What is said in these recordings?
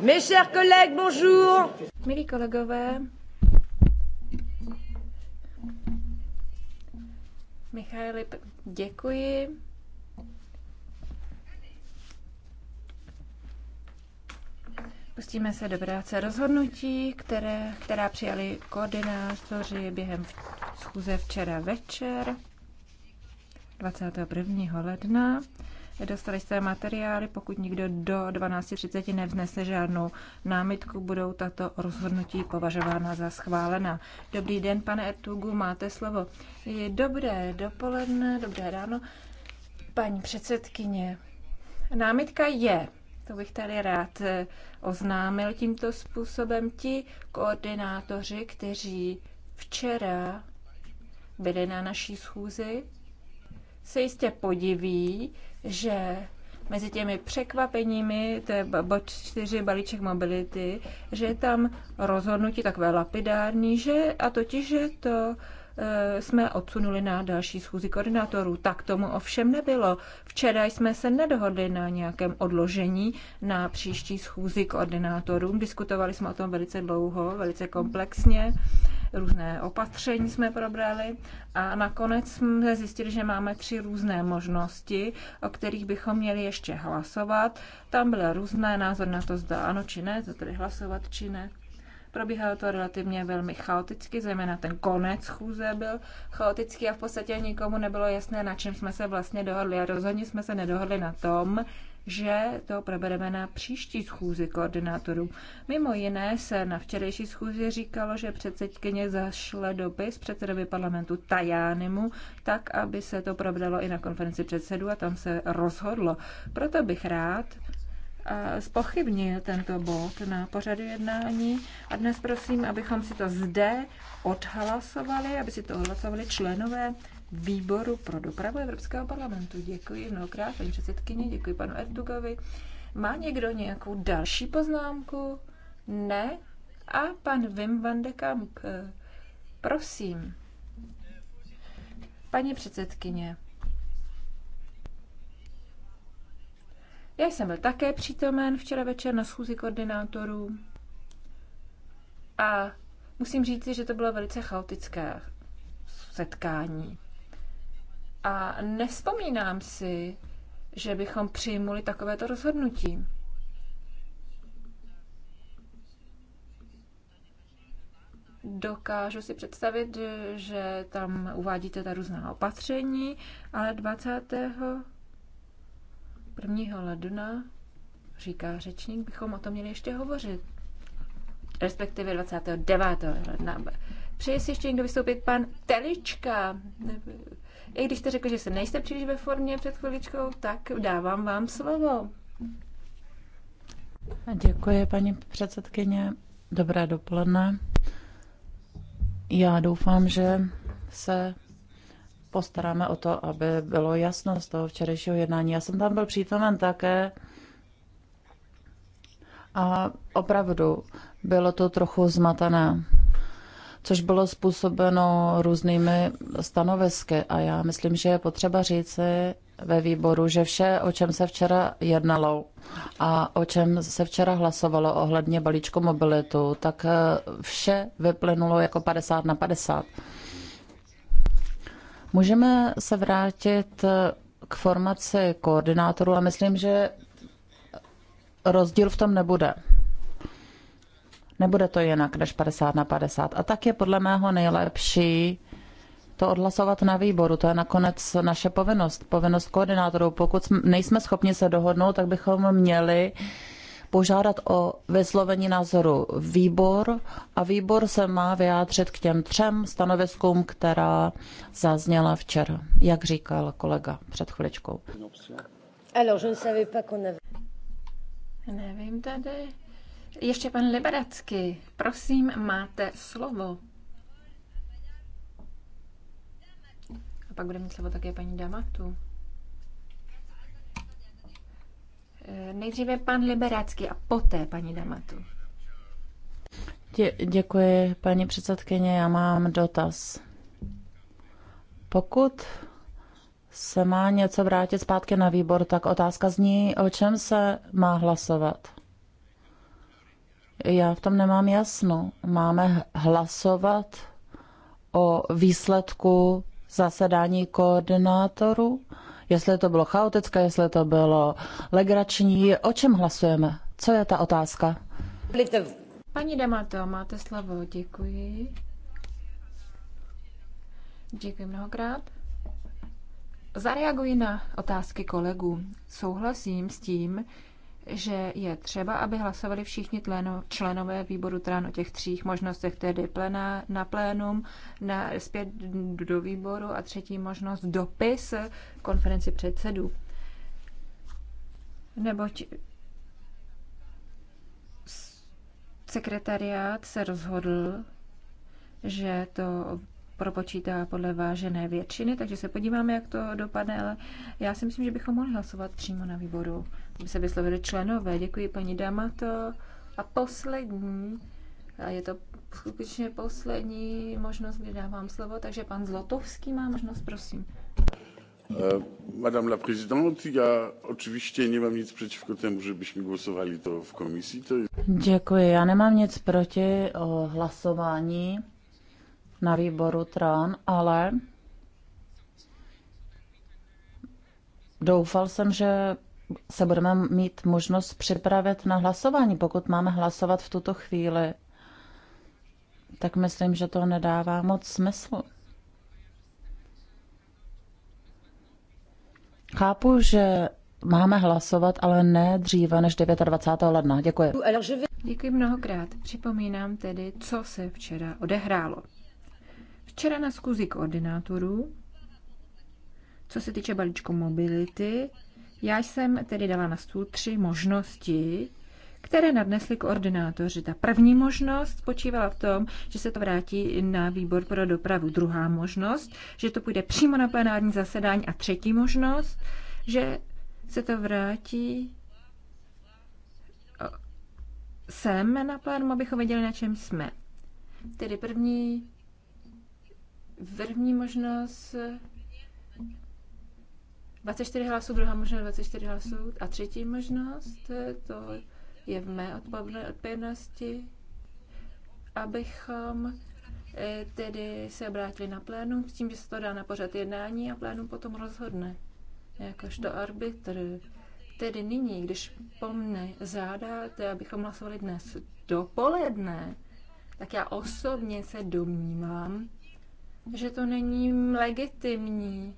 Mes chers collègues, bonjour. Milí kolegové, Michaili, děkuji. Pustíme se do práce rozhodnutí, které, která přijali koordinátoři během schůze včera večer 21. ledna. Dostali jste materiály, pokud nikdo do 12.30 nevznese žádnou námitku, budou tato rozhodnutí považována za schválená. Dobrý den, pane Ertugu, máte slovo. Dobré dopoledne, dobré ráno. Paní předsedkyně, námitka je, to bych tady rád eh, oznámil tímto způsobem, ti koordinátoři, kteří včera byli na naší schůzi, se jistě podiví, že mezi těmi překvapeními, to je bod čtyři, balíček mobility, že je tam rozhodnutí takové lapidární, že, a totiž, že to eh, jsme odsunuli na další schůzi koordinátorů. Tak tomu ovšem nebylo. Včera jsme se nedohodli na nějakém odložení na příští schůzi koordinátorům. Diskutovali jsme o tom velice dlouho, velice komplexně různé opatření jsme probrali a nakonec jsme zjistili, že máme tři různé možnosti, o kterých bychom měli ještě hlasovat. Tam byly různé názory na to, zda ano či ne, to tedy hlasovat či ne. Probíhalo to relativně velmi chaoticky, zejména ten konec chůze byl chaotický a v podstatě nikomu nebylo jasné, na čem jsme se vlastně dohodli. A rozhodně jsme se nedohodli na tom, že to probereme na příští schůzi koordinátorů. Mimo jiné se na včerejší schůzi říkalo, že předsedkyně zašle dopis předsedovi parlamentu Tajánimu, tak, aby se to probralo i na konferenci předsedů a tam se rozhodlo. Proto bych rád eh, spochybnil tento bod na pořadu jednání a dnes prosím, abychom si to zde odhlasovali, aby si to odhlasovali členové výboru pro dopravu Evropského parlamentu. Děkuji mnohokrát paní předsedkyně, děkuji panu Erdugovi. Má někdo nějakou další poznámku? Ne? A pan Wim van de Kamp, eh, prosím. Paní předsedkyně, já jsem byl také přítomen včera večer na schůzi koordinátorů a musím říct, že to bylo velice chaotické setkání. A nespomínám si, že bychom přijmuli takovéto rozhodnutí. Dokážu si představit, že tam uvádíte ta různá opatření, ale 20. 1. ledna, říká řečník, bychom o tom měli ještě hovořit. Respektive 29. ledna. Přeje si ještě někdo vystoupit pan Telička. I když jste řekl, že se nejste příliš ve formě před chviličkou, tak dávám vám slovo. Děkuji, paní předsedkyně. Dobré dopoledne. Já doufám, že se postaráme o to, aby bylo jasno z toho včerejšího jednání. Já jsem tam byl přítomen také a opravdu bylo to trochu zmatené což bylo způsobeno různými stanovisky. A já myslím, že je potřeba říci ve výboru, že vše, o čem se včera jednalo a o čem se včera hlasovalo ohledně balíčku mobilitu, tak eh, vše vyplynulo jako 50 na 50. Můžeme se vrátit eh, k formaci koordinátorů a myslím, že rozdíl v tom nebude. Nebude to jinak než 50 na 50. A tak je podle mého nejlepší to odhlasovat na výboru. To je nakonec naše povinnost, povinnost koordinátorů. Pokud nejsme schopni se dohodnout, tak bychom měli požádat o vyslovení názoru výbor a výbor se má vyjádřit k těm třem stanoviskům, která zazněla včera, jak říkal kolega před chviličkou. Nevím tady, ještě pan Liberacky, prosím, máte slovo. A pak bude mít slovo také paní Damatu. Eh, nejdříve pan Liberácký a poté paní Damatu. Dě, děkuji, paní předsedkyně. Já mám dotaz. Pokud se má něco vrátit zpátky na výbor, tak otázka zní, o čem se má hlasovat. Já v tom nemám jasno. Máme hlasovat o výsledku zasedání koordinátorů? Jestli to bylo chaotické, jestli to bylo legrační, o čem hlasujeme? Co je ta otázka? Paní Demato, máte slovo, děkuji. Děkuji mnohokrát. Zareaguji na otázky kolegů. Souhlasím s tím, že je třeba, aby hlasovali všichni tleno, členové výboru TRAN o těch třích možnostech, tedy plena, na plénum, na, zpět do výboru a třetí možnost dopis konferenci předsedů. Neboť sekretariát se rozhodl, že to propočítá podle vážené většiny, takže se podíváme, jak to dopadne, ale já si myslím, že bychom mohli hlasovat přímo na výboru by se vyslovili členové. Děkuji paní Damato. A poslední, a je to skutečně poslední možnost, kdy dávám slovo, takže pan Zlotovský má možnost, prosím. Eh, madame la présidente, já očivíště nemám nic tomu, že żebyśmy hlasovali to v komisí. To... Děkuji, já nemám nic proti o eh, hlasování na výboru TRAN, ale doufal jsem, že se budeme mít možnost připravit na hlasování. Pokud máme hlasovat v tuto chvíli, tak myslím, že to nedává moc smysl. Chápu, že máme hlasovat, ale ne dříve než 29. ledna. Děkuji. Děkuji mnohokrát. Připomínám tedy, co se včera odehrálo. Včera na zkuzi koordinátorů, co se týče balíčku mobility, já jsem tedy dala na stůl tři možnosti, které nadnesli koordinátoři. Ta první možnost spočívala v tom, že se to vrátí na výbor pro dopravu. Druhá možnost, že to půjde přímo na plenární zasedání. A třetí možnost, že se to vrátí sem na plénum, abychom věděli, na čem jsme. Tedy první, první možnost 24 hlasů, druhá možnost 24 hlasů a třetí možnost, to je v mé odpovědnosti, abychom eh, tedy se obrátili na plénum s tím, že se to dá na pořad jednání a plénum potom rozhodne. Jakožto arbitr. Tedy nyní, když po mne zádáte, abychom hlasovali dnes dopoledne, tak já osobně se domnívám, že to není legitimní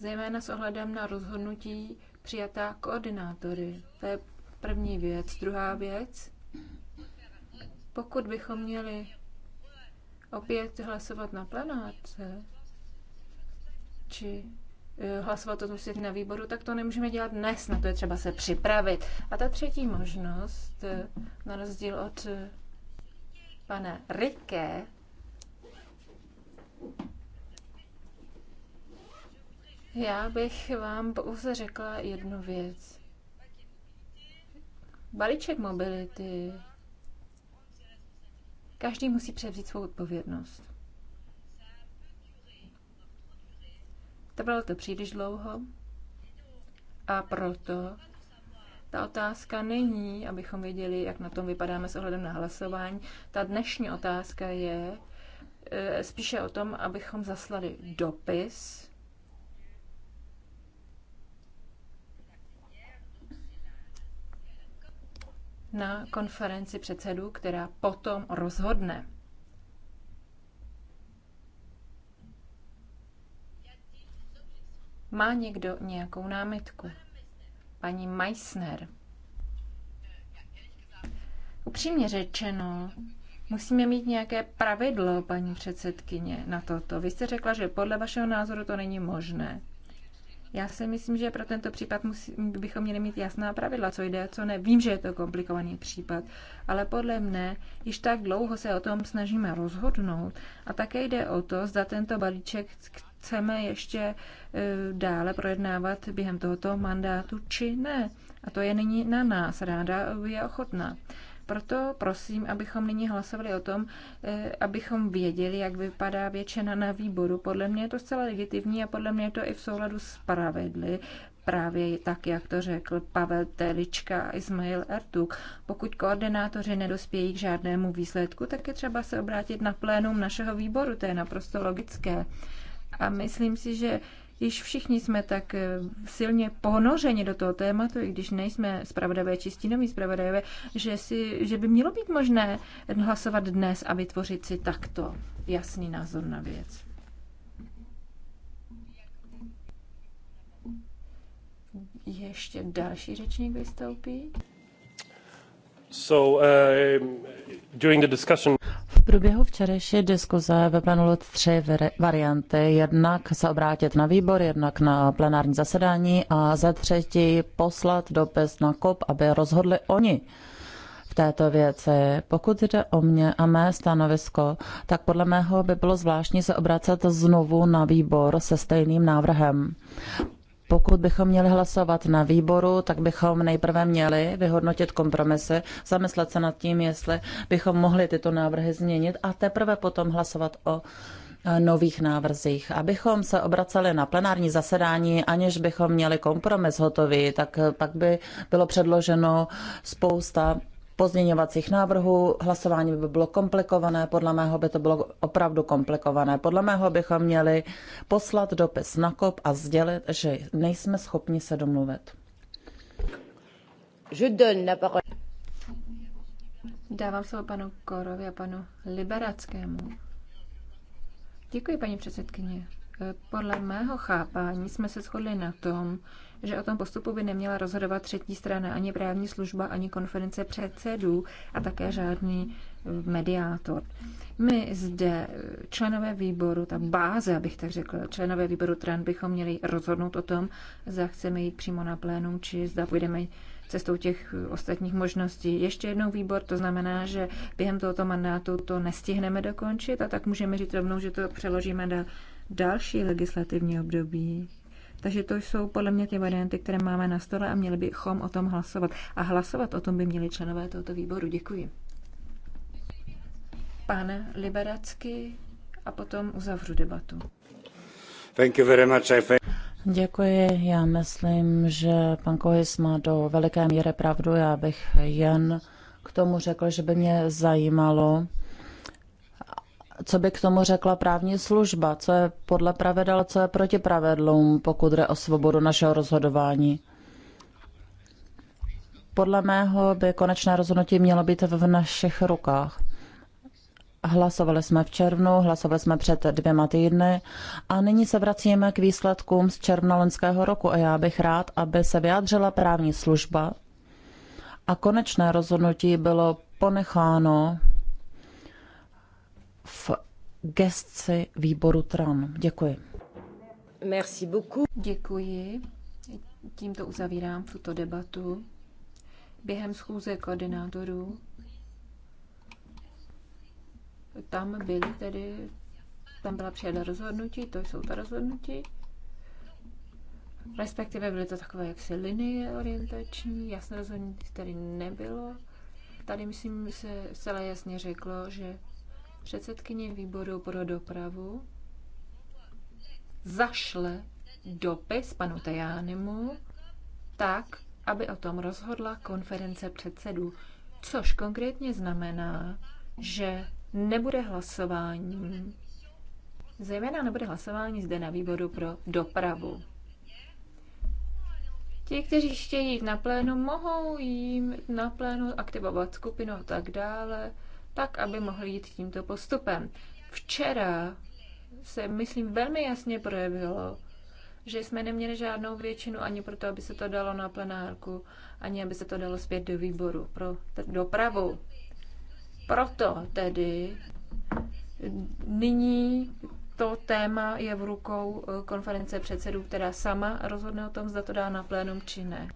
zejména s ohledem na rozhodnutí přijatá koordinátory. To je první věc. Druhá věc, pokud bychom měli opět hlasovat na plenáce, či eh, hlasovat o tom svět na výboru, tak to nemůžeme dělat dnes, na to je třeba se připravit. A ta třetí možnost, eh, na rozdíl od eh, pana Rike, já bych vám pouze řekla jednu věc. Balíček mobility. Každý musí převzít svou odpovědnost. Trvalo to příliš dlouho a proto ta otázka není, abychom věděli, jak na tom vypadáme s ohledem na hlasování. Ta dnešní otázka je eh, spíše o tom, abychom zaslali dopis na konferenci předsedů, která potom rozhodne. Má někdo nějakou námitku? Paní Meissner. Upřímně řečeno, musíme mít nějaké pravidlo, paní předsedkyně, na toto. Vy jste řekla, že podle vašeho názoru to není možné. Já si myslím, že pro tento případ musí, bychom měli mít jasná pravidla, co jde, co ne. Vím, že je to komplikovaný případ, ale podle mne již tak dlouho se o tom snažíme rozhodnout a také jde o to, zda tento balíček chceme ještě e, dále projednávat během tohoto mandátu či ne. A to je nyní na nás. Ráda je ochotná. Proto prosím, abychom nyní hlasovali o tom, eh, abychom věděli, jak vypadá většina na výboru. Podle mě je to zcela legitimní a podle mě je to i v souladu s pravidly, právě tak, jak to řekl Pavel Telička a Ismail Ertuk. Pokud koordinátoři nedospějí k žádnému výsledku, tak je třeba se obrátit na plénum našeho výboru, to je naprosto logické. A myslím si, že Již všichni jsme tak eh, silně ponořeni do toho tématu, i když nejsme spravodajové čistinoví spravodajové, že, si, že by mělo být možné hlasovat dnes a vytvořit si takto jasný názor na věc. Ještě další řečník vystoupí. So, uh, discussion... V průběhu včerejší diskuze vyplnulo tři varianty. Jednak se obrátit na výbor, jednak na plenární zasedání a za třetí poslat dopis na KOP, aby rozhodli oni v této věci. Pokud jde o mě a mé stanovisko, tak podle mého by bylo zvláštní se obracet znovu na výbor se stejným návrhem. Pokud bychom měli hlasovat na výboru, tak bychom nejprve měli vyhodnotit kompromisy, zamyslet se nad tím, jestli bychom mohli tyto návrhy změnit a teprve potom hlasovat o eh, nových návrzích. Abychom se obraceli na plenární zasedání, aniž bychom měli kompromis hotový, tak eh, pak by bylo předloženo spousta pozměňovacích návrhů. Hlasování by bylo komplikované, podle mého by to bylo opravdu komplikované. Podle mého bychom měli poslat dopis na kop a sdělit, že nejsme schopni se domluvit. Je donne la parole. Dávám slovo panu Korovi a panu Liberackému. Děkuji, paní předsedkyně. Podle mého chápání jsme se shodli na tom, že o tom postupu by neměla rozhodovat třetí strana, ani právní služba, ani konference předsedů a také žádný eh, mediátor. My zde, eh, členové výboru, ta báze, abych tak řekl, členové výboru TRAN, bychom měli rozhodnout o tom, zda chceme jít přímo na plénum, či zda půjdeme cestou těch eh, ostatních možností. Ještě jednou výbor, to znamená, že během tohoto mandátu to nestihneme dokončit a tak můžeme říct rovnou, že to přeložíme na další legislativní období. Takže to jsou podle mě ty varianty, které máme na stole a měli bychom o tom hlasovat. A hlasovat o tom by měli členové tohoto výboru. Děkuji. Pan Liberacky a potom uzavřu debatu. Thank you very much. I Děkuji. Já myslím, že pan Kohis má do veliké míry pravdu. Já bych jen k tomu řekl, že by mě zajímalo, co by k tomu řekla právní služba, co je podle pravidel, co je proti pravidlům, pokud jde o svobodu našeho rozhodování. Podle mého by konečné rozhodnutí mělo být v našich rukách. Hlasovali jsme v červnu, hlasovali jsme před dvěma týdny a nyní se vracíme k výsledkům z června loňského roku a já bych rád, aby se vyjádřila právní služba a konečné rozhodnutí bylo ponecháno v gestci výboru TRAN. Děkuji. Merci beaucoup. Děkuji. Tímto uzavírám tuto debatu. Během schůze koordinátorů tam byly tedy, tam byla přijata rozhodnutí, to jsou ta rozhodnutí. Respektive byly to takové jaksi linie orientační, jasné rozhodnutí tady nebylo. Tady myslím se celé jasně řeklo, že předsedkyně výboru pro dopravu zašle dopis panu Tejánemu, tak, aby o tom rozhodla konference předsedů, což konkrétně znamená, že nebude hlasování, zejména nebude hlasování zde na výboru pro dopravu. Ti, kteří chtějí jít na plénu, mohou jim na plénu aktivovat skupinu a tak dále tak aby mohli jít tímto postupem. Včera se, myslím, velmi jasně projevilo, že jsme neměli žádnou většinu ani proto, aby se to dalo na plenárku, ani aby se to dalo zpět do výboru pro dopravu. Proto tedy nyní to téma je v rukou eh, konference předsedů, která sama rozhodne o tom, zda to dá na plénum či ne.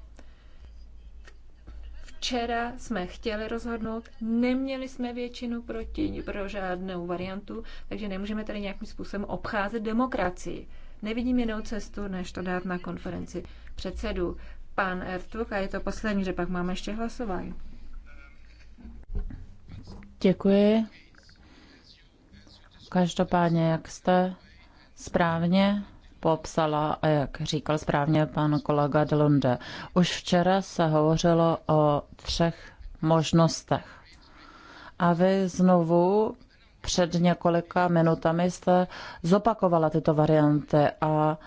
Včera jsme chtěli rozhodnout, neměli jsme většinu proti pro žádnou variantu, takže nemůžeme tady nějakým způsobem obcházet demokracii. Nevidím jinou cestu, než to dát na konferenci předsedu. Pan Ertuk, a je to poslední, že pak máme ještě hlasování. Děkuji. Každopádně, jak jste správně popsala a jak říkal správně pan kolega Delonde. Už včera se hovořilo o třech možnostech. A vy znovu před několika minutami jste zopakovala tyto varianty a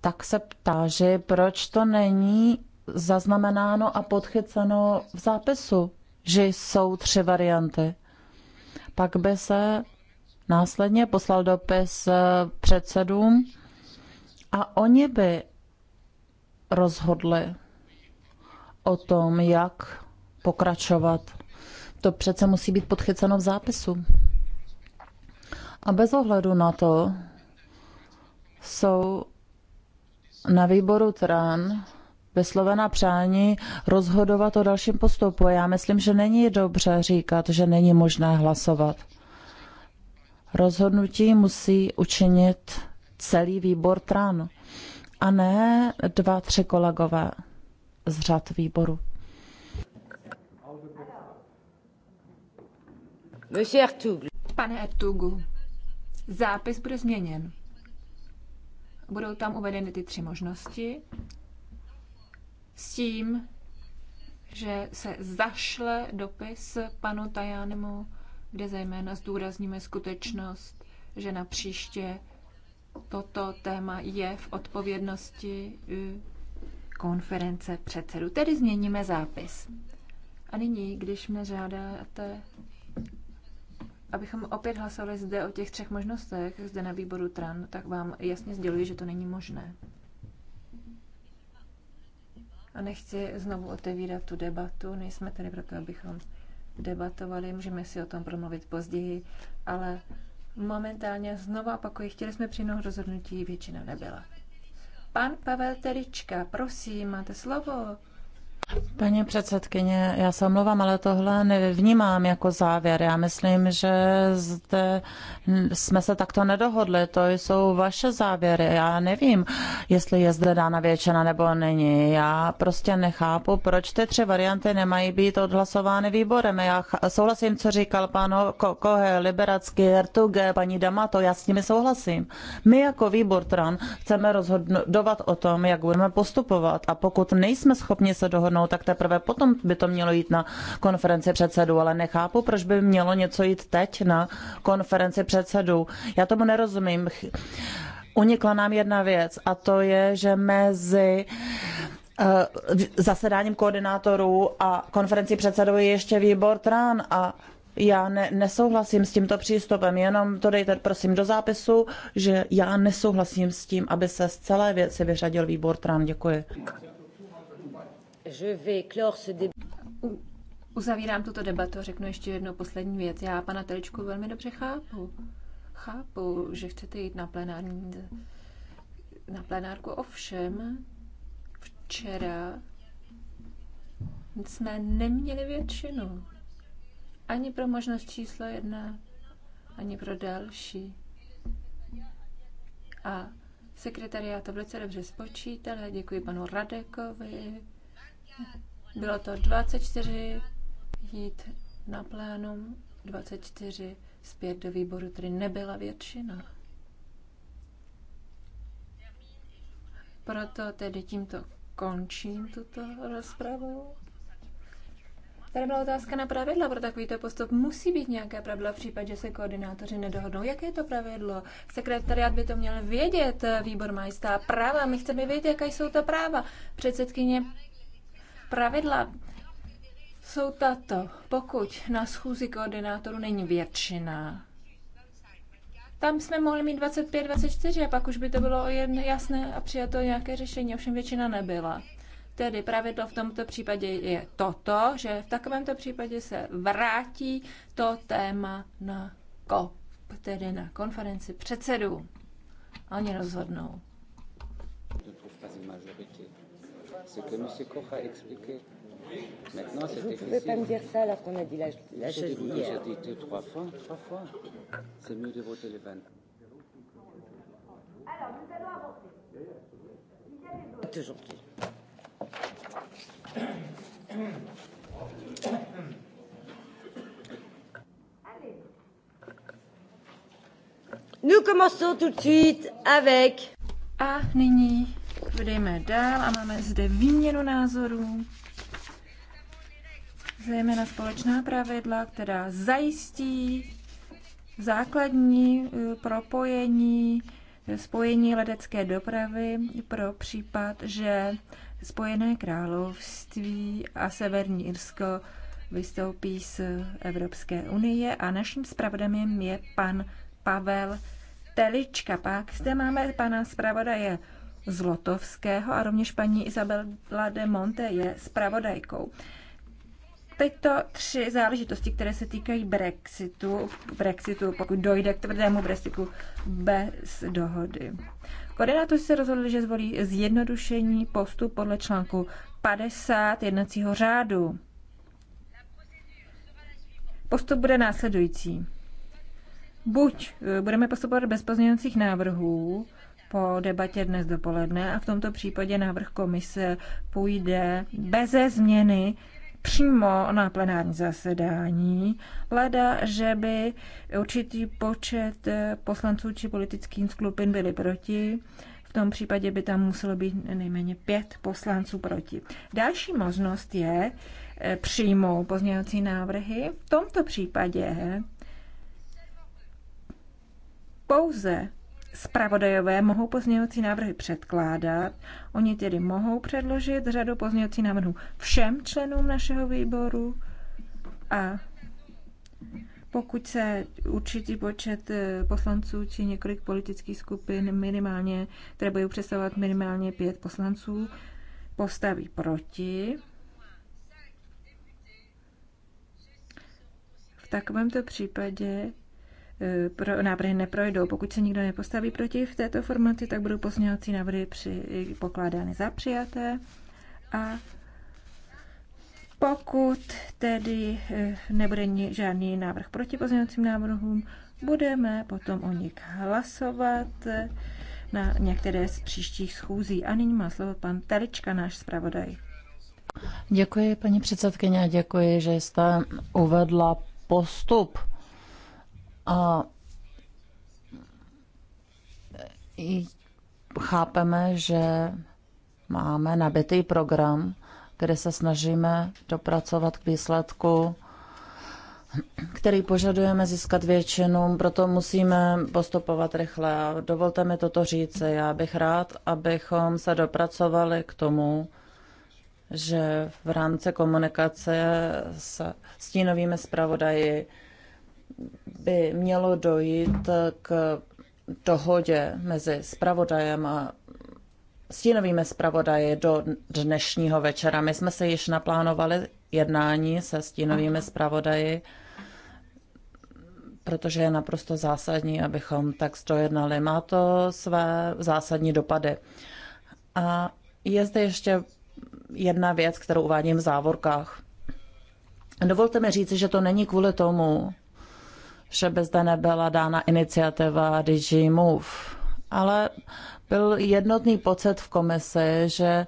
tak se ptáži, proč to není zaznamenáno a podchyceno v zápisu, že jsou tři varianty. Pak by se Následně poslal dopis eh, předsedům a oni by rozhodli o tom, jak pokračovat. To přece musí být podchyceno v zápisu. A bez ohledu na to jsou na výboru TRAN vyslovena přání rozhodovat o dalším postupu. Já myslím, že není dobře říkat, že není možné hlasovat. Rozhodnutí musí učinit celý výbor TRAN a ne dva, tři kolegové z řad výboru. Pane Ertugu, zápis bude změněn. Budou tam uvedeny ty tři možnosti s tím, že se zašle dopis panu Tajánemu kde zejména zdůrazníme skutečnost, že na příště toto téma je v odpovědnosti eh, konference předsedu. Tedy změníme zápis. A nyní, když mě žádáte, abychom opět hlasovali zde o těch třech možnostech, zde na výboru TRAN, tak vám jasně sděluji, že to není možné. A nechci znovu otevírat tu debatu, nejsme tady proto, abychom debatovali, můžeme si o tom promluvit později, ale momentálně znovu opakuji, chtěli jsme přijmout rozhodnutí, většina nebyla. Pan Pavel Terička, prosím, máte slovo. Paní předsedkyně, já se omlouvám, ale tohle nevnímám jako závěr. Já myslím, že zde jsme se takto nedohodli. To jsou vaše závěry. Já nevím, jestli je zde dána většina nebo není. Já prostě nechápu, proč ty tři varianty nemají být odhlasovány výborem. Já souhlasím, co říkal pan Kohe, Liberacký, Ertuge, paní Damato, já s nimi souhlasím. My jako výbor TRAN chceme rozhodovat o tom, jak budeme postupovat a pokud nejsme schopni se dohodnout, dohodnou, tak teprve potom by to mělo jít na konferenci předsedů, ale nechápu, proč by mělo něco jít teď na konferenci předsedů. Já tomu nerozumím. Unikla nám jedna věc a to je, že mezi eh, zasedáním koordinátorů a konferenci předsedů je ještě výbor TRAN a já ne, nesouhlasím s tímto přístupem, jenom to dejte prosím do zápisu, že já nesouhlasím s tím, aby se z celé věci vyřadil výbor TRAN. Děkuji. Uzavírám tuto debatu a řeknu ještě jednu poslední věc. Já pana Teličku velmi dobře chápu. Chápu, že chcete jít na plenární na plenárku. Ovšem, včera jsme neměli většinu. Ani pro možnost číslo jedna, ani pro další. A sekretariát to velice dobře spočítal. Děkuji panu Radekovi, bylo to 24 jít na plénum, 24 zpět do výboru, tedy nebyla většina. Proto tedy tímto končím tuto rozpravu. Tady byla otázka na pravidla pro takovýto postup. Musí být nějaké pravidla v případě, že se koordinátoři nedohodnou. Jaké je to pravidlo? Sekretariat by to měl vědět, výbor majstá práva. My chceme vědět, jaké jsou ta práva. Předsedkyně Pravidla jsou tato. Pokud na schůzi koordinátoru není většina, tam jsme mohli mít 25, 24 a pak už by to bylo jen jasné a přijato nějaké řešení, ovšem většina nebyla. Tedy pravidlo v tomto případě je toto, že v takovémto případě se vrátí to téma na COP, tedy na konferenci předsedů. A oni rozhodnou ce que M. Koch a expliqué. Maintenant, c'est difficile. Vous ne pouvez pas me dire ça alors qu'on a dit la, la chose hier. J'ai dit deux, trois fois, trois fois. C'est mieux de voter le 20. Alors, nous allons avancer. Il y a des votes aujourd'hui. Nous commençons tout de suite avec... Ah, Nini. Vydejme dál a máme zde výměnu názorů, zejména společná pravidla, která zajistí základní eh, propojení, eh, spojení ledecké dopravy pro případ, že Spojené království a Severní Irsko vystoupí z Evropské unie a naším zpravodajem je pan Pavel Telička. Pak zde máme pana zpravodaje Zlotovského a rovněž paní Isabela de Monte je zpravodajkou. Tyto tři záležitosti, které se týkají Brexitu, Brexitu, pokud dojde k tvrdému Brexitu bez dohody. Koordinátoři se rozhodli, že zvolí zjednodušení postup podle článku 50 jednacího řádu. Postup bude následující. Buď eh, budeme postupovat bez pozměňovacích návrhů, po debatě dnes dopoledne a v tomto případě návrh komise půjde beze změny přímo na plenární zasedání, leda, že by určitý počet poslanců či politických skupin byli proti, v tom případě by tam muselo být nejméně pět poslanců proti. Další možnost je eh, přijmout pozměňovací návrhy. V tomto případě pouze Spravodajové mohou pozměňovací návrhy předkládat. Oni tedy mohou předložit řadu pozměňovací návrhů všem členům našeho výboru a pokud se určitý počet eh, poslanců či několik politických skupin minimálně, které budou představovat minimálně pět poslanců, postaví proti, v takovémto případě Eh, pro, návrhy neprojdou. Pokud se nikdo nepostaví proti v této formaci, tak budou pozměňovací návrhy při, pokládány za přijaté. A pokud tedy eh, nebude žádný návrh proti pozměňovacím návrhům, budeme potom o nich hlasovat eh, na některé z příštích schůzí. A nyní má slovo pan Telička, náš zpravodaj. Děkuji, paní předsedkyně, a děkuji, že jste uvedla postup a chápeme, že máme nabitý program, kde se snažíme dopracovat k výsledku, který požadujeme získat většinu, proto musíme postupovat rychle. A dovolte mi toto říci. Já bych rád, abychom se dopracovali k tomu, že v rámci komunikace s stínovými zpravodaji by mělo dojít k dohodě mezi spravodajem a stínovými zpravodaji do dnešního večera. My jsme se již naplánovali jednání se stínovými spravodaji, protože je naprosto zásadní, abychom tak dojednali. Má to své zásadní dopady. A je zde ještě jedna věc, kterou uvádím v závorkách. Dovolte mi říci, že to není kvůli tomu, že by zde nebyla dána iniciativa DG Move. Ale byl jednotný pocit v komisi, že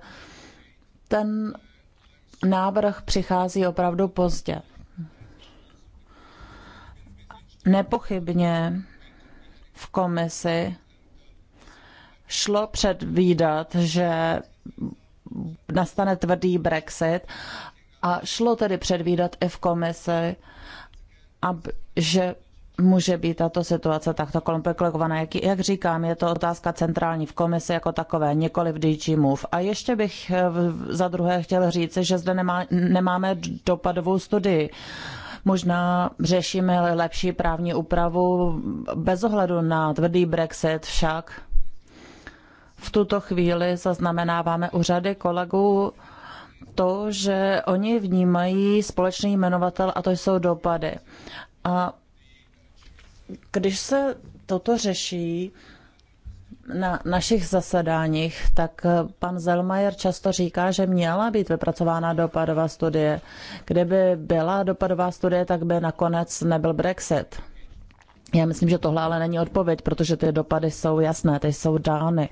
ten návrh přichází opravdu pozdě. Nepochybně v komisi šlo předvídat, že nastane tvrdý Brexit a šlo tedy předvídat i v komisi, ab, že může být tato situace takto komplikovaná. Jak, jak říkám, je to otázka centrální v komisi jako takové, nikoli v DG Move. A ještě bych eh, za druhé chtěl říct, že zde nemá, nemáme dopadovou studii. Možná řešíme lepší právní úpravu bez ohledu na tvrdý Brexit však. V tuto chvíli zaznamenáváme u řady kolegů to, že oni vnímají společný jmenovatel a to jsou dopady. A když se toto řeší na našich zasedáních, tak eh, pan Zelmajer často říká, že měla být vypracována dopadová studie. Kdyby byla dopadová studie, tak by nakonec nebyl Brexit. Já myslím, že tohle ale není odpověď, protože ty dopady jsou jasné, ty jsou dány.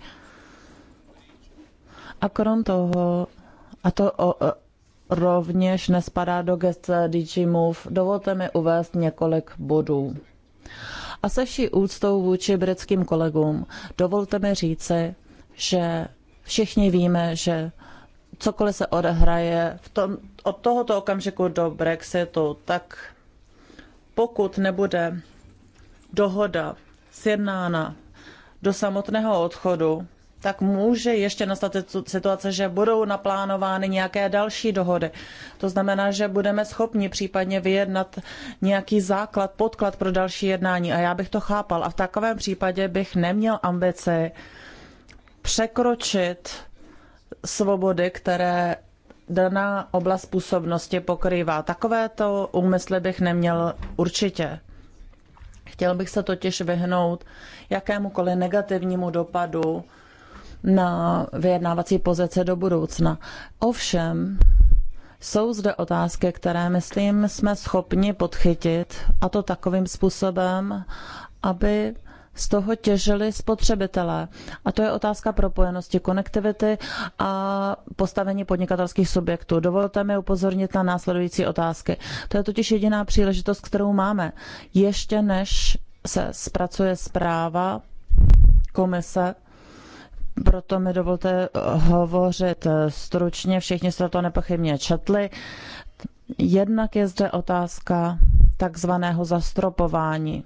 A krom toho, a to o, rovněž nespadá do gest DG Move, dovolte mi uvést několik bodů. A se vší úctou vůči britským kolegům, dovolte mi říci, že všichni víme, že cokoliv se odehraje v tom, od tohoto okamžiku do Brexitu, tak pokud nebude dohoda sjednána do samotného odchodu, tak může ještě nastat situace, že budou naplánovány nějaké další dohody. To znamená, že budeme schopni případně vyjednat nějaký základ, podklad pro další jednání. A já bych to chápal. A v takovém případě bych neměl ambici překročit svobody, které daná oblast působnosti pokrývá. Takovéto úmysly bych neměl určitě. Chtěl bych se totiž vyhnout jakémukoliv negativnímu dopadu na vyjednávací pozice do budoucna. Ovšem, jsou zde otázky, které, myslím, jsme schopni podchytit, a to takovým způsobem, aby z toho těžili spotřebitelé. A to je otázka propojenosti, konektivity a postavení podnikatelských subjektů. Dovolte mi upozornit na následující otázky. To je totiž jediná příležitost, kterou máme. Ještě než se zpracuje zpráva komise proto mi dovolte eh, hovořit eh, stručně. Všichni se to nepochybně četli. Jednak je zde otázka takzvaného zastropování.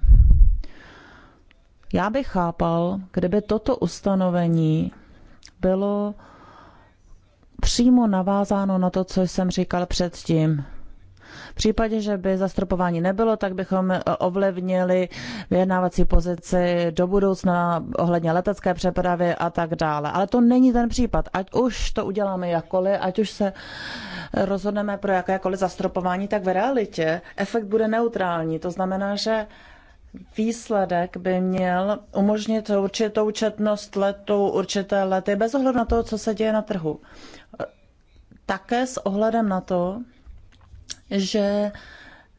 Já bych chápal, kdyby toto ustanovení bylo přímo navázáno na to, co jsem říkal předtím. V případě, že by zastropování nebylo, tak bychom eh, ovlivnili vyjednávací pozici do budoucna ohledně letecké přepravy a tak dále. Ale to není ten případ. Ať už to uděláme jakkoliv, ať už se eh, rozhodneme pro jakékoliv zastropování, tak v realitě efekt bude neutrální. To znamená, že výsledek by měl umožnit určitou četnost letů, určité lety, bez ohledu na to, co se děje na trhu. Eh, také s ohledem na to, že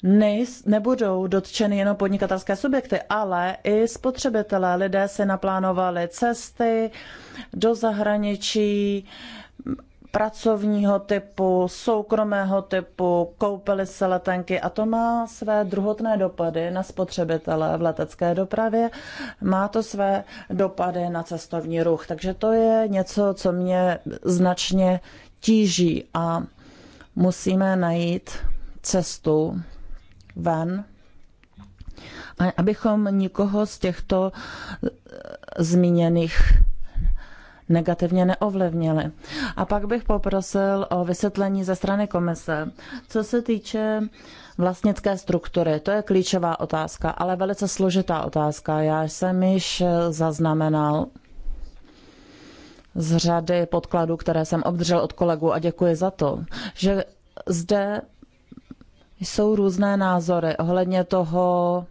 nejs, nebudou dotčeny jenom podnikatelské subjekty, ale i spotřebitelé. Lidé si naplánovali cesty do zahraničí, pracovního typu, soukromého typu, koupili se letenky a to má své druhotné dopady na spotřebitele v letecké dopravě, má to své dopady na cestovní ruch. Takže to je něco, co mě značně tíží a musíme najít cestu ven, abychom nikoho z těchto eh, zmíněných negativně neovlivnili. A pak bych poprosil o vysvětlení ze strany komise. Co se týče vlastnické struktury, to je klíčová otázka, ale velice složitá otázka. Já jsem již zaznamenal z řady podkladů, které jsem obdržel od kolegů a děkuji za to, že zde jsou různé názory ohledně toho,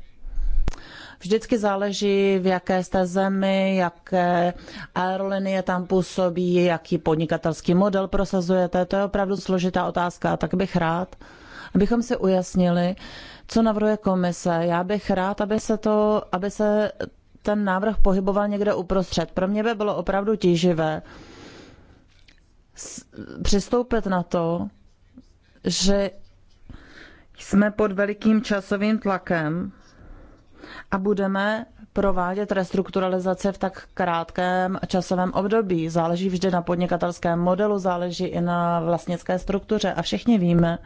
Vždycky záleží, v jaké jste zemi, jaké aerolinie tam působí, jaký podnikatelský model prosazujete. To je opravdu složitá otázka. Tak bych rád, abychom si ujasnili, co navrhuje komise. Já bych rád, aby se, to, aby se ten návrh pohyboval někde uprostřed. Pro mě by bylo opravdu tíživé přistoupit na to, že jsme pod velikým časovým tlakem a budeme provádět restrukturalizace v tak krátkém časovém období. Záleží vždy na podnikatelském modelu, záleží i na vlastnické struktuře a všichni víme,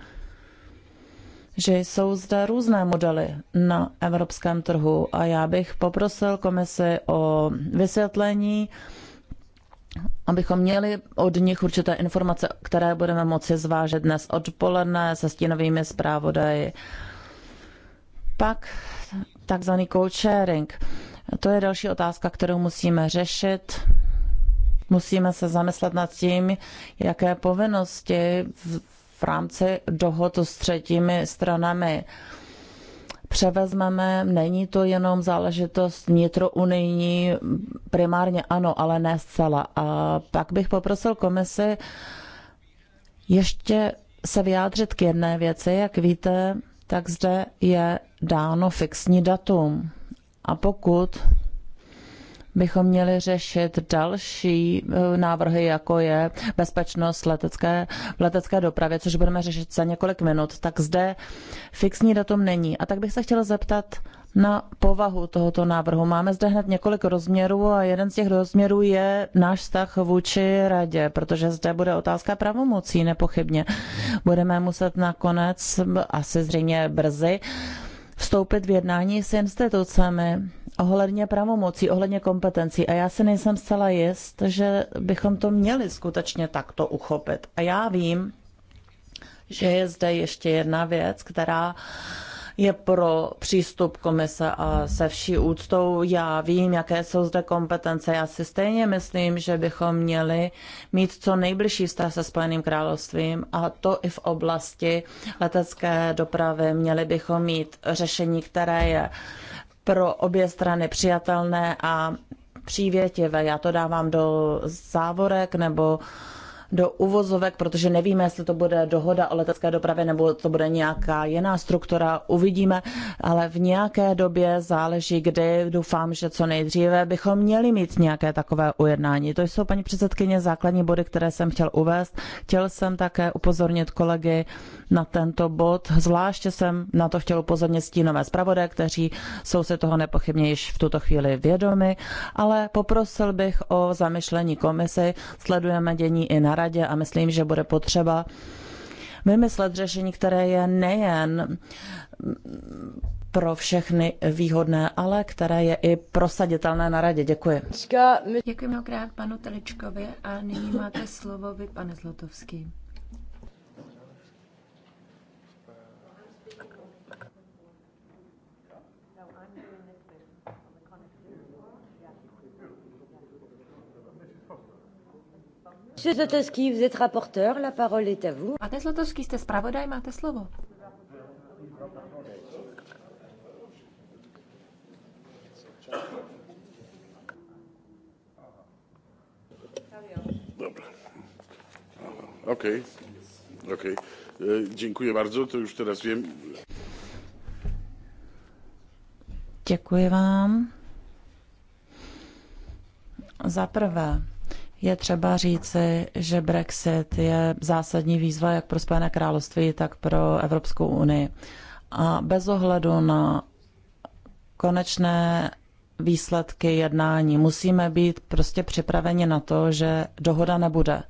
že jsou zde různé modely na evropském trhu a já bych poprosil komisi o vysvětlení abychom měli od nich určité informace, které budeme moci zvážet dnes odpoledne se stínovými zpravodaji. Pak takzvaný cold sharing. To je další otázka, kterou musíme řešit. Musíme se zamyslet nad tím, jaké povinnosti v, v rámci dohod s třetími stranami uh, převezmeme. Není to jenom záležitost vnitrounijní, primárně ano, ale ne zcela. A pak bych poprosil komisi ještě se vyjádřit k jedné věci. Jak víte, tak zde je dáno fixní datum. A pokud bychom měli řešit další e, návrhy, jako je bezpečnost letecké, letecké dopravy, což budeme řešit za několik minut, tak zde fixní datum není. A tak bych se chtěla zeptat na povahu tohoto návrhu. Máme zde hned několik rozměrů a jeden z těch rozměrů je náš vztah vůči radě, protože zde bude otázka pravomocí nepochybně. Budeme muset nakonec, asi zřejmě brzy, vstoupit v jednání s institucemi ohledně pravomocí, ohledně kompetencí. A já si nejsem zcela jist, že bychom to měli skutečně takto uchopit. A já vím, že je zde ještě jedna věc, která je pro přístup komise a se vší úctou. Já vím, jaké jsou zde kompetence. Já si stejně myslím, že bychom měli mít co nejbližší vztah se Spojeným královstvím a to i v oblasti letecké dopravy. Měli bychom mít řešení, které je pro obě strany přijatelné a přívětivé. Já to dávám do závorek nebo do uvozovek, protože nevíme, jestli to bude dohoda o letecké dopravě nebo to bude nějaká jiná struktura, uvidíme, ale v nějaké době záleží, kdy doufám, že co nejdříve bychom měli mít nějaké takové ujednání. To jsou, paní předsedkyně, základní body, které jsem chtěl uvést. Chtěl jsem také upozornit kolegy na tento bod. Zvláště jsem na to chtěl upozornit stínové zpravodaj, kteří jsou se toho nepochybně již v tuto chvíli vědomi, ale poprosil bych o zamyšlení komisy. Sledujeme dění i na radě a myslím, že bude potřeba vymyslet řešení, které je nejen pro všechny výhodné, ale které je i prosaditelné na radě. Děkuji. Děkuji mnohokrát panu Teličkovi a nyní máte slovo vy, pane Zlotovský. Monsieur Zotowski, vous êtes rapporteur, la parole est à vous. Pane Zlotowski, jste zpravodaj, máte slovo. Dobra. Okej, okay. okej. Okay. E, dziękuję bardzo, to już teraz wiem. Děkuji vám. Za prvé, je třeba říci, že Brexit je zásadní výzva jak pro Spojené království, tak pro Evropskou unii. A bez ohledu na konečné výsledky jednání musíme být prostě připraveni na to, že dohoda nebude.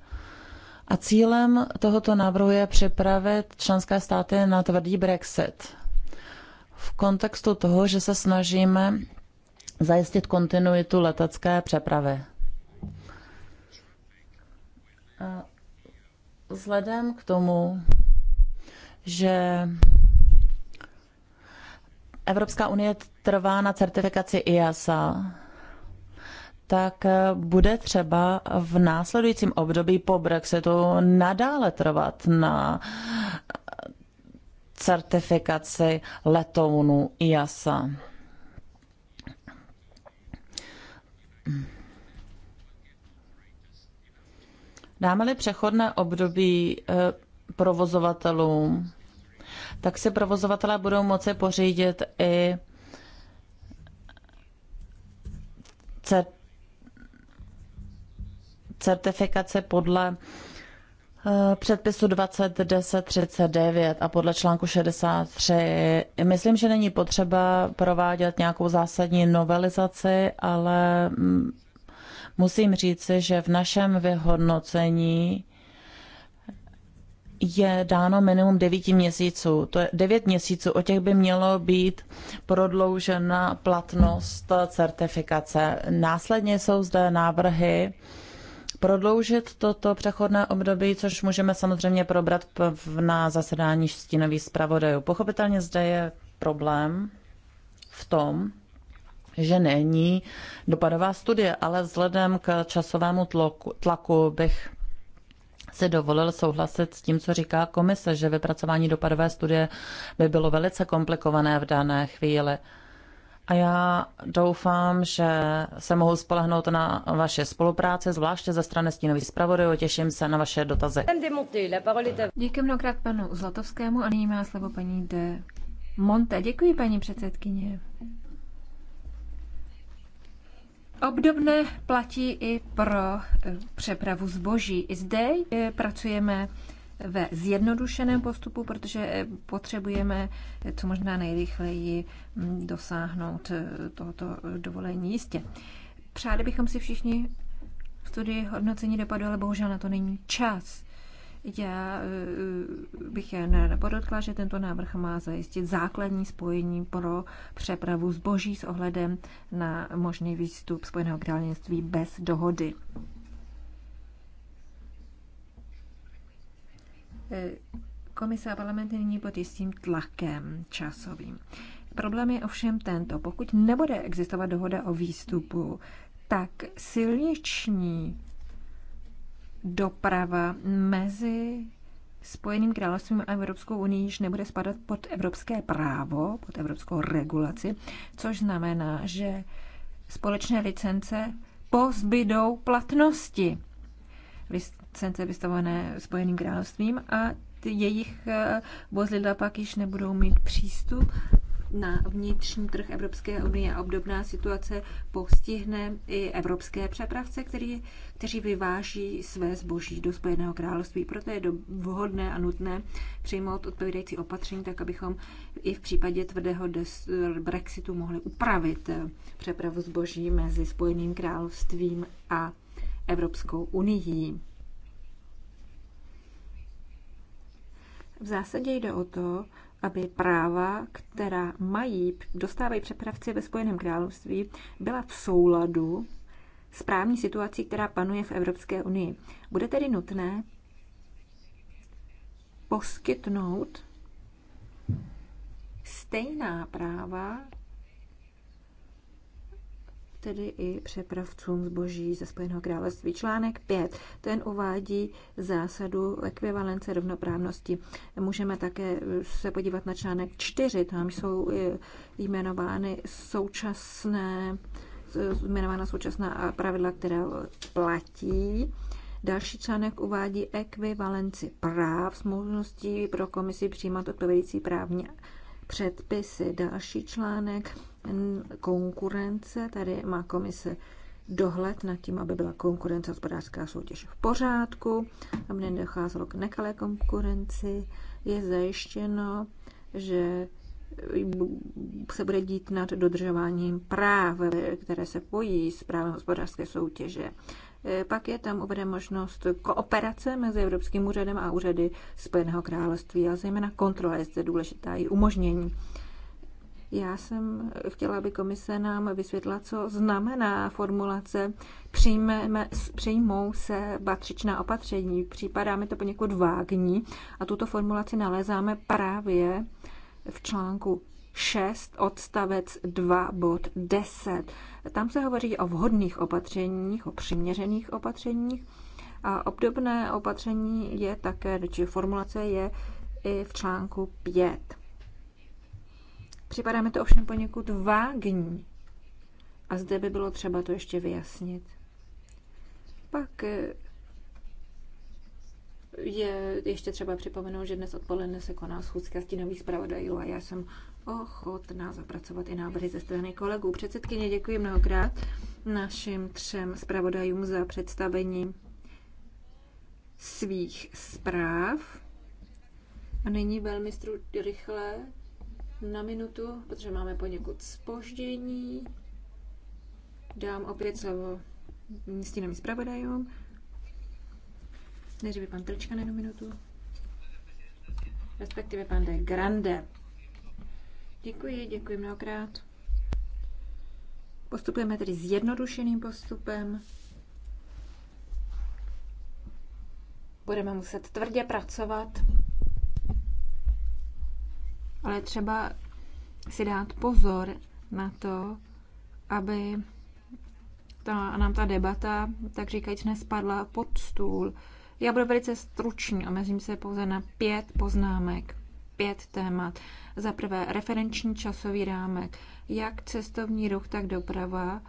A cílem tohoto návrhu je připravit členské státy na tvrdý Brexit. V kontextu toho, že se snažíme zajistit kontinuitu letecké přepravy. Vzhledem k tomu, že Evropská unie trvá na certifikaci IASA, tak e, bude třeba v následujícím období po Brexitu nadále trvat na e, certifikaci letounů IASA. Dáme-li přechodné období eh, provozovatelům, tak si provozovatelé budou moci pořídit i certifikace podle eh, předpisu 20.10.39 a podle článku 63. Myslím, že není potřeba provádět nějakou zásadní novelizaci, ale mm, Musím říci, že v našem vyhodnocení je dáno minimum 9 měsíců. To je 9 měsíců, o těch by mělo být prodloužena platnost certifikace. Následně jsou zde návrhy prodloužit toto přechodné období, což můžeme samozřejmě probrat na zasedání stínových zpravodajů. Pochopitelně zde je problém v tom, že není dopadová studie, ale vzhledem k časovému tlaku, tlaku bych si dovolil souhlasit s tím, co říká komise, že vypracování dopadové studie by bylo velice komplikované v dané chvíli. A já doufám, že se mohu spolehnout na vaše spolupráci, zvláště ze strany stínových zpravodajů. Těším se na vaše dotazy. Díky mnohokrát panu Zlatovskému a nyní má slovo paní de Monte. Děkuji, paní předsedkyně. Obdobné platí i pro eh, přepravu zboží. I zde eh, pracujeme ve zjednodušeném postupu, protože eh, potřebujeme co možná nejrychleji mm, dosáhnout tohoto dovolení. Jistě. Přáli bychom si všichni studii hodnocení dopadu, ale bohužel na to není čas. Já eh, eh, bych jen ráda podotkla, že tento návrh má zajistit základní spojení pro přepravu zboží s ohledem na možný výstup Spojeného království bez dohody. Eh, komise a parlament nyní pod jistým tlakem časovým. Problém je ovšem tento. Pokud nebude existovat dohoda o výstupu, tak silniční doprava mezi Spojeným královstvím a Evropskou unii již nebude spadat pod evropské právo, pod evropskou regulaci, což znamená, že společné licence pozbydou platnosti licence vystavované Spojeným královstvím a jejich eh, vozidla pak již nebudou mít přístup na vnitřní trh Evropské unie a obdobná situace postihne i evropské přepravce, který, kteří vyváží své zboží do Spojeného království. Proto je vhodné a nutné přijmout odpovídající opatření, tak abychom i v případě tvrdého Brexitu mohli upravit přepravu zboží mezi Spojeným královstvím a Evropskou unii. V zásadě jde o to, aby práva, která mají, dostávají přepravci ve Spojeném království, byla v souladu s právní situací, která panuje v Evropské unii. Bude tedy nutné poskytnout stejná práva tedy i přepravcům zboží ze Spojeného království. Článek 5, ten uvádí zásadu ekvivalence rovnoprávnosti. Můžeme také se podívat na článek 4, tam jsou eh, jmenovány současné jmenována současná pravidla, která platí. Další článek uvádí ekvivalenci práv, s možností pro komisi přijímat odpovědící právní předpisy. Další článek konkurence, tady má komise dohled nad tím, aby byla konkurence hospodářská soutěž v pořádku, aby nedocházelo k nekalé konkurenci, je zajištěno, že se bude dít nad dodržováním práv, které se pojí s právem hospodářské soutěže. Pak je tam uveden možnost kooperace mezi Evropským úřadem a úřady Spojeného království a zejména kontrola je zde důležitá i umožnění. Já jsem chtěla, aby komise nám vysvětla, co znamená formulace přijmeme, přijmou se patřičná opatření. Připadá mi to poněkud vágní a tuto formulaci nalézáme právě v článku 6 odstavec 2 bod 10. Tam se hovoří o vhodných opatřeních, o přiměřených opatřeních a obdobné opatření je také, či formulace je i v článku 5. Připadá mi to ovšem poněkud vágní a zde by bylo třeba to ještě vyjasnit. Pak eh, je ještě třeba připomenout, že dnes odpoledne se koná schůzka stínových zpravodajů a já jsem ochotná zapracovat i návrhy ze strany kolegů. Předsedkyně, děkuji mnohokrát našim třem zpravodajům za představení svých zpráv. A nyní velmi stru- rychle na minutu, protože máme poněkud spoždění. Dám opět slovo stínovým zpravodajům. Než by pan Trčka na minutu. Respektive pan de Grande. Děkuji, děkuji mnohokrát. Postupujeme tedy jednodušeným postupem. Budeme muset tvrdě pracovat, ale třeba si dát pozor na to, aby ta, nám ta debata, tak říkajíc, nespadla pod stůl. Já budu velice stručný, omezím se pouze na pět poznámek pět témat. Za prvé referenční časový rámek, jak cestovní ruch, tak doprava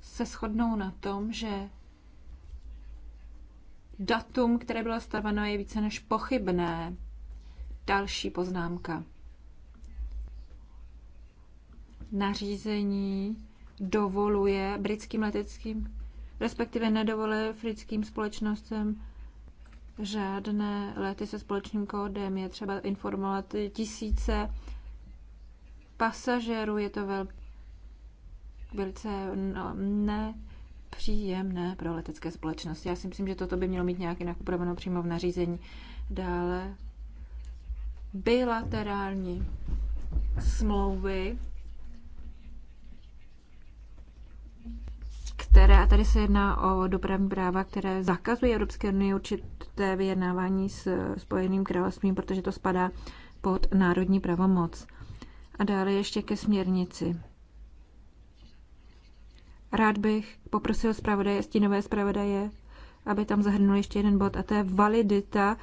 se shodnou na tom, že datum, které bylo stavano, je více než pochybné. Další poznámka. Nařízení dovoluje britským leteckým, respektive nedovoluje britským společnostem žádné lety se společným kódem. Je třeba informovat tisíce pasažérů. Je to vel, velice no, nepříjemné pro letecké společnosti. Já si myslím, že toto by mělo mít nějak jinak upraveno přímo v nařízení. Dále bilaterální smlouvy které, a tady se jedná o dopravní práva, které zakazují Evropské unii určité vyjednávání s Spojeným královstvím, protože to spadá pod národní pravomoc. A dále ještě ke směrnici. Rád bych poprosil zpravodaje, stínové zpravodaje, aby tam zahrnul ještě jeden bod, a to je validita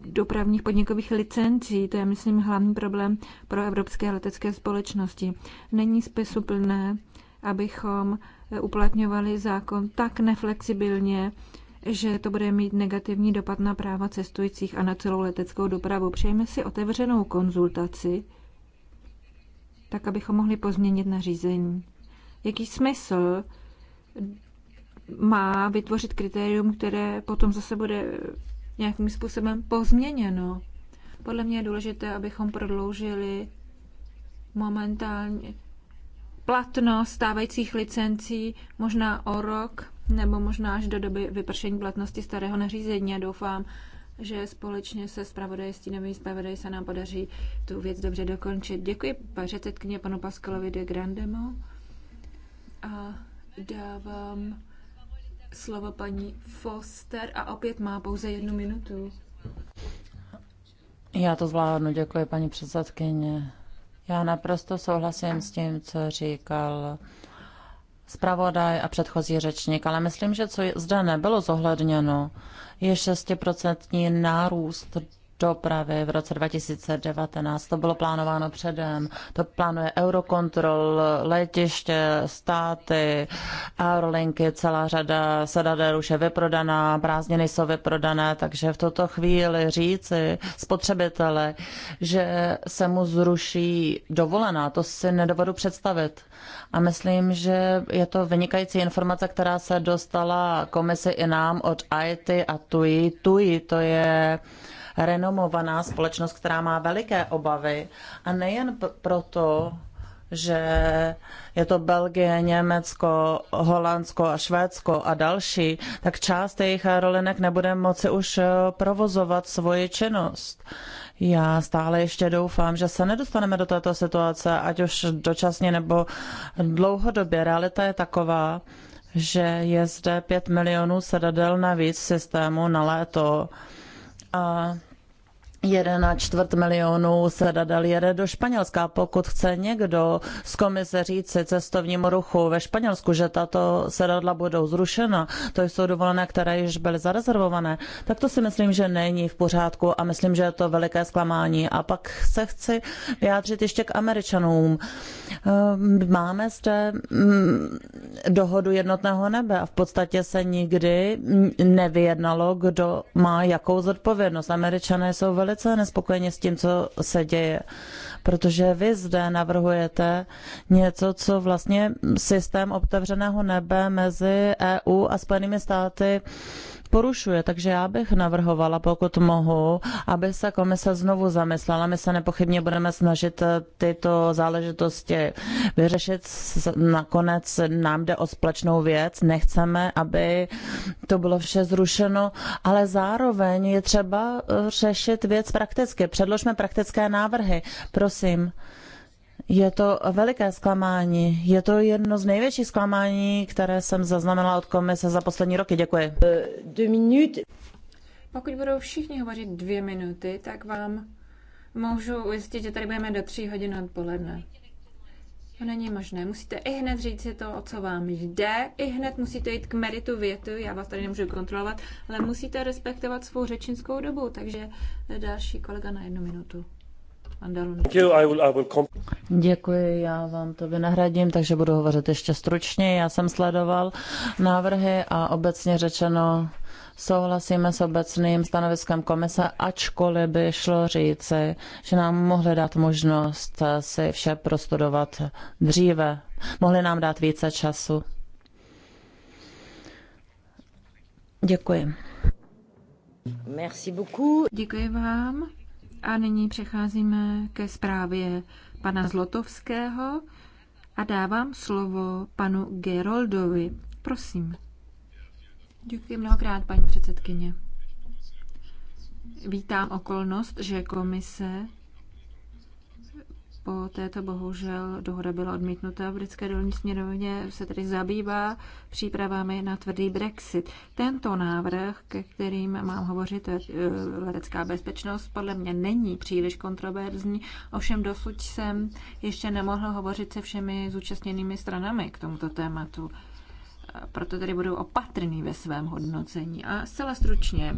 dopravních podnikových licencí. To je, myslím, hlavní problém pro evropské letecké společnosti. Není smysluplné, abychom Eh, uplatňovali zákon tak neflexibilně, že to bude mít negativní dopad na práva cestujících a na celou leteckou dopravu. Přejeme si otevřenou konzultaci, tak abychom mohli pozměnit nařízení. Jaký smysl má vytvořit kritérium, které potom zase bude nějakým způsobem pozměněno? Podle mě je důležité, abychom prodloužili momentálně platnost stávajících licencí možná o rok nebo možná až do doby vypršení platnosti starého nařízení. A doufám, že společně se zpravodaji, stínovým zpravodaji se nám podaří tu věc dobře dokončit. Děkuji předsedkyně panu Paskalovi de Grandemo a dávám slovo paní Foster a opět má pouze jednu minutu. Já to zvládnu, děkuji paní předsedkyně. Já naprosto souhlasím s tím, co říkal zpravodaj a předchozí řečník, ale myslím, že co zde nebylo zohledněno, je 6% nárůst dopravy v roce 2019. To bylo plánováno předem. To plánuje Eurocontrol, letiště, státy, aerolinky, celá řada sedadel už je vyprodaná, prázdniny jsou vyprodané, takže v tuto chvíli říci spotřebitele, že se mu zruší dovolená, to si nedovodu představit. A myslím, že je to vynikající informace, která se dostala komisi i nám od IT a TUI. TUI to je uh, renomovaná společnost, která má veliké obavy. A nejen proto, že je to Belgie, Německo, Holandsko a Švédsko a další, tak část jejich aerolinek nebude moci už eh, provozovat svoji činnost. Já stále ještě doufám, že se nedostaneme do této situace, ať už dočasně nebo dlouhodobě. Realita je taková, že je zde 5 milionů sedadel navíc v systému na léto. A jeden a čtvrt milionu se dadal jede do Španělska. Pokud chce někdo z komise říci cestovnímu ruchu ve Španělsku, že tato sedadla budou zrušena, to jsou dovolené, které již byly zarezervované, tak to si myslím, že není v pořádku a myslím, že je to veliké zklamání. A pak se chci vyjádřit ještě k Američanům. Ehm, máme zde mm, dohodu jednotného nebe a v podstatě se nikdy nevyjednalo, kdo má jakou zodpovědnost. Američané jsou velice velice nespokojeni s tím, co se děje, protože vy zde navrhujete něco, co vlastně systém otevřeného nebe mezi EU a Spojenými státy porušuje. Takže já bych navrhovala, pokud mohu, aby se komise znovu zamyslela. My se nepochybně budeme snažit eh, tyto záležitosti vyřešit. Nakonec nám jde o společnou věc. Nechceme, aby to bylo vše zrušeno, ale zároveň je třeba eh, řešit věc prakticky. Předložme praktické návrhy. Prosím. Je to veliké zklamání. Je to jedno z největších zklamání, které jsem zaznamenala od komise za poslední roky. Děkuji. Eh, dvě minuty. Pokud budou všichni hovořit dvě minuty, tak vám můžu ujistit, že tady budeme do tří hodin odpoledne. To není možné. Musíte i hned říct si to, o co vám jde. I hned musíte jít k meritu větu. Já vás tady nemůžu kontrolovat, ale musíte respektovat svou řečnickou dobu. Takže další kolega na jednu minutu. Děkuji, já vám to vynahradím, takže budu hovořit ještě stručně. Já jsem sledoval návrhy a obecně řečeno souhlasíme s obecným stanoviskem komise, ačkoliv by šlo říci, že nám mohli dát možnost si vše prostudovat dříve. Mohli nám dát více času. Děkuji. Merci beaucoup. Děkuji vám. A nyní přecházíme ke zprávě pana Zlotovského a dávám slovo panu Geroldovi. Prosím. Děkuji mnohokrát, paní předsedkyně. Vítám okolnost, že komise po této bohužel dohoda byla odmítnuta. V britské dolní směrovně se tedy zabývá přípravami na tvrdý Brexit. Tento návrh, ke kterým mám hovořit, eh, letecká bezpečnost, podle mě není příliš kontroverzní, ovšem dosud jsem ještě nemohl hovořit se všemi zúčastněnými stranami k tomuto tématu. Eh, proto tedy budu opatrný ve svém hodnocení. A zcela stručně,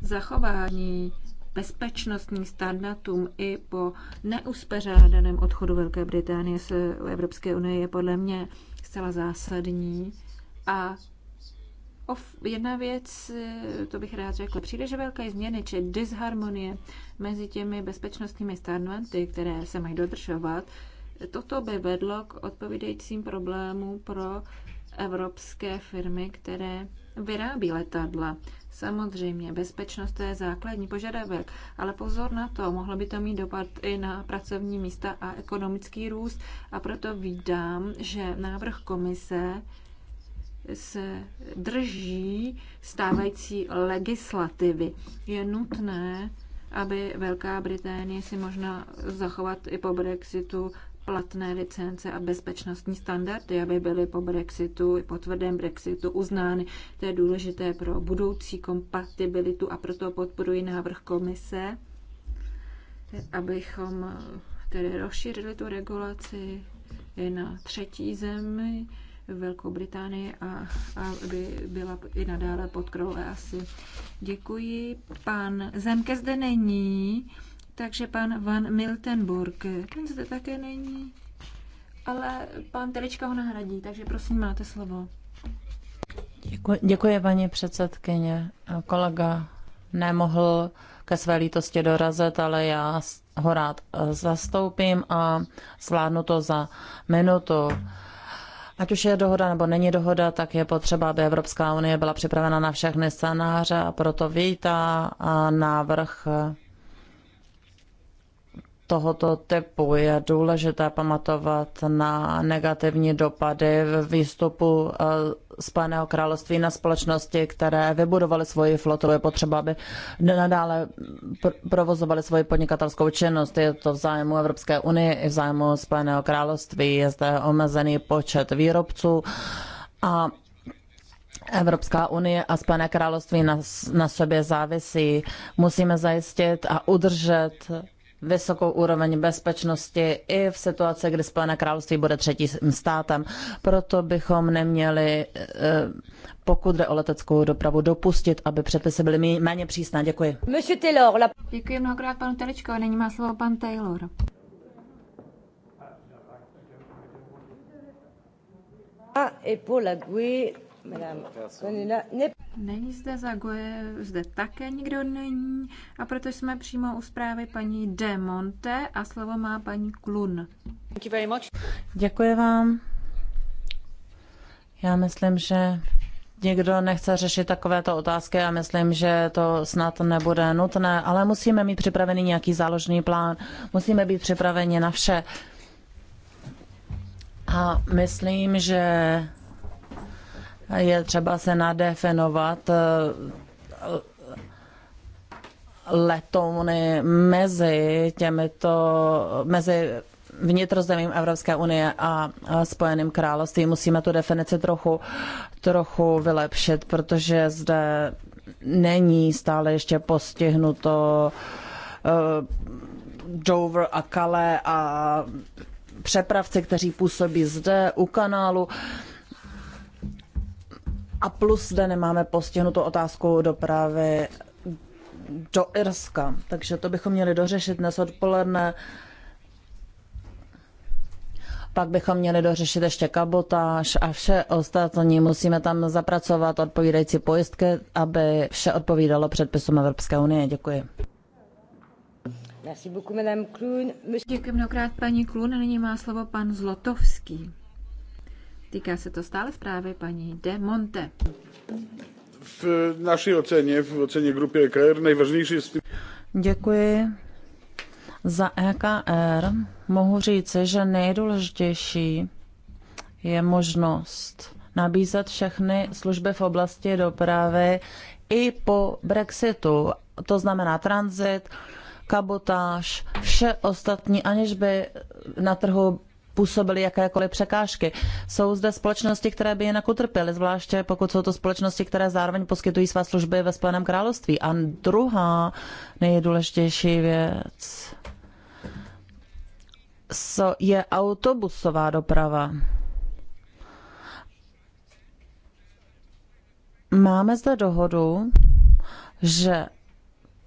zachování bezpečnostním standardům i po neuspořádaném odchodu Velké Británie z Evropské unie je podle mě zcela zásadní. A jedna věc, to bych rád řekla, příliš velké změny či disharmonie mezi těmi bezpečnostními standardy, které se mají dodržovat, toto by vedlo k odpovídajícím problémům pro evropské firmy, které vyrábí letadla. Samozřejmě, bezpečnost to je základní požadavek, ale pozor na to, mohlo by to mít dopad i na pracovní místa a ekonomický růst a proto vídám, že návrh komise se drží stávající legislativy. Je nutné, aby Velká Británie si možná zachovat i po Brexitu platné licence a bezpečnostní standardy, aby byly po Brexitu i po tvrdém Brexitu uznány. To je důležité pro budoucí kompatibilitu a proto podporuji návrh komise, abychom tedy rozšířili tu regulaci i na třetí zemi, Velkou Británii a aby byla i nadále pod krole asi. Děkuji. Pan Zemke zde není, takže pan Van Miltenburg, ten zde také není, ale pan Telička ho nahradí, takže prosím, máte slovo. Děkuji, děkuji paní předsedkyně. Kolega nemohl ke své lítosti dorazit, ale já ho rád zastoupím a zvládnu to za minutu. Ať už je dohoda nebo není dohoda, tak je potřeba, aby Evropská unie byla připravena na všechny scénáře a proto vítá návrh tohoto typu je důležité pamatovat na negativní dopady v výstupu eh, Spojeného království na společnosti, které vybudovaly svoji flotu. Je potřeba, aby nadále provozovaly svoji podnikatelskou činnost. Je to v zájmu Evropské unie i v zájmu Spojeného království. Je zde omezený počet výrobců a Evropská unie a Spojené království na, na sobě závisí. Musíme zajistit a udržet vysokou úroveň bezpečnosti i v situaci, kdy Spojené království bude třetím státem. Proto bychom neměli, eh, pokud jde o leteckou dopravu, dopustit, aby předpisy byly méně přísné. Děkuji. Děkuji mnohokrát panu Teličko, a nyní má slovo pan Taylor. A, ah, i pour la GUI, Není zde Zagoje, zde také nikdo není a proto jsme přímo u zprávy paní De Monte a slovo má paní Klun. Děkuji vám. Já myslím, že nikdo nechce řešit takovéto otázky a myslím, že to snad nebude nutné, ale musíme mít připravený nějaký záložný plán, musíme být připraveni na vše. A myslím, že je třeba se nadefinovat eh, letouny mezi těmito, mezi vnitrozemím Evropské unie a Spojeným království. Musíme tu definici trochu, trochu vylepšit, protože zde není stále ještě postihnuto uh, Dover a Calais a přepravci, kteří působí zde u kanálu. Uh, a plus zde nemáme postihnutou otázku dopravy do Irska. Takže to bychom měli dořešit dnes odpoledne. Pak bychom měli dořešit ještě kabotáž a vše ostatní. Musíme tam zapracovat odpovídající pojistky, aby vše odpovídalo předpisům Evropské unie. Děkuji. Děkuji mnohokrát paní Klun. Nyní má slovo pan Zlotovský. Týká se to stále zprávy paní De Monte. V naší oceně, v oceně grupy EKR, nejvážnější je... Děkuji. Za EKR mohu říci, že nejdůležitější je možnost nabízet všechny služby v oblasti dopravy i po Brexitu. To znamená tranzit, kabotáž, vše ostatní, aniž by na trhu působily jakékoliv překážky. Jsou zde společnosti, které by jinak utrpěly, zvláště pokud jsou to společnosti, které zároveň poskytují své služby ve Spojeném království. A druhá nejdůležitější věc je autobusová doprava. Máme zde dohodu, že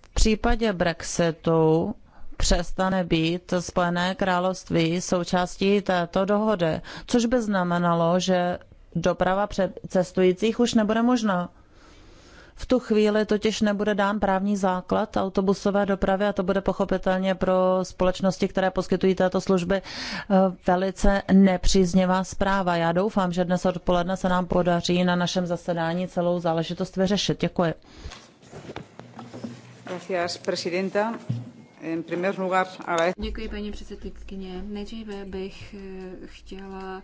v případě Brexitu přestane být Spojené království součástí této dohody, což by znamenalo, že doprava cestujících už nebude možná. V tu chvíli totiž nebude dán právní základ autobusové dopravy a to bude pochopitelně pro společnosti, které poskytují této služby, eh, velice nepříznivá zpráva. Já doufám, že dnes odpoledne se nám podaří na našem zasedání celou záležitost vyřešit. Děkuji. Gracias, presidenta. Děkuji, paní předsedkyně. Nejdříve bych eh, chtěla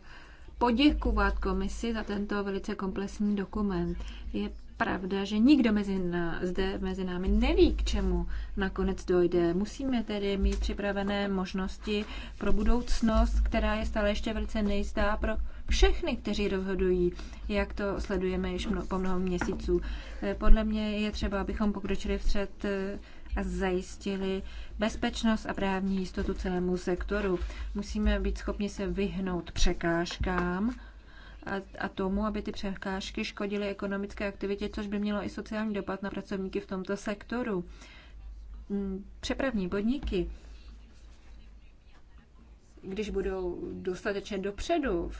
poděkovat komisi za tento velice komplexní dokument. Je pravda, že nikdo mezi ná, zde mezi námi neví, k čemu nakonec dojde. Musíme tedy mít připravené možnosti pro budoucnost, která je stále ještě velice nejistá pro všechny, kteří rozhodují, jak to sledujeme již mno, po mnoho měsíců. Eh, podle mě je třeba, abychom pokročili vstřed eh, a zajistili bezpečnost a právní jistotu celému sektoru. Musíme být schopni se vyhnout překážkám a tomu, aby ty překážky škodily ekonomické aktivitě, což by mělo i sociální dopad na pracovníky v tomto sektoru. Mm, přepravní podniky když budou dostatečně dopředu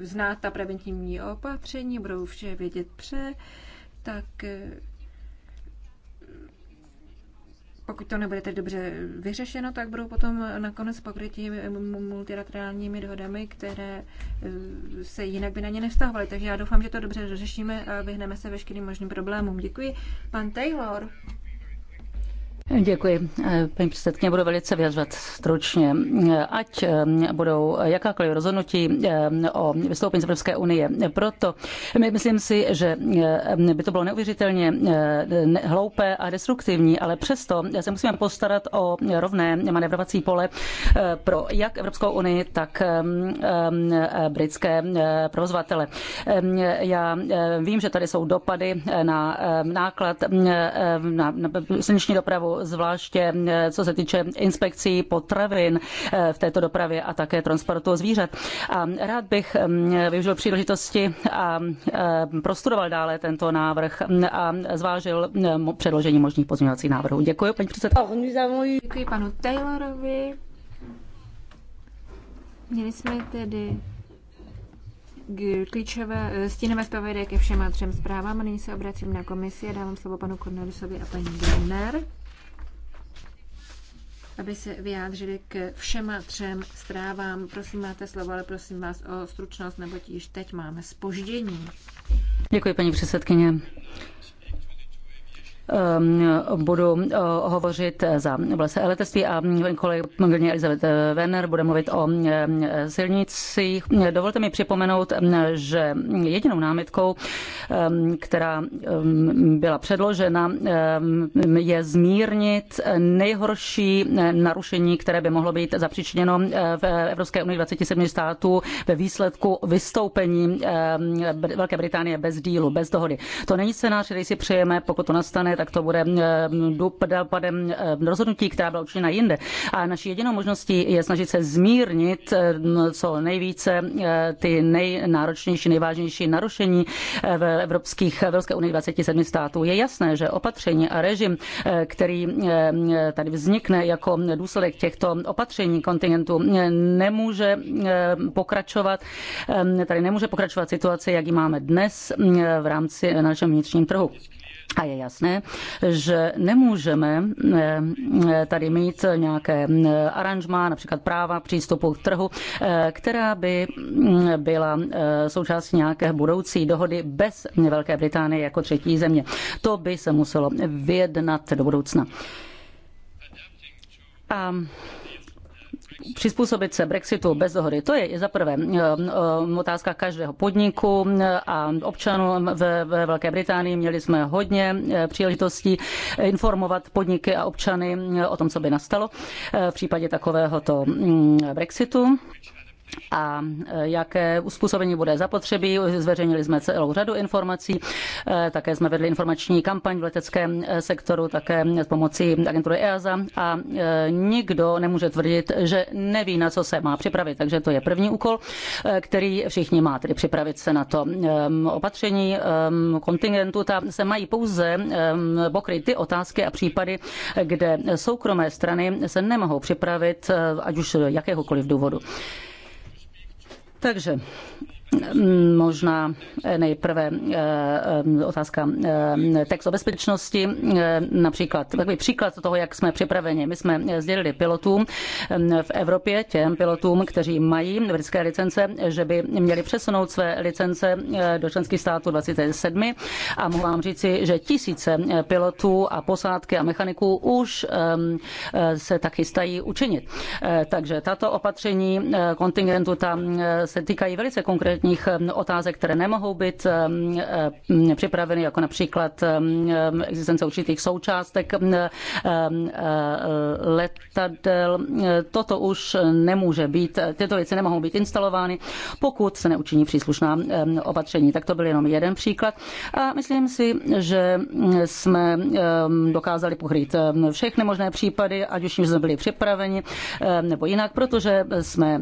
znát ta preventivní opatření, budou vše vědět pře, tak eh, pokud to nebude tak dobře vyřešeno, tak budou potom nakonec pokrytí multilaterálními dohodami, které eh, se jinak by na ně nevztahovaly. Takže já doufám, že to dobře řešíme a vyhneme se veškerým možným problémům. Děkuji. Pan Taylor. Děkuji. Paní předsedkyně, budu velice vyjadřovat stručně. Ať eh, budou jakákoliv rozhodnutí eh, o vystoupení z Evropské unie. Proto my myslím si, že eh, by to bylo neuvěřitelně hloupé a destruktivní, ale přesto se musíme postarat o rovné manevrovací pole pro jak Evropskou unii, tak britské provozovatele. Já vím, že tady jsou dopady na náklad, na silniční dopravu, zvláště eh, co se týče inspekcí potravin eh, v této dopravě a také transportu zvířat. A rád bych mm, využil příležitosti a eh, prostudoval dále tento návrh mm, a zvážil mm, předložení možných pozměňovacích návrhů. Děkuji, paní předsedkyně. Děkuji panu Taylorovi. Měli jsme tedy klíčové stínové zpravodaj ke všem třem zprávám a nyní se obracím na komisi a dávám slovo panu Kornelisovi a paní Gerner aby se vyjádřili k všema třem zprávám. Prosím, máte slovo, ale prosím vás o stručnost, neboť již teď máme spoždění. Děkuji, paní předsedkyně. Ehm, budu eh, hovořit za oblast letectví a kolegyně Elizabeth eh, Werner bude mluvit o ehm, silnicích. Dovolte mi připomenout, ehm, že jedinou námitkou, která byla předložena, je zmírnit nejhorší eh, narušení, které by mohlo být zapříčiněno v Evropské unii 27 států ve výsledku vystoupení Velké Británie bez dílu, bez dohody. To není scénář, který si přejeme, pokud to nastane, tak to bude eh, dopadem eh, rozhodnutí, která byla učiněna jinde. A naší jedinou možností je snažit se zmírnit eh, co nejvíce ty nejnáročnější, nejvážnější narušení v evropských, Evropské unii 27 států. Je jasné, že opatření a režim, který tady vznikne jako důsledek těchto opatření kontinentu, nemůže pokračovat, tady nemůže pokračovat situace, jak ji máme dnes v rámci na našem vnitřním trhu. A je jasné, že nemůžeme eh, eh, tady mít nějaké eh, aranžma, například práva přístupu k trhu, která by mm, byla součástí nějaké budoucí dohody bez Velké Británie jako třetí země. To by se muselo vyjednat do budoucna. A přizpůsobit se Brexitu bez dohody. To je za prvé eh, eh, otázka každého podniku eh, a občanů ve Velké Británii. Měli jsme hodně příležitostí informovat podniky a občany o tom, co by nastalo v případě takovéhoto mm, Brexitu a e, jaké uspůsobení bude zapotřebí. Zveřejnili jsme celou řadu informací, e, také jsme vedli informační kampaň v leteckém e, sektoru, také s pomocí agentury EASA a nikdo nemůže tvrdit, že neví, na co se má připravit. Takže to je první úkol, který všichni má, tedy připravit se na to opatření kontingentu. Ta se mají pouze pokryt ty otázky a případy, kde soukromé strany se nemohou připravit, ať už jakéhokoliv důvodu. Takže Možná eh, nejprve eh, eh, otázka text o bezpečnosti, například takový příklad toho, jak jsme připraveni. My jsme sdělili pilotům v Evropě, těm pilotům, kteří mají britské licence, že by měli přesunout své licence do členských států 27 a mohu vám říci, že tisíce pilotů a posádky a mechaniků už se tak chystají učinit. Takže tato opatření kontingentu tam se týkají velice konkrétně konkrétních ehm, otázek, které nemohou být ehm, ehm, připraveny, jako například existence určitých součástek eh, letadel. Toto už nemůže být, tyto věci nemohou být instalovány, pokud se neučiní příslušná opatření. Tak to byl jenom jeden příklad. A myslím si, že jsme dokázali pokrýt všechny možné případy, ať už jsme byli připraveni nebo jinak, protože jsme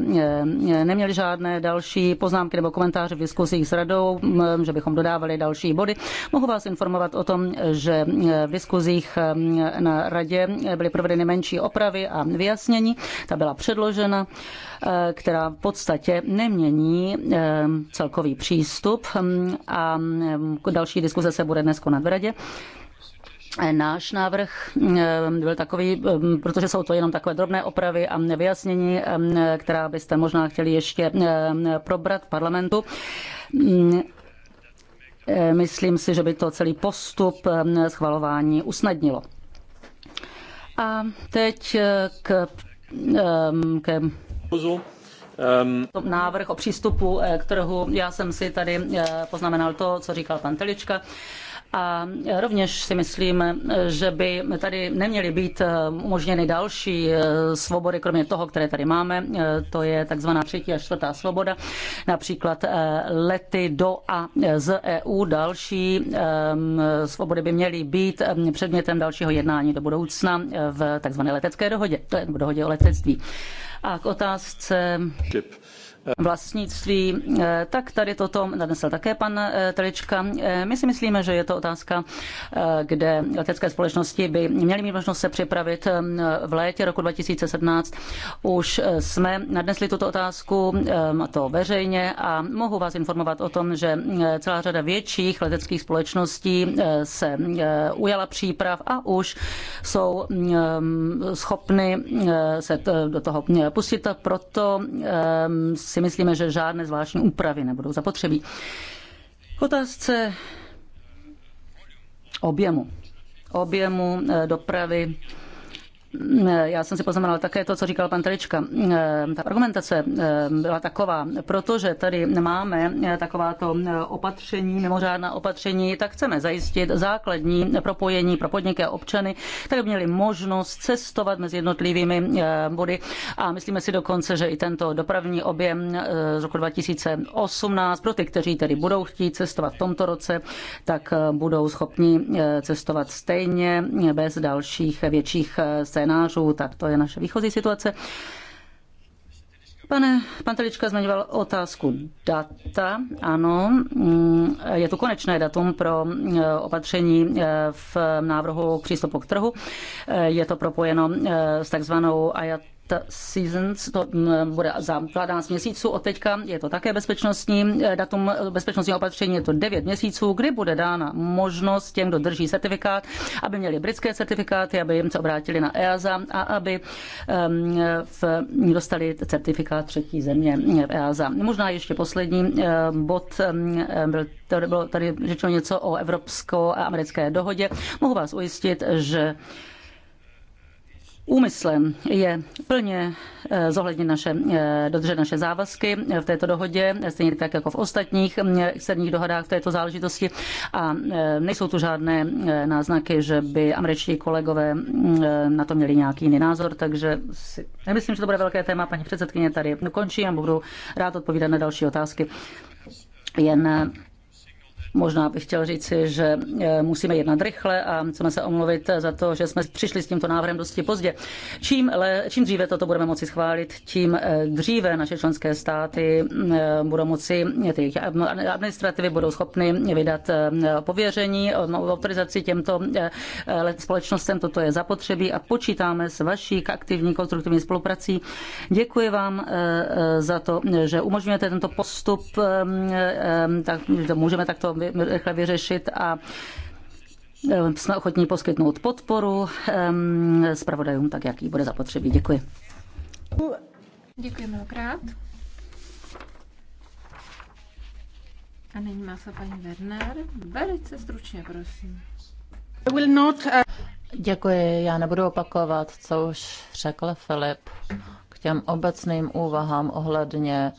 neměli žádné další poznámky nebo nebo komentáře v diskusích s radou, mm, že bychom dodávali další body. Mohu vás informovat o tom, že v diskuzích mm, na radě byly provedeny menší opravy a vyjasnění. Ta byla předložena, eh, která v podstatě nemění eh, celkový přístup mm, a další diskuze se bude dnes konat v radě. Náš návrh ehm, byl takový, ehm, protože jsou to jenom takové drobné opravy a vyjasnění, ehm, která byste možná chtěli ještě probrat v parlamentu. Mm, eh, myslím si, že by to celý postup schvalování usnadnilo. A teď eh, k, k návrh o přístupu eh, k trhu. Já jsem si tady poznamenal to, co říkal pan Telička. A rovněž si myslím, že by tady neměly být eh, umožněny další eh, svobody, kromě toho, které tady máme. Eh, to je takzvaná třetí a čtvrtá svoboda, například lety do a z EU. Další ehm, svobody by měly být ehm, předmětem dalšího jednání do budoucna v takzvané letecké dohodě, to je dohodě o letectví. A k otázce vlastnictví, eh, tak tady toto nadnesl také pan eh, Trička. Eh, my si myslíme, že je to otázka, kde letecké společnosti by měly mít možnost se připravit v létě roku 2017. Už jsme nadnesli tuto otázku, a to veřejně, a mohu vás informovat o tom, že celá řada větších leteckých společností se ujala příprav a už jsou schopny se do toho pustit. Proto si myslíme, že žádné zvláštní úpravy nebudou zapotřebí. K otázce objemu objemu eh, dopravy Eh, já jsem si poznamenal také to, co říkal pan Telička. Eh, ta argumentace eh, byla taková, protože tady máme takováto opatření, mimořádná opatření, tak chceme zajistit základní propojení pro podniky a občany, tak aby měli možnost cestovat mezi jednotlivými body a myslíme si dokonce, že i tento dopravní objem z roku 2018 pro ty, kteří tedy budou chtít cestovat v tomto roce, tak budou schopni cestovat stejně bez dalších větších scén scénářů, tak to je naše výchozí situace. Pane Pantelička zmiňoval otázku data. Ano, mm, je to konečné datum pro eh, opatření eh, v návrhu přístupu k trhu. Eh, je to propojeno s takzvanou IAT Seasons, to mm, bude za 12 měsíců od teďka, je to také bezpečnostní eh, datum bezpečnostního opatření, je to 9 měsíců, kdy bude dána možnost těm, kdo drží certifikát, aby měli britské certifikáty, aby jim se obrátili na EASA a aby ehm, v, dostali certifikát třetí země v EASA. Možná ještě poslední eh, bod, ehm, ehm, byl tady, bylo tady řečeno něco o evropsko-americké dohodě. Mohu vás ujistit, že Úmyslem je plně eh, zohlednit naše, eh, dodržet naše závazky eh, v této dohodě, stejně tak jako v ostatních mm, externích dohodách v této záležitosti. A nejsou tu žádné náznaky, že by američtí kolegové mm, na to měli nějaký jiný názor, takže si nemyslím, že to bude velké téma. Paní předsedkyně tady končí a budu rád odpovídat na další otázky. Jen Možná bych chtěl říci, že eh, musíme jednat rychle a chceme se omluvit za to, že jsme přišli s tímto návrhem dosti pozdě. Čím, le, čím dříve toto budeme moci schválit, tím eh, dříve naše členské státy eh, budou moci, ty administrativy budou schopny vydat pověření, no, autorizaci těmto společnostem. Toto je zapotřebí a počítáme s vaší aktivní konstruktivní spoluprací. Děkuji vám za to, že umožňujete tento postup, tak můžeme takto rychle vyřešit a eh, jsme ochotní poskytnout podporu ehm, zpravodajům, tak jak bude zapotřebí. Děkuji. Děkuji mnohokrát. A nyní má se paní Werner. Velice stručně, prosím. Eh, Děkuji, já nebudu opakovat, co už řekl Filip k těm obecným úvahám ohledně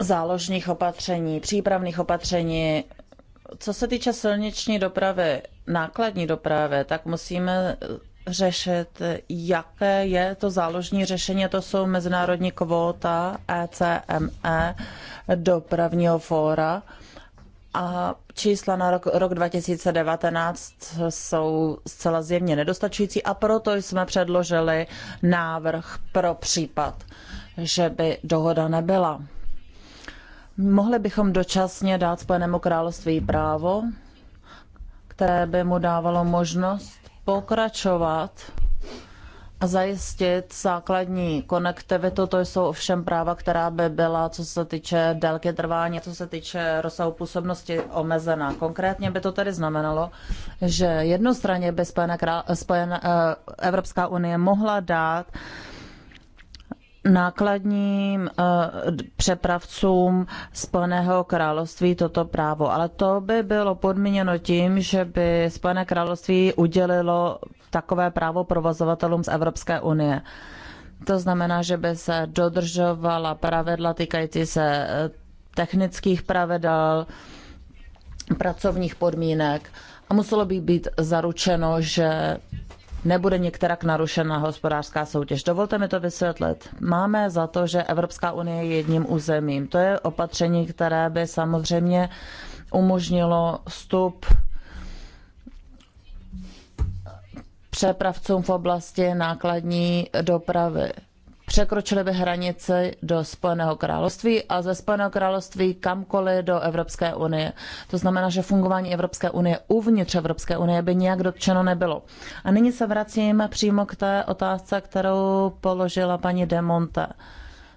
záložních opatření, přípravných opatření. Co se týče silniční dopravy, nákladní dopravy, tak musíme řešit, jaké je to záložní řešení. To jsou mezinárodní kvóta ECME e, dopravního fóra. A čísla na rok, rok 2019 jsou zcela zjevně nedostačující a proto jsme předložili návrh pro případ, že by dohoda nebyla. Mohli bychom dočasně dát Spojenému království právo, které by mu dávalo možnost pokračovat a zajistit základní konektivitu. To jsou ovšem práva, která by byla, co se týče délky trvání, co se týče rozsahu působnosti, omezená. Konkrétně by to tedy znamenalo, že jednostranně by Spojené, Spojené, eh, Evropská unie mohla dát nákladním eh, přepravcům Spojeného království toto právo. Ale to by bylo podmíněno tím, že by Spojené království udělilo takové právo provozovatelům z Evropské unie. To znamená, že by se dodržovala pravidla týkající se eh, technických pravidel, pracovních podmínek a muselo by být zaručeno, že nebude některak narušena hospodářská soutěž. Dovolte mi to vysvětlit. Máme za to, že Evropská unie je jedním územím. To je opatření, které by samozřejmě umožnilo vstup přepravcům v oblasti nákladní dopravy překročili by hranice do Spojeného království a ze Spojeného království kamkoliv do Evropské unie. To znamená, že fungování Evropské unie uvnitř Evropské unie by nějak dotčeno nebylo. A nyní se vracím přímo k té otázce, kterou položila paní Demonte.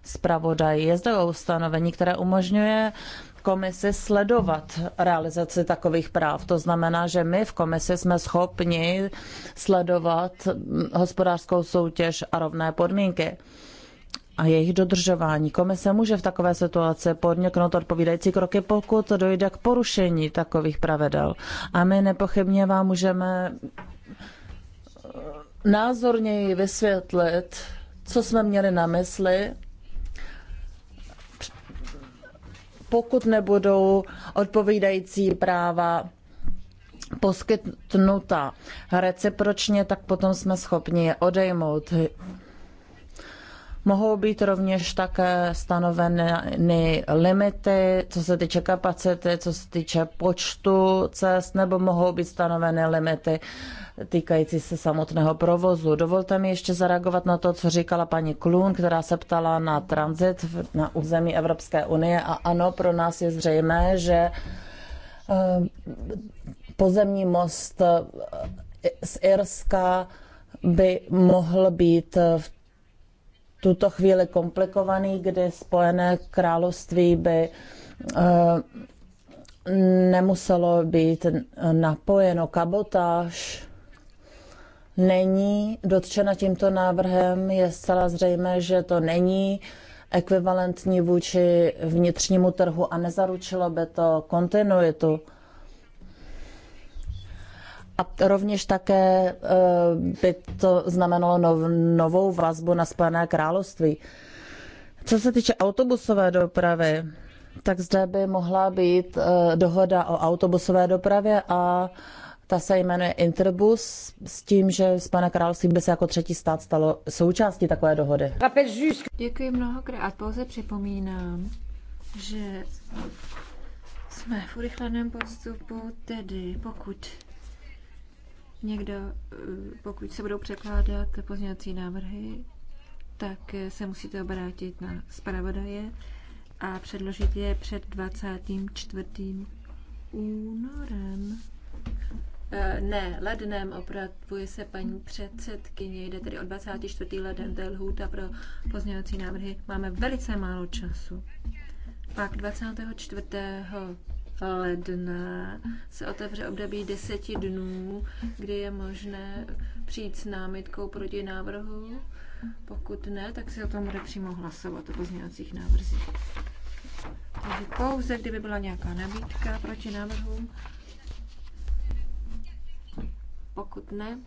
Spravodaj je zde ustanovení, které umožňuje komisi sledovat realizaci takových práv. To znamená, že my v komisi jsme schopni sledovat hospodářskou soutěž a rovné podmínky a jejich dodržování. Komise může v takové situaci podniknout odpovídající kroky, pokud dojde k porušení takových pravidel. A my nepochybně vám můžeme eh, názorněji vysvětlit, co jsme měli na mysli, pokud nebudou odpovídající práva poskytnuta recipročně, tak potom jsme schopni je odejmout. Mohou být rovněž také stanoveny limity, co se týče kapacity, co se týče počtu cest, nebo mohou být stanoveny limity týkající se samotného provozu. Dovolte mi ještě zareagovat na to, co říkala paní Klun, která se ptala na tranzit na území Evropské unie. A ano, pro nás je zřejmé, že eh, pozemní most eh, z Irska by mohl být v tuto chvíli komplikovaný, kdy Spojené království by eh, nemuselo být napojeno. Kabotáž není dotčena tímto návrhem. Je zcela zřejmé, že to není ekvivalentní vůči vnitřnímu trhu a nezaručilo by to kontinuitu a rovněž také eh, by to znamenalo novou vazbu na Spojené království. Co se týče autobusové dopravy, tak zde by mohla být eh, dohoda o autobusové dopravě a ta se jmenuje Interbus s tím, že pana království by se jako třetí stát stalo součástí takové dohody. Děkuji mnohokrát. Pouze připomínám, že jsme v urychleném postupu, tedy pokud Někdo, eh, pokud se budou překládat pozměňovací návrhy, tak se musíte obrátit na zpravodaje a předložit je před 24. únorem. Eh, ne, lednem opravuje se paní předsedkyně, jde tedy o 24. leden, to je lhůta pro pozměňovací návrhy. Máme velice málo času. Pak 24 ledna se otevře období deseti dnů, kdy je možné přijít s námitkou proti návrhu. Pokud ne, tak se o tom bude přímo hlasovat o pozměňovacích návrzích. Takže pouze, kdyby byla nějaká nabídka proti návrhu. Pokud ne,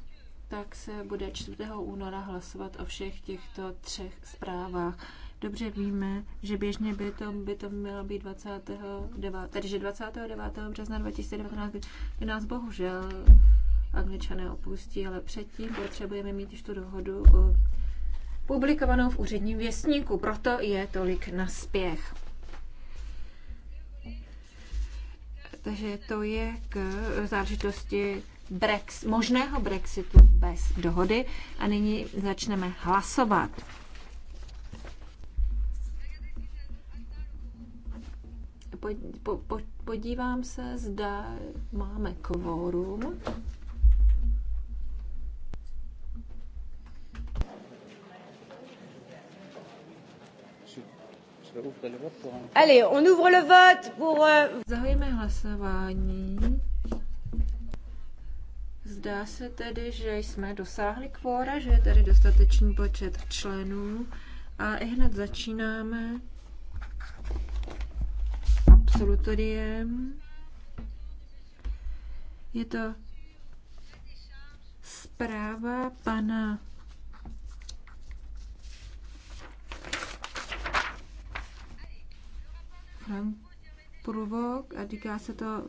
tak se bude 4. února hlasovat o všech těchto třech zprávách dobře víme, že běžně by to, by to mělo být 29. Takže 29. března 2019 by nás bohužel angličané opustí, ale předtím potřebujeme mít již tu dohodu o publikovanou v úředním věstníku. Proto je tolik na spěch. Takže to je k záležitosti Brex, možného Brexitu bez dohody. A nyní začneme hlasovat. podívám se, zda máme kvórum. Allez, on ouvre le vote pour... Euh, Zahajíme hlasování. Zdá se tedy, že jsme dosáhli kvóra, že je tady dostatečný počet členů a i hned začínáme absolutoriem. Je to zpráva pana Frank a říká se to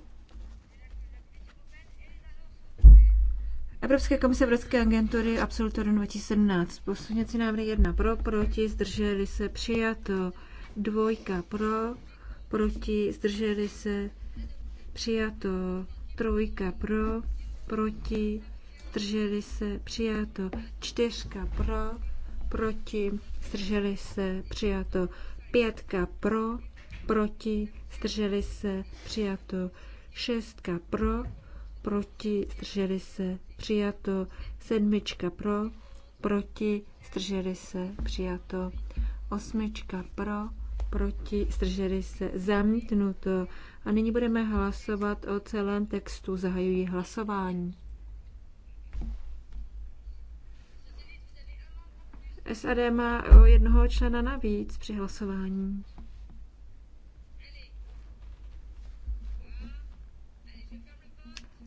Evropské komise Evropské agentury Absolutorium 2017. Posuněcí návrh 1 pro, proti, zdrželi se, přijato, dvojka pro, proti, zdrželi se, přijato. Trojka pro, proti, zdrželi se, přijato. Čtyřka pro, proti, zdrželi se, přijato. Pětka pro, proti, zdrželi se, přijato. Šestka pro, proti, zdrželi se, přijato. Sedmička pro, proti, zdrželi se, přijato. Osmička pro, proti, zdrželi se, zamítnuto. A nyní budeme hlasovat o celém textu. Zahajuji hlasování. SAD má o jednoho člena navíc při hlasování.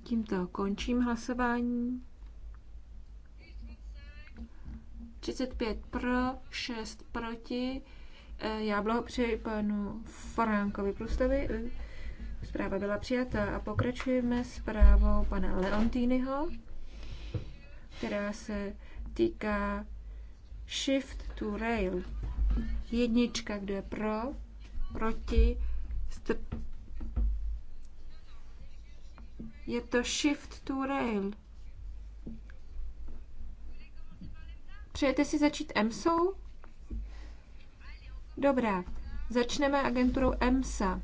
Tímto končím hlasování. 35 pro, 6 proti Eh, já blahopřeji panu Faránkovi Plustovi. Eh, zpráva byla přijata a pokračujeme s právou pana Leontýnyho, která se týká Shift to Rail. Jednička, kdo je pro, proti, je to Shift to Rail. Přejete si začít MSou? Dobrá, začneme agenturou EMSA.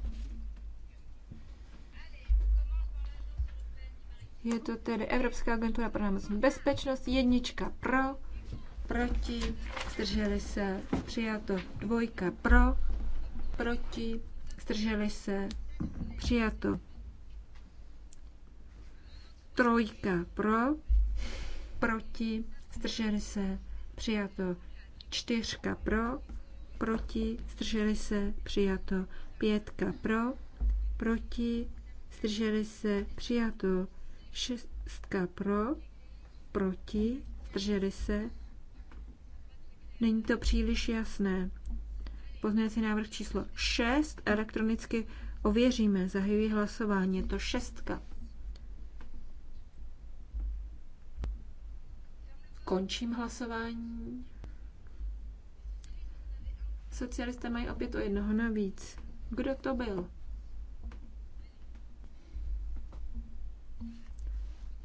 Je to tedy Evropská agentura pro námocní bezpečnost, jednička pro, proti, zdrželi se, přijato, dvojka pro, proti, zdrželi se, přijato, trojka pro, proti, zdrželi se, přijato, čtyřka pro, proti, zdrželi se, přijato. Pětka pro, proti, zdrželi se, přijato. Šestka pro, proti, zdrželi se. Není to příliš jasné. si návrh číslo 6 elektronicky ověříme. Zahajuji hlasování. Je to šestka. Končím hlasování. Socialisté mají opět o jednoho navíc. Kdo to byl?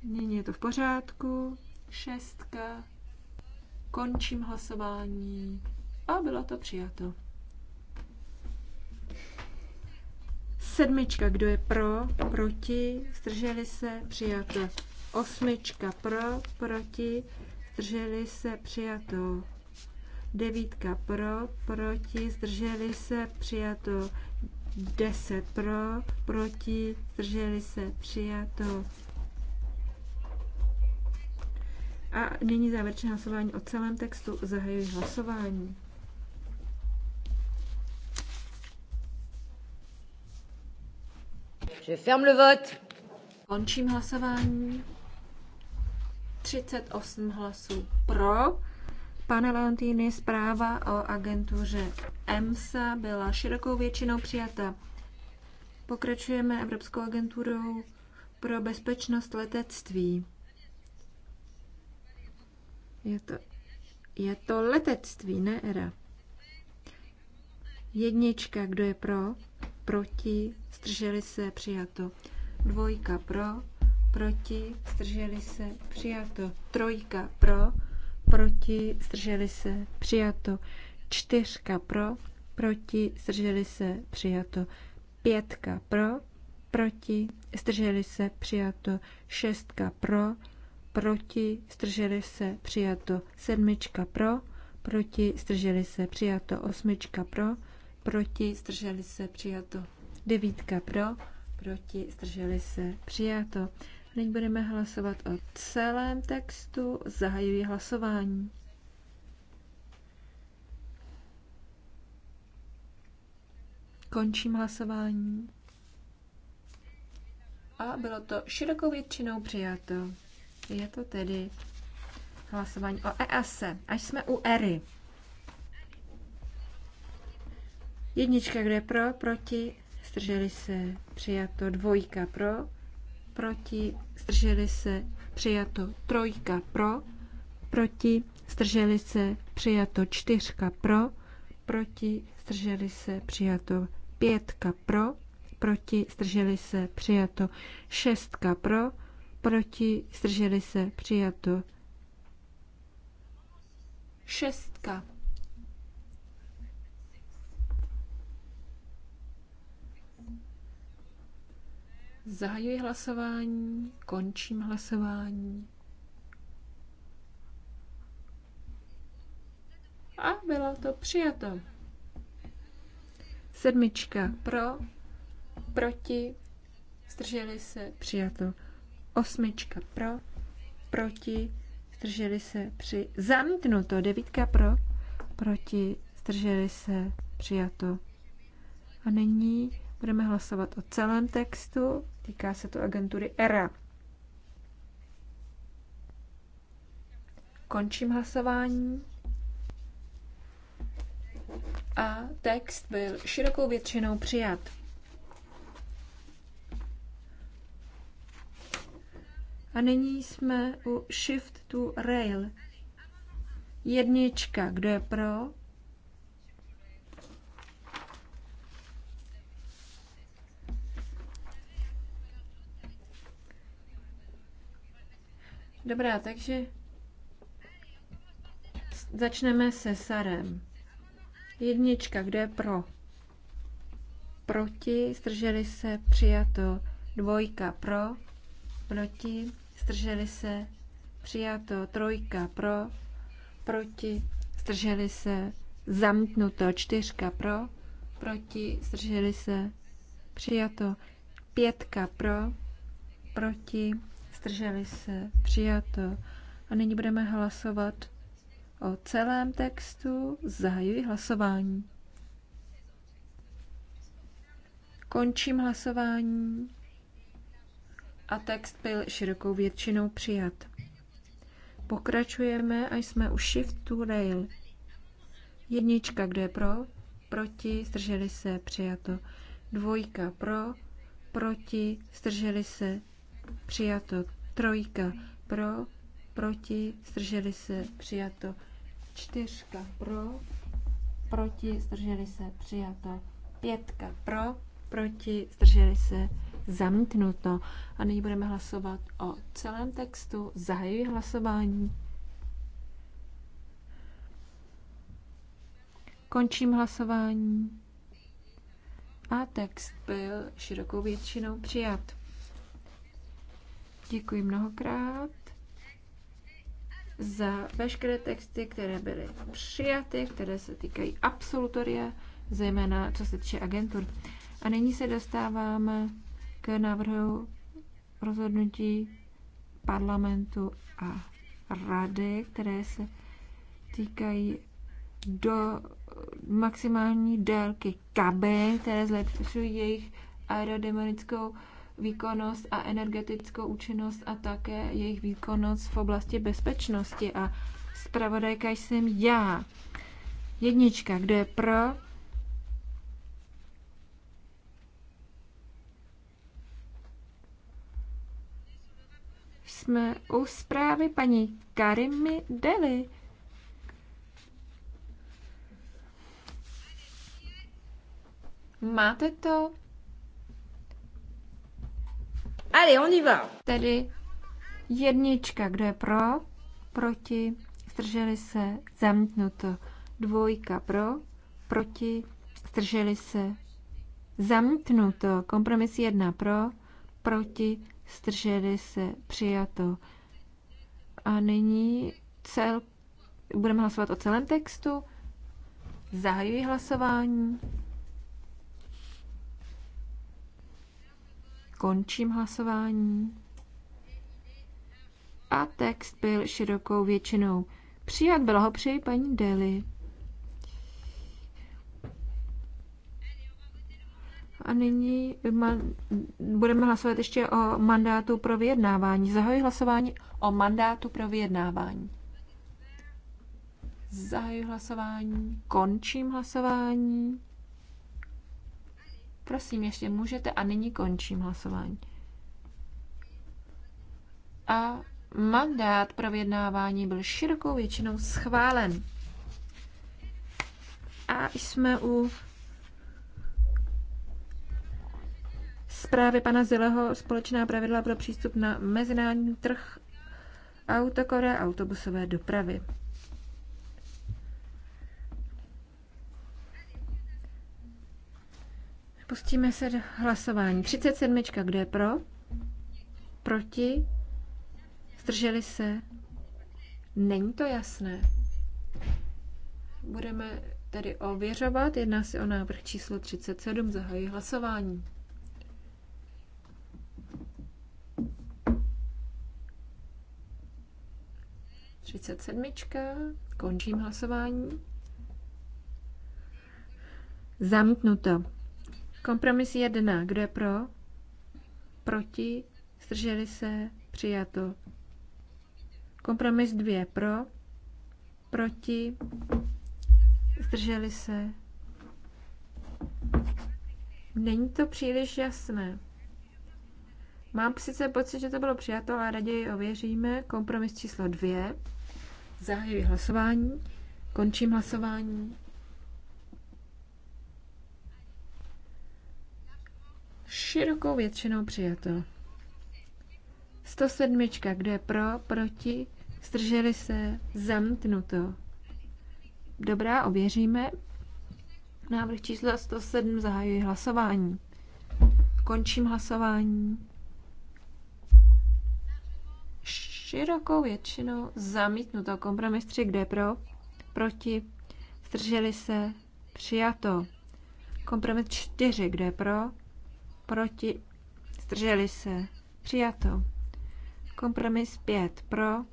Nyní je to v pořádku. Šestka. Končím hlasování. A bylo to přijato. Sedmička, kdo je pro, proti, zdrželi se, přijato. Osmička pro, proti, zdrželi se, přijato. Devítka pro, proti, zdrželi se, přijato. Deset pro, proti, zdrželi se, přijato. A nyní závěrečné hlasování o celém textu. Zahajuji hlasování. Je ferme le vote. Končím hlasování. 38 hlasů pro. Pane Leontýny, zpráva o agentuře EMSA byla širokou většinou přijata. Pokračujeme Evropskou agenturou pro bezpečnost letectví. Je to, je to letectví, ne era. Jednička, kdo je pro, proti, strželi se, přijato. Dvojka pro, proti, strželi se, přijato. Trojka pro, proti, zdrželi se, přijato. Čtyřka pro, proti, zdrželi se, přijato. Pětka pro, proti, zdrželi se, přijato. Šestka pro, proti, zdrželi se, přijato. Sedmička pro, proti, zdrželi se, přijato. Osmička pro, proti, zdrželi se, přijato. Devítka pro, proti, zdrželi se, přijato. Nyní budeme hlasovat o celém textu. Zahajuji hlasování. Končím hlasování. A bylo to širokou většinou přijato. Je to tedy hlasování o EASE. E. Až jsme u ERY. Jednička, kde je pro, proti, strželi se, přijato, dvojka pro, proti, zdrželi se, přijato trojka pro, proti, zdrželi se, přijato čtyřka pro, proti, zdrželi se, přijato pětka pro, proti, zdrželi se, přijato šestka pro, proti, zdrželi se, přijato šestka Zahajuji hlasování, končím hlasování. A bylo to přijato. Sedmička pro, proti, zdrželi se, přijato. Osmička pro, proti, zdrželi se, při, zamítnuto. Devítka pro, proti, zdrželi se, přijato. A nyní budeme hlasovat o celém textu. Týká se to agentury ERA. Končím hlasování. A text byl širokou většinou přijat. A nyní jsme u Shift to Rail. Jednička, kdo je pro? Dobrá, takže začneme se Sarem. Jednička, kdo je pro? Proti, strželi se, přijato. Dvojka pro, proti, strželi se, přijato. Trojka pro, proti, strželi se, Zamknuto. Čtyřka pro, proti, strželi se, přijato. Pětka pro, proti, zdrželi se, přijato. A nyní budeme hlasovat o celém textu. Zahajuji hlasování. Končím hlasování. A text byl širokou většinou přijat. Pokračujeme a jsme u Shift to Rail. Jednička, kdo je pro? Proti, zdrželi se, přijato. Dvojka pro, proti, zdrželi se, přijato. Trojka pro, proti, zdrželi se, přijato. Čtyřka pro, proti, zdrželi se, přijato. Pětka pro, proti, zdrželi se, zamítnuto. A nyní budeme hlasovat o celém textu. Zahajuji hlasování. Končím hlasování. A text byl širokou většinou přijat. Děkuji mnohokrát za veškeré texty, které byly přijaty, které se týkají absolutoria, zejména co se týče agentur. A nyní se dostáváme k návrhu rozhodnutí parlamentu a rady, které se týkají do maximální délky kabin, které zlepšují jejich aerodynamickou výkonnost a energetickou účinnost a také jejich výkonnost v oblasti bezpečnosti. A zpravodajka jsem já. Jednička, kdo je pro? Jsme u zprávy paní Karimy Deli. Máte to? Allez, on y va. Tedy jednička, kdo je pro, proti, strželi se, zamítnuto. Dvojka pro, proti, strželi se, zamítnuto. Kompromis jedna pro, proti, strželi se, přijato. A nyní cel, budeme hlasovat o celém textu. Zahajuji hlasování. Končím hlasování. A text byl širokou většinou přijat. Blahopřeji paní Deli. A nyní budeme hlasovat ještě o mandátu pro vyjednávání. Zahajuji hlasování o mandátu pro vyjednávání. Zahajuji hlasování, končím hlasování. Prosím, ještě můžete a nyní končím hlasování. A mandát pro vyjednávání byl širokou většinou schválen. A jsme u zprávy pana Zileho společná pravidla pro přístup na mezinárodní trh autokore autobusové dopravy. Pustíme se do hlasování. 37. Kdo je pro? Proti? Zdrželi se? Není to jasné. Budeme tedy ověřovat. Jedná se o návrh číslo 37. Zahají hlasování. Třicet sedmička. Končím hlasování. Zamknuto. Kompromis 1. Kdo je pro? Proti? Zdrželi se? Přijato. Kompromis 2. Pro? Proti? Zdrželi se? Není to příliš jasné. Mám sice pocit, že to bylo přijato, ale raději ověříme. Kompromis číslo 2. Zahajuji hlasování. Končím hlasování. Širokou většinou přijato. 107. Kdo je pro, proti, zdrželi se, zamítnuto. Dobrá, ověříme. Návrh číslo 107 zahajuji hlasování. Končím hlasování. Širokou většinou zamítnuto. Kompromis 3, kde pro, proti, zdrželi se, přijato. Kompromis 4, kde pro, proti, zdrželi se, přijato. Kompromis 5 pro,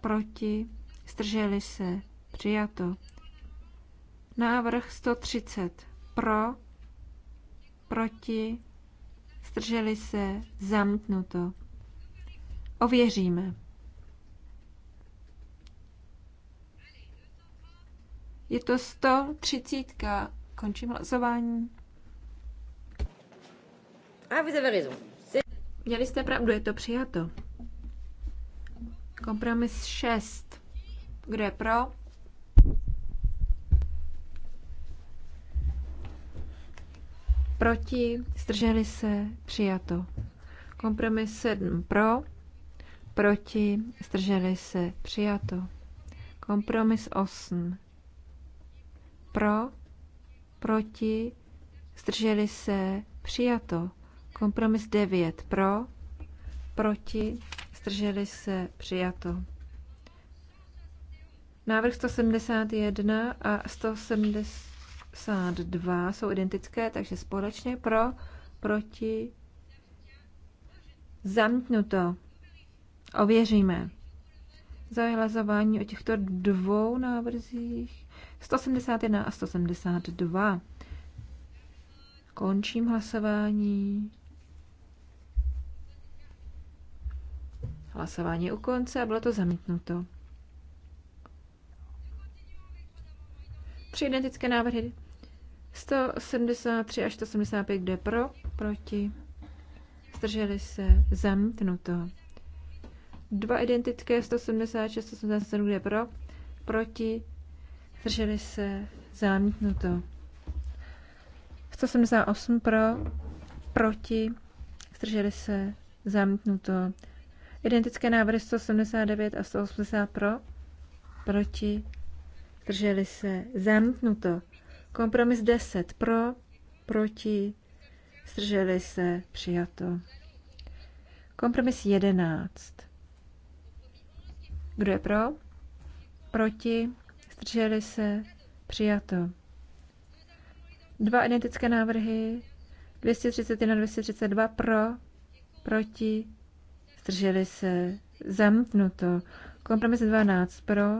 proti, zdrželi se, přijato. Návrh 130 pro, proti, zdrželi se, zamítnuto. Ověříme. Je to 130. Končím hlasování. Ah, vous avez raison. Měli jste pravdu, je to přijato. Kompromis 6. Kdo je pro? Proti? Zdrželi se? Přijato. Kompromis 7. Pro? Proti? Zdrželi se? Přijato. Kompromis 8. Pro? Proti? Zdrželi se? Přijato. Kompromis 9 pro, proti, zdrželi se, přijato. Návrh 171 a 172 jsou identické, takže společně pro, proti, zamítnuto. Ověříme. Zahlasování o těchto dvou návrzích 171 a 172. Končím hlasování. Hlasování u konce a bylo to zamítnuto. Tři identické návrhy. 173 až 175, kde pro, proti. Zdrželi se, zamítnuto. Dva identické, 176, 177, kde pro, proti. Zdrželi se, zamítnuto. 178 pro, proti. Zdrželi se, zamítnuto. Identické návrhy 179 a 180 pro, proti, drželi se, zamítnuto. Kompromis 10 pro, proti, zdrželi se, přijato. Kompromis 11. Kdo je pro? Proti, zdrželi se, přijato. Dva identické návrhy, 231 a 232 pro, proti, zdrželi se, zamknuto. Kompromis 12 pro,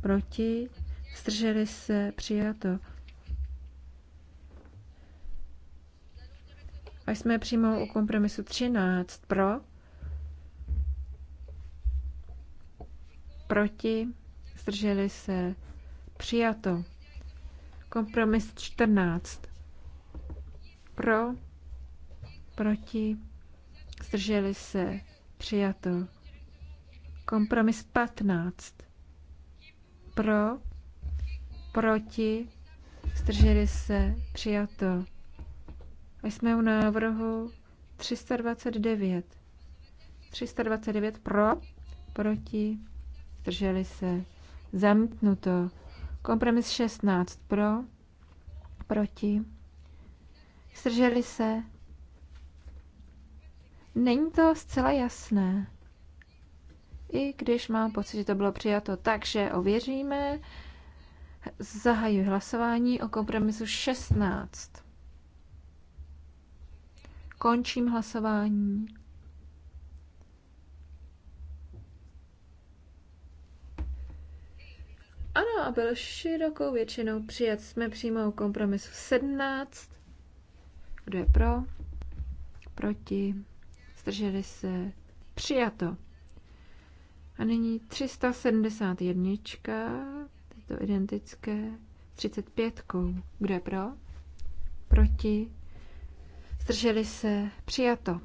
proti, zdrželi se, přijato. A jsme přímo u kompromisu 13 pro, proti, zdrželi se, přijato. Kompromis 14 pro, proti, zdrželi se, Přijato. Kompromis 15. Pro, proti, zdrželi se, přijato. A jsme u návrhu 329. 329 pro, proti, zdrželi se, zamknuto. Kompromis 16 pro, proti, zdrželi se, Není to zcela jasné. I když mám pocit, že to bylo přijato takže ověříme. Zahajuji hlasování o kompromisu 16. Končím hlasování. Ano, a byl širokou většinou přijat. Jsme u kompromisu 17. Kdo je pro? Proti? zdrželi se, přijato. A nyní 371, je to identické, 35. Kdo je pro? Proti? Zdrželi se, přijato.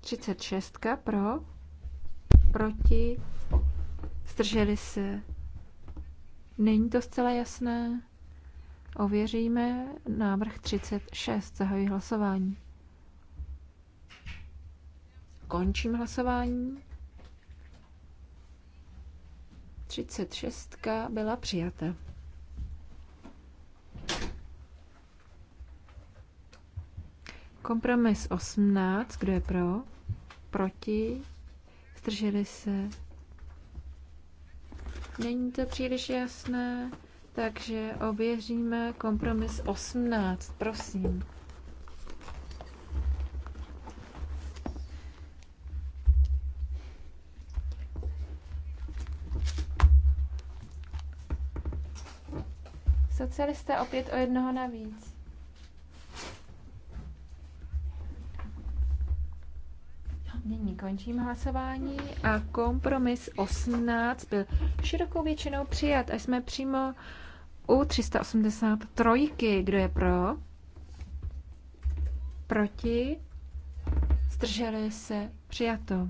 36. Pro? Proti? Zdrželi se. Není to zcela jasné? Ověříme návrh 36. Zahajuji hlasování. Končím hlasování. 36 byla přijata. Kompromis 18, kdo je pro? Proti? Zdrželi se? Není to příliš jasné, takže ověříme kompromis 18, prosím. jste opět o jednoho navíc. Nyní končím hlasování a kompromis 18 byl širokou většinou přijat a jsme přímo u 383. Kdo je pro? Proti? Zdrželi se? Přijato.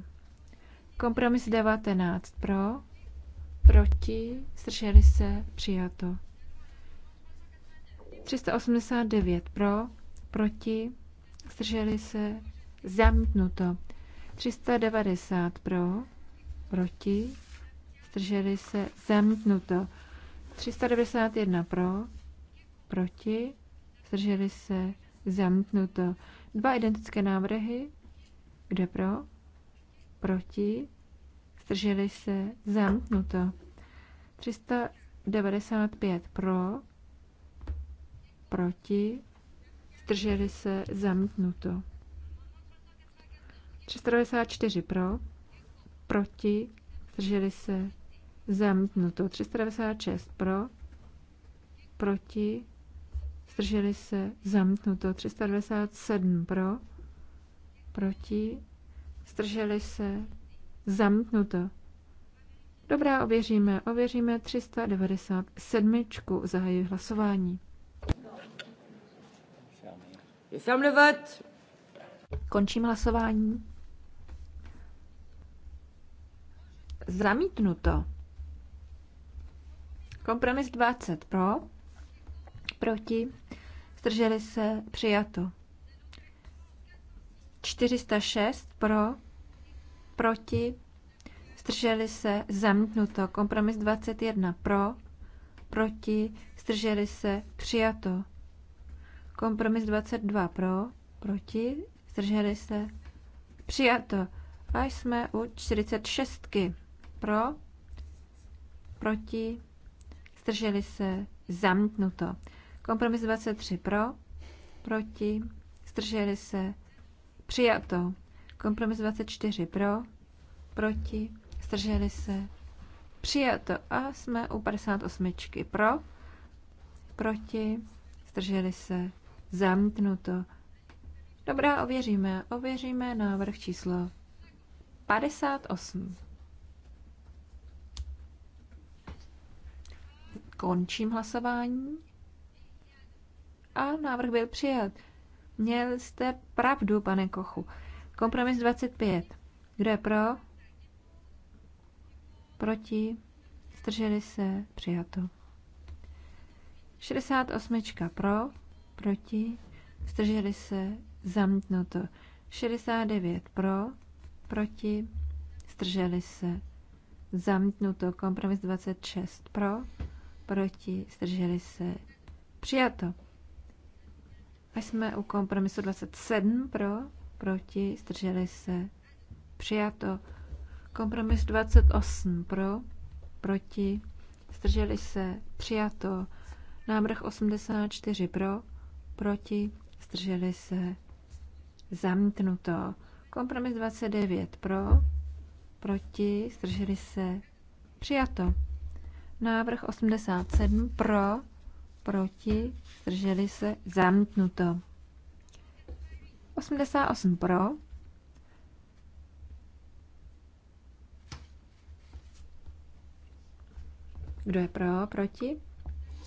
Kompromis 19 pro? Proti? Zdrželi se? Přijato. 389 pro, proti, zdrželi se, zamítnuto. 390 pro, proti, zdrželi se, zamítnuto. 391 pro, proti, zdrželi se, zamítnuto. Dva identické návrhy, kde pro, proti, zdrželi se, zamítnuto. 395 pro, proti, zdrželi se, zamítnuto. 394 pro, proti, zdrželi se, zamítnuto. 396 pro, proti, zdrželi se, zamítnuto. 397 pro, proti, zdrželi se, zamítnuto. Dobrá, ověříme. Ověříme 397. Zahajuji hlasování. Je ferme le vote. Končím hlasování. Zamítnuto. Kompromis 20 pro, proti, zdrželi se, přijato. 406 pro, proti, zdrželi se, zamítnuto. Kompromis 21 pro, proti, zdrželi se, přijato. Kompromis 22 pro, proti, zdrželi se, přijato. A jsme u 46 pro, proti, zdrželi se, zamítnuto. Kompromis 23 pro, proti, zdrželi se, přijato. Kompromis 24 pro, proti, zdrželi se, přijato. A jsme u 58 pro, proti, zdrželi se, Zamítnuto. Dobrá, ověříme. Ověříme návrh číslo 58. Končím hlasování. A návrh byl přijat. Měl jste pravdu, pane Kochu. Kompromis 25. Kdo je pro? Proti? Zdrželi se? Přijato. 68. pro? proti, zdrželi se, zamítnuto. 69 pro, proti, zdrželi se, zamítnuto. Kompromis 26 pro, proti, zdrželi se, přijato. A jsme u kompromisu 27 pro, proti, zdrželi se, přijato. Kompromis 28 pro, proti, zdrželi se, přijato. Návrh 84 pro, proti, zdrželi se, zamítnuto. Kompromis 29 pro, proti, zdrželi se, přijato. Návrh 87 pro, proti, zdrželi se, zamítnuto. 88 pro, Kdo je pro, proti?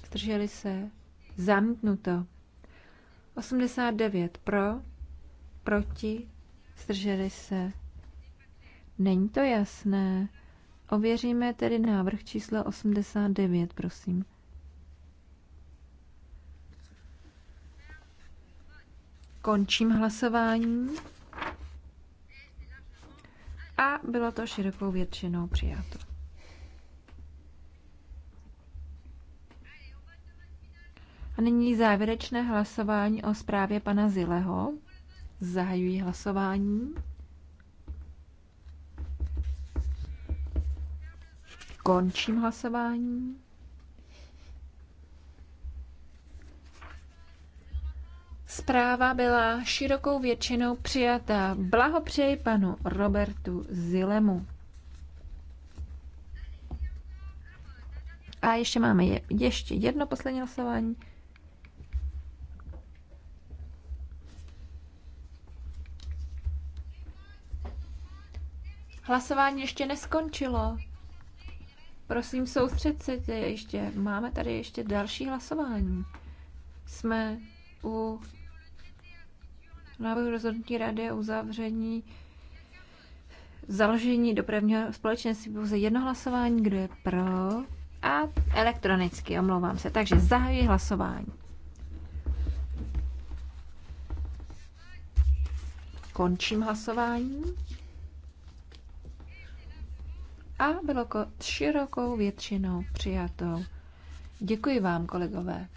Zdrželi se? Zamítnuto. 89 pro, proti, zdrželi se. Není to jasné. Ověříme tedy návrh číslo 89, prosím. Končím hlasování. A bylo to širokou většinou přijato. A nyní závěrečné hlasování o zprávě pana Zileho. Zahajuji hlasování. Končím hlasování. Zpráva byla širokou většinou přijata. Blahopřeji panu Robertu Zilemu. A ještě máme je, ještě jedno poslední hlasování. Hlasování ještě neskončilo. Prosím, soustředit ještě. Máme tady ještě další hlasování. Jsme u návrhu rozhodnutí rady o uzavření založení dopravního společenství pouze jedno hlasování, kdo je pro a elektronicky, omlouvám se. Takže zahajuji hlasování. Končím hlasování a bylo širokou většinou přijato. Děkuji vám, kolegové.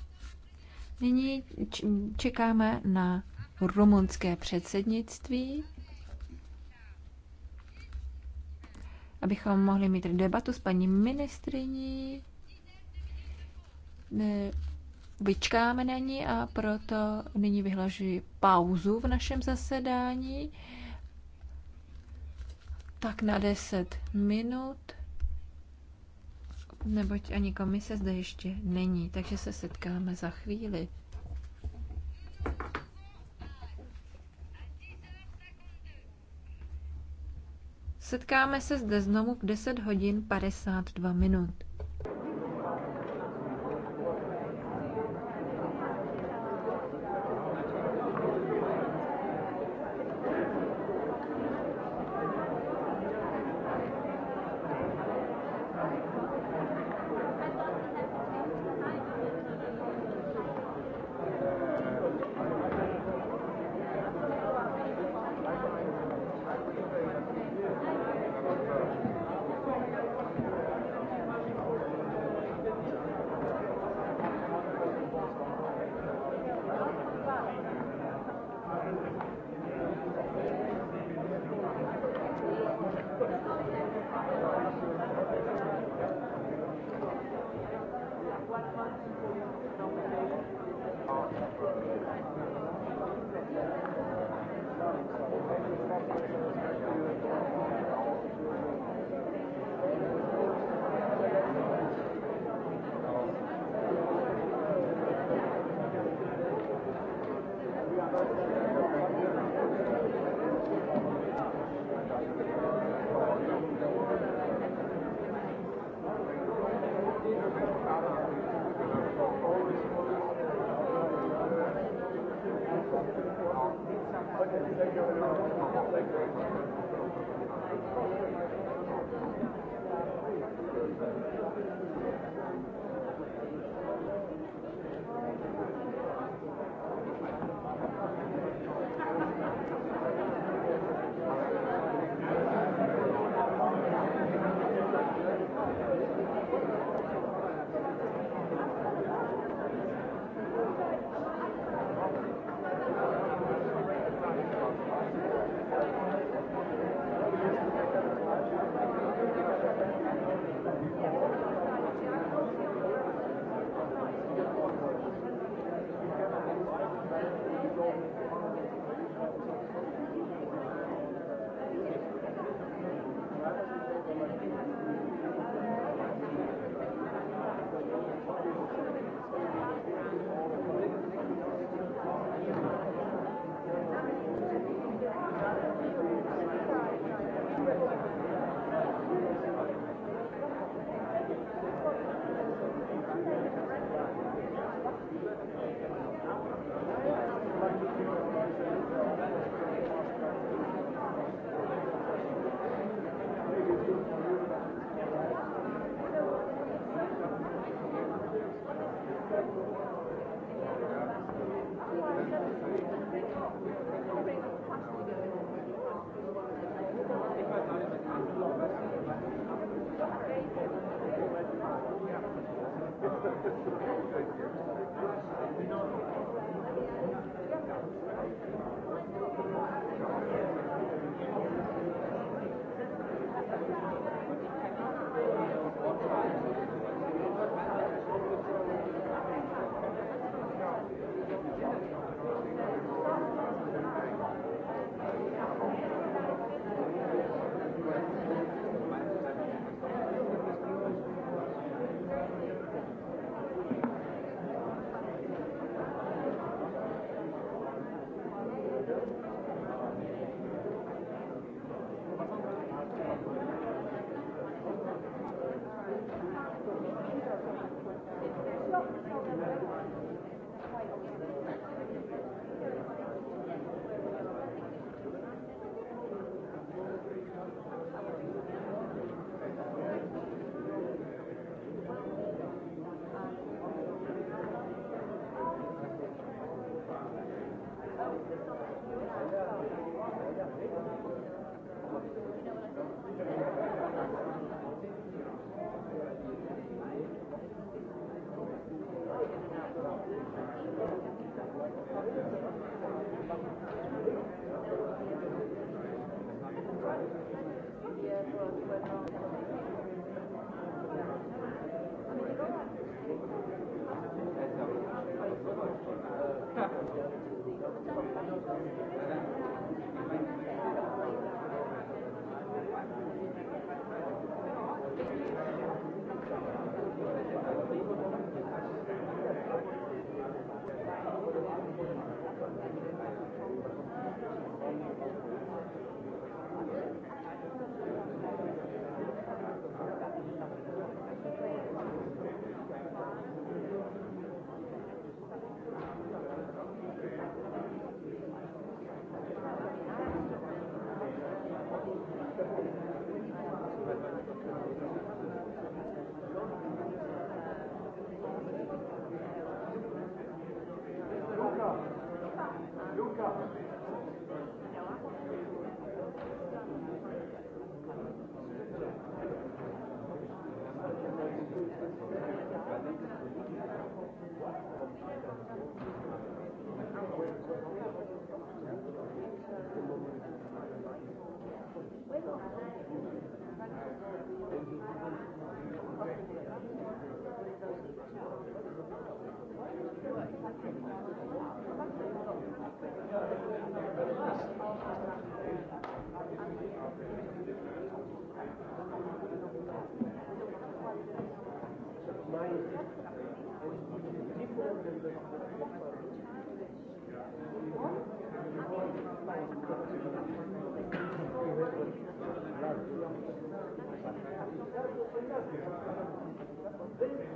Nyní čekáme na rumunské předsednictví, abychom mohli mít debatu s paní ministriní. Vyčkáme na ní a proto nyní vyhlažuji pauzu v našem zasedání tak na 10 minut, neboť ani komise zde ještě není, takže se setkáme za chvíli. Setkáme se zde znovu v 10 hodin 52 minut.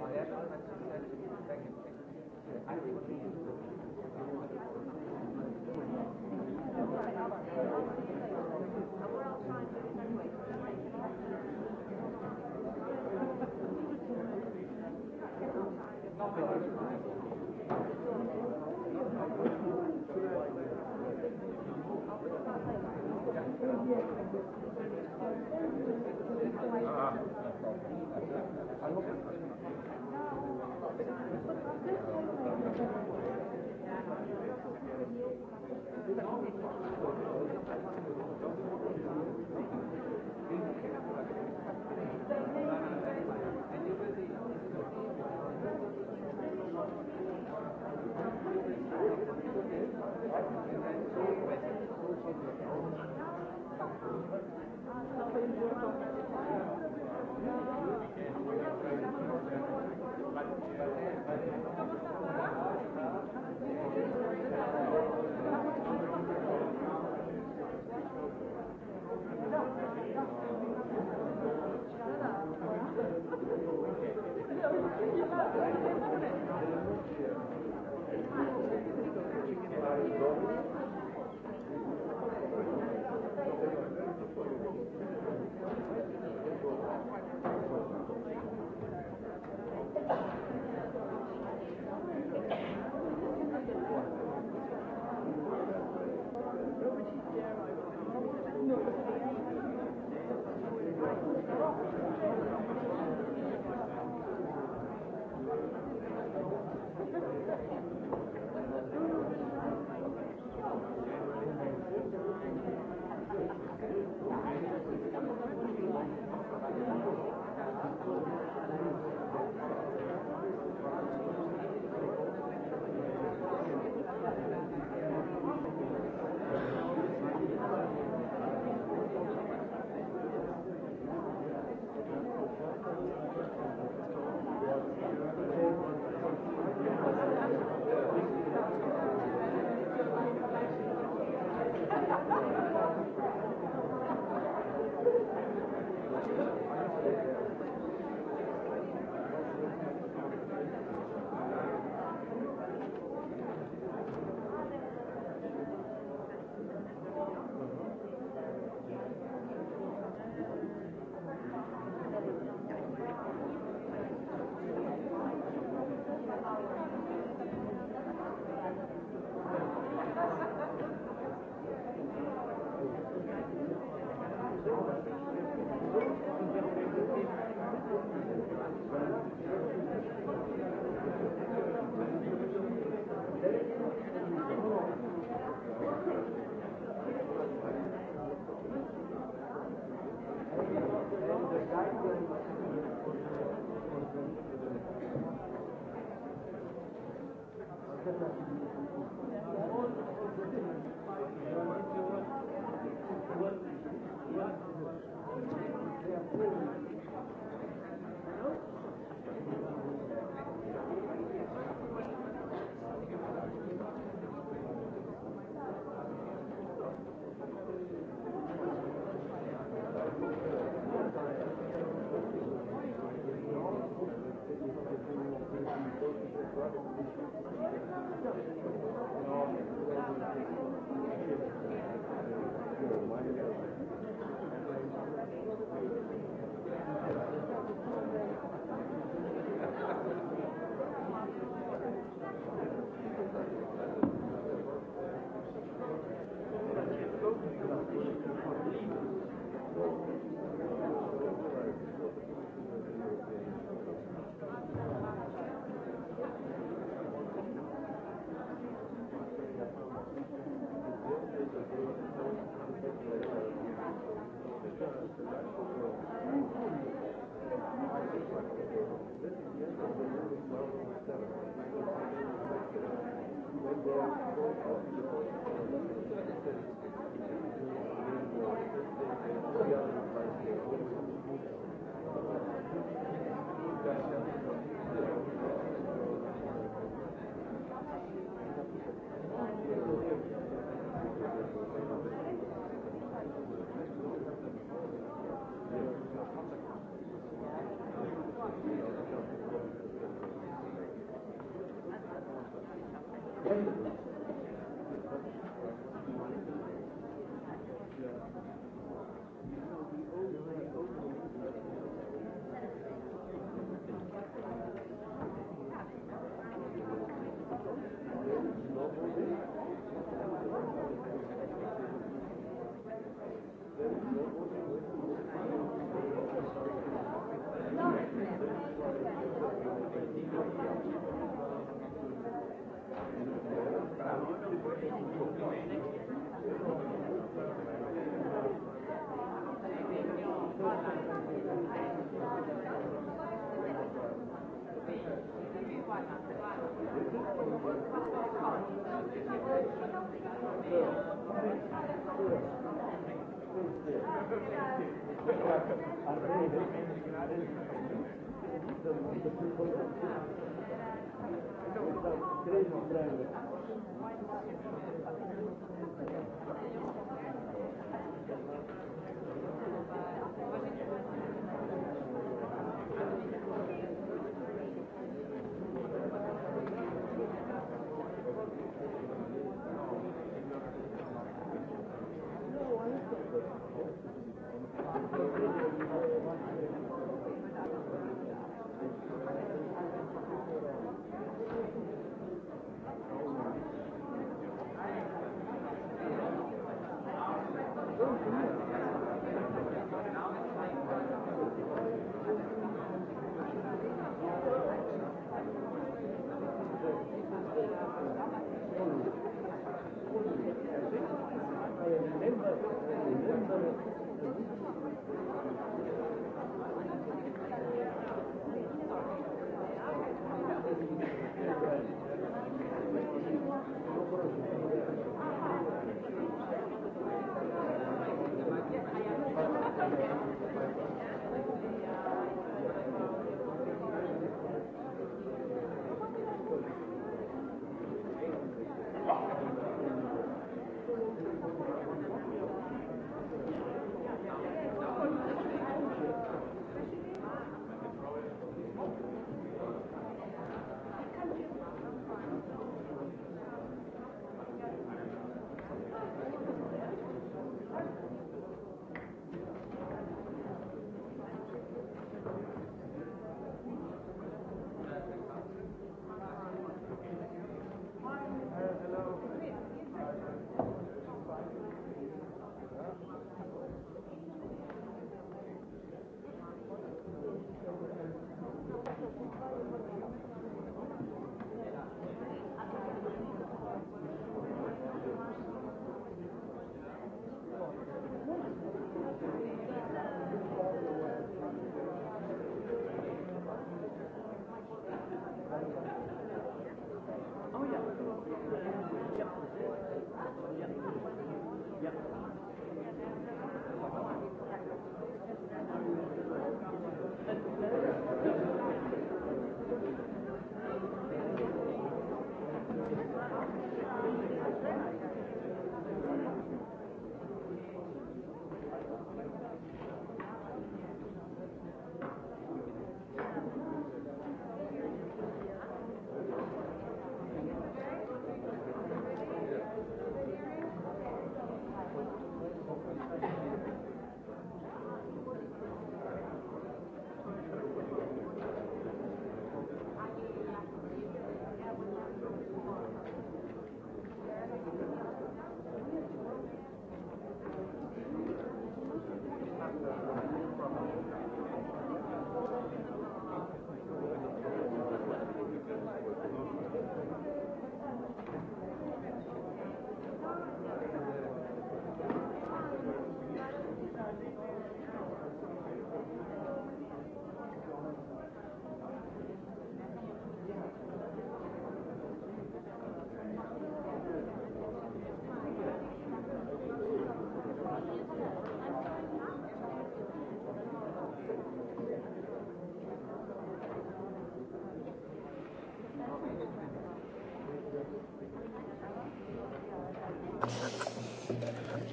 I think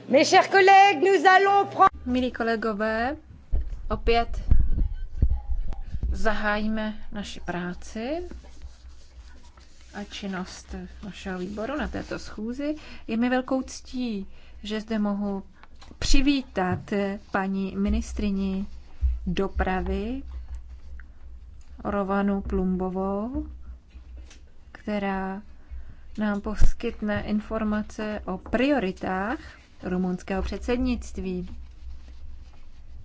Mes chers collègues, nous allons prendre... Milí kolegové, opět zahájíme naši práci a činnost našeho výboru na této schůzi. Je mi velkou ctí, že zde mohu přivítat paní ministrini dopravy Rovanu Plumbovou, která nám poskytne informace o prioritách rumunského předsednictví.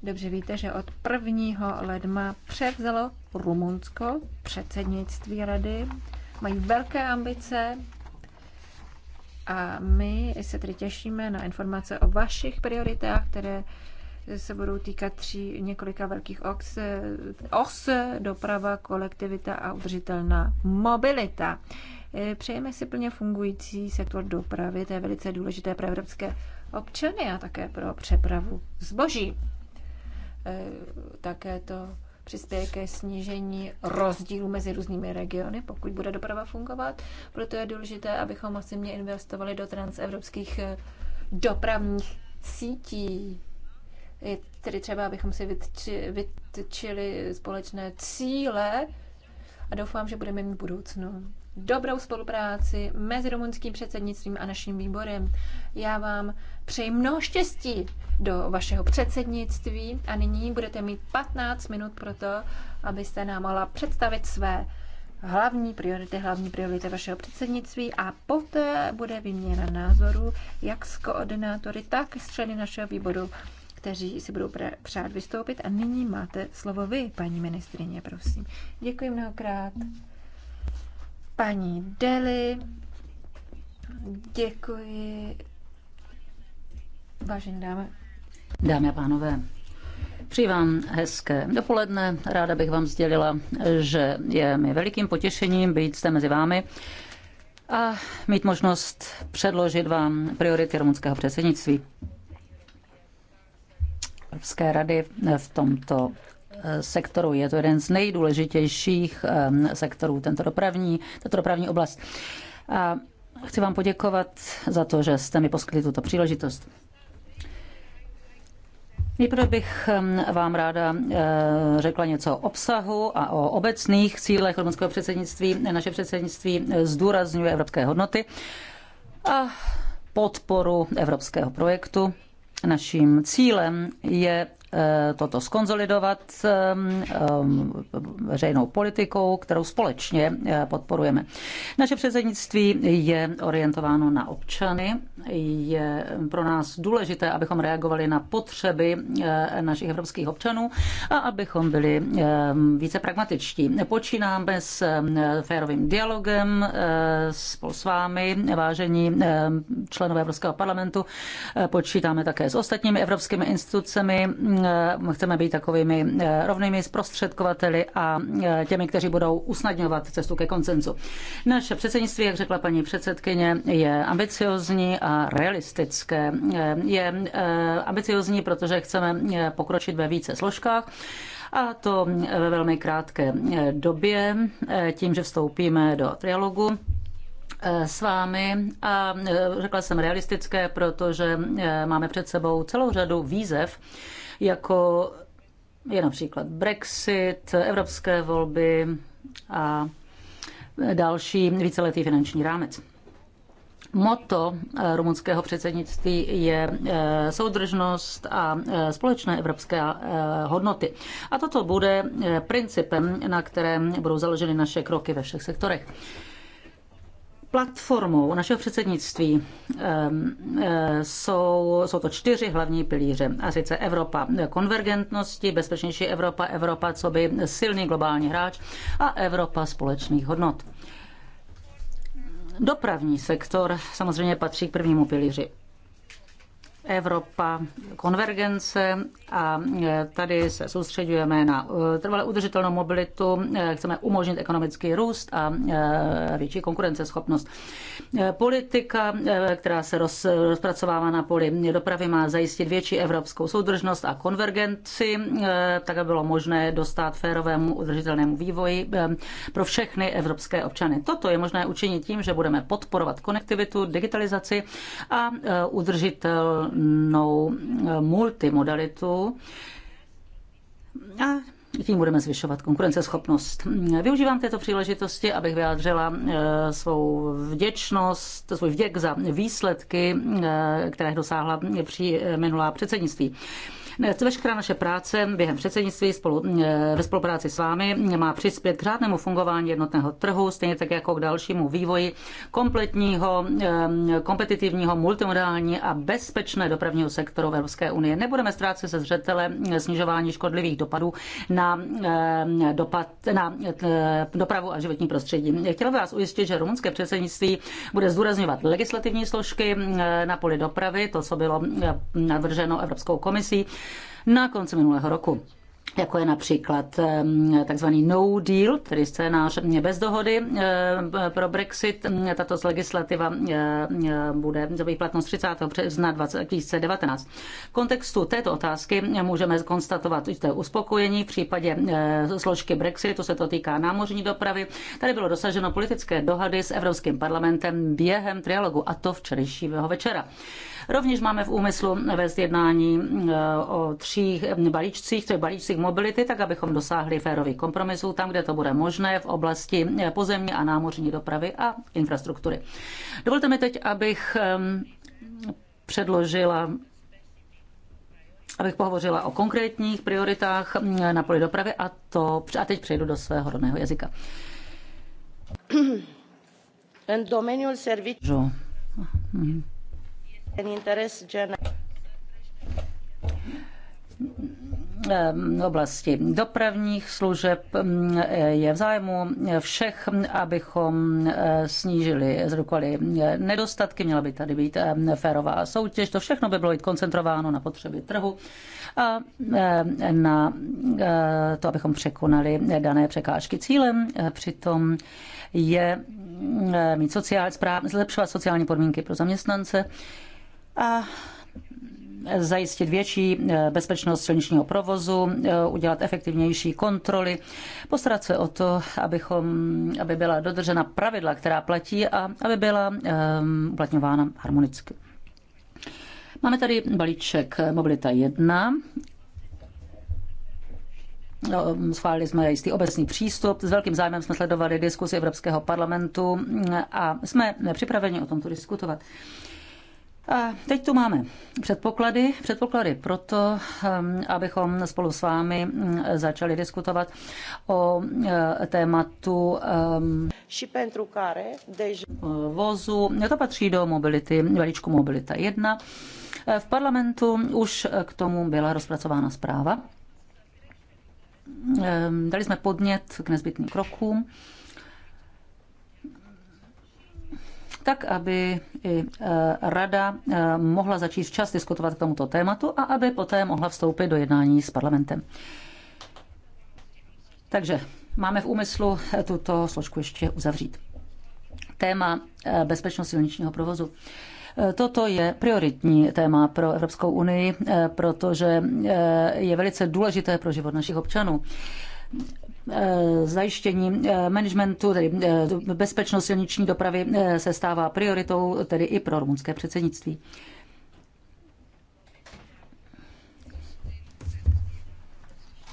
Dobře víte, že od 1. ledna převzalo Rumunsko předsednictví rady. Mají velké ambice a my se tedy těšíme na informace o vašich prioritách, které se budou týkat tří několika velkých os, os doprava, kolektivita a udržitelná mobilita. Přejeme si plně fungující sektor dopravy, to je velice důležité pro evropské občany a také pro přepravu zboží. E, také to přispěje ke snížení rozdílů mezi různými regiony, pokud bude doprava fungovat. Proto je důležité, abychom asi mě investovali do transevropských e, dopravních sítí. Je tedy třeba, abychom si vytčili společné cíle a doufám, že budeme mít budoucnost dobrou spolupráci mezi rumunským předsednictvím a naším výborem. Já vám přeji mnoho štěstí do vašeho předsednictví a nyní budete mít 15 minut pro to, abyste nám mohla představit své hlavní priority, hlavní priority vašeho předsednictví a poté bude vyměna názoru jak s koordinátory, tak s členy našeho výboru, kteří si budou přát vystoupit. A nyní máte slovo vy, paní ministrině, prosím. Děkuji mnohokrát. Mm paní Deli. Děkuji. Vážení dámy. Dámy a pánové, Přeji vám hezké dopoledne. Ráda bych vám sdělila, že je mi velikým potěšením být zde mezi vámi a mít možnost předložit vám priority rumunského předsednictví. Evropské rady v tomto sektoru. Je to jeden z nejdůležitějších sektorů, tento dopravní, tato dopravní oblast. A chci vám poděkovat za to, že jste mi poskytli tuto příležitost. Nejprve bych vám ráda eh, řekla něco o obsahu a o obecných cílech rumunského předsednictví. Naše předsednictví eh, zdůrazňuje evropské hodnoty a podporu evropského projektu. Naším cílem je Eh, toto skonzolidovat eh, eh, veřejnou politikou, kterou společně podporujeme. Naše předsednictví je orientováno na občany. Je pro nás důležité, abychom reagovali na potřeby našich evropských občanů a abychom byli více pragmatičtí. Počínáme s férovým dialogem spolu s vámi, vážení členové Evropského parlamentu. Počítáme také s ostatními evropskými institucemi Eh, chceme být takovými eh, rovnými zprostředkovateli a eh, těmi, kteří budou usnadňovat cestu ke koncenzu. Naše předsednictví, jak řekla paní předsedkyně, je ambiciozní a realistické. Je ambiciozní, protože chceme pokročit ve více složkách a to ve velmi krátké době, tím, že vstoupíme do trialogu s vámi a řekla jsem realistické, protože máme před sebou celou řadu výzev, jako je například Brexit, evropské volby a další víceletý finanční rámec. Moto eh, rumunského předsednictví je eh, soudržnost a eh, společné evropské hodnoty. A toto bude principem, na kterém budou založeny naše kroky ve všech sektorech platformou našeho předsednictví jsou, jsou to čtyři hlavní pilíře, a sice Evropa konvergentnosti, bezpečnější Evropa, Evropa co by silný globální hráč a Evropa společných hodnot. Dopravní sektor samozřejmě patří k prvnímu pilíři. Evropa konvergence a e, tady se soustředujeme na e, trvale udržitelnou mobilitu, e, chceme umožnit ekonomický růst a větší konkurenceschopnost. Politika, která se rozpracovává na poli dopravy, má zajistit větší evropskou soudržnost a konvergenci, tak aby bylo možné dostat férovému udržitelnému vývoji pro všechny evropské občany. Toto je možné učinit tím, že budeme podporovat konektivitu, digitalizaci a udržitel silnou eh, multimodalitu. A tím budeme zvyšovat konkurenceschopnost. Využívám této příležitosti, abych vyjádřila eh, svou vděčnost, svůj vděk za výsledky, eh, které dosáhla při minulá předsednictví. Veškerá naše práce během předsednictví spolu, eh, ve spolupráci s vámi má přispět k řádnému fungování jednotného trhu, stejně tak jako k dalšímu vývoji kompletního, eh, kompetitivního, multimodální a bezpečné dopravního sektoru v Evropské unie. Nebudeme ztrácet se zřetele eh, snižování škodlivých dopadů na, dopad, na dopravu a životní prostředí. Chtěla bych vás ujistit, že rumunské předsednictví bude zdůrazňovat legislativní složky na poli dopravy, to, co bylo navrženo Evropskou komisí, na konci minulého roku jako je například takzvaný no deal, tedy scénář bez dohody pro Brexit. Tato legislativa bude dobít platnost 30. března 2019. V kontextu této otázky můžeme konstatovat je uspokojení. V případě složky Brexitu se to týká námořní dopravy. Tady bylo dosaženo politické dohady s Evropským parlamentem během trialogu, a to včerejšího večera. Rovněž máme v úmyslu vést jednání e, o tří balíčcích, to je balíčcích mobility, tak abychom dosáhli férových kompromisů tam, kde to bude možné v oblasti e, pozemní a námořní dopravy a infrastruktury. Dovolte mi teď, abych předložila abych pohovořila o konkrétních prioritách na poli dopravy a, to, a teď přejdu do svého rodného jazyka. În domeniul Ehm, oblasti dopravních služeb mm, je v zájmu všech, abychom e, snížili, zrukovali e, nedostatky, měla by tady být ehm, férová soutěž, to všechno by bylo být koncentrováno na potřeby trhu a e, na to, abychom překonali dané překážky. Cílem přitom je mm, mít sociál, zlepšovat sociální podmínky pro zaměstnance, a eh, zajistit větší eh, bezpečnost silničního provozu, eh, udělat efektivnější kontroly, postarat se o to, abychom, aby byla dodržena pravidla, která platí a aby byla uplatňována harmonicky. Máme tady balíček Mobilita 1, Schválili jsme jistý obecný přístup. S velkým zájmem jsme sledovali diskusi Evropského parlamentu a jsme připraveni o tomto diskutovat. A teď tu máme předpoklady, předpoklady proto, ehm, abychom spolu s vámi mm, začali diskutovat o eh, tématu ehm, eh, vozu. To patří do mobility, veličku Mobilita 1. Eh, v parlamentu už k tomu byla rozpracována zpráva. Ehm, dali jsme podnět k nezbytným krokům. tak aby i e, rada e, mohla začít včas diskutovat k tomuto tématu a aby poté mohla vstoupit do jednání s parlamentem. Takže máme v úmyslu tuto složku ještě uzavřít. Téma e, bezpečnost silničního provozu. Toto je prioritní téma pro Evropskou unii, protože je velice důležité pro život našich občanů. Eh, zajištění eh, managementu, tedy eh, bezpečnost silniční dopravy se stává prioritou, tedy i pro rumunské předsednictví.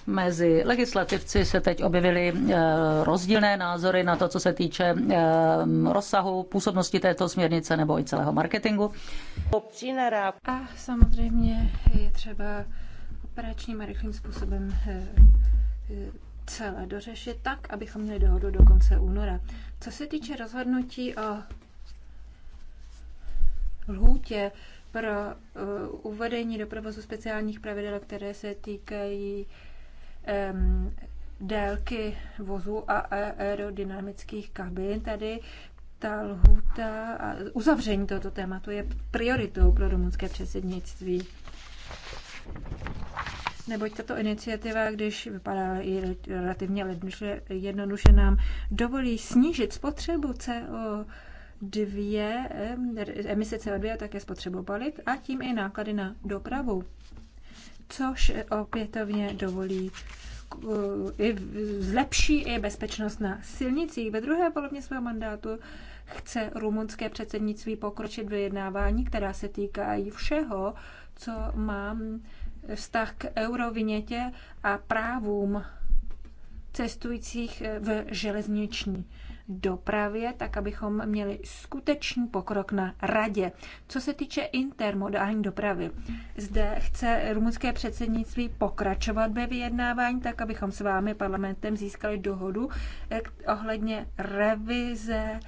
Mezi legislativci se teď objevily rozdílné názory na to, co se týče rozsahu působnosti této směrnice nebo i celého marketingu. A samozřejmě je třeba operačním a rychlým způsobem celé dořešit tak, abychom měli dohodu do konce února. Co se týče rozhodnutí o lhůtě pro uh, uvedení do provozu speciálních pravidel, které se týkají um, délky vozu a aerodynamických kabin, tady ta lhůta a uzavření tohoto tématu je prioritou pro rumunské předsednictví neboť tato iniciativa, když vypadá relativně jednoduše, nám dovolí snížit spotřebu CO dvě emise CO2 a také spotřebu paliv a tím i náklady na dopravu, což opětovně dovolí eh, i zlepší i bezpečnost na silnicích. Ve druhé polovině svého mandátu chce rumunské předsednictví pokročit vyjednávání, která se týkají všeho, co mám vztah k eurovinětě a právům cestujících v železniční dopravě, tak abychom měli skutečný pokrok na radě. Co se týče intermodální dopravy, zde chce rumunské předsednictví pokračovat ve vyjednávání, tak abychom s vámi parlamentem získali dohodu eh, ohledně revize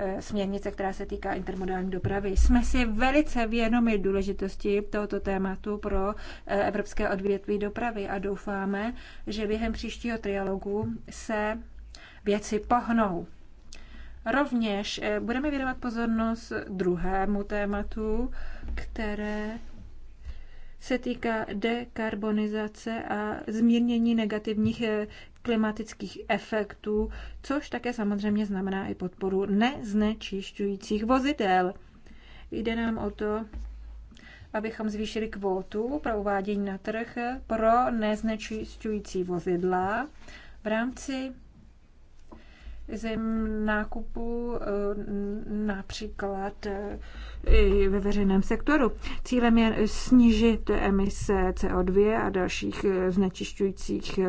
Eh, směrnice, která se týká intermodální dopravy. Jsme si velice vědomi důležitosti tohoto tématu pro eh, evropské odvětví dopravy a doufáme, že během příštího trialogu se věci pohnou. Rovněž eh, budeme věnovat pozornost druhému tématu, které se týká dekarbonizace a zmírnění negativních klimatických efektů, což také samozřejmě znamená i podporu neznečišťujících vozidel. Jde nám o to, abychom zvýšili kvótu pro uvádění na trh pro neznečišťující vozidla v rámci zem nákupu eh, například eh, i ve veřejném sektoru. Cílem je snížit emise CO2 a dalších eh, znečišťujících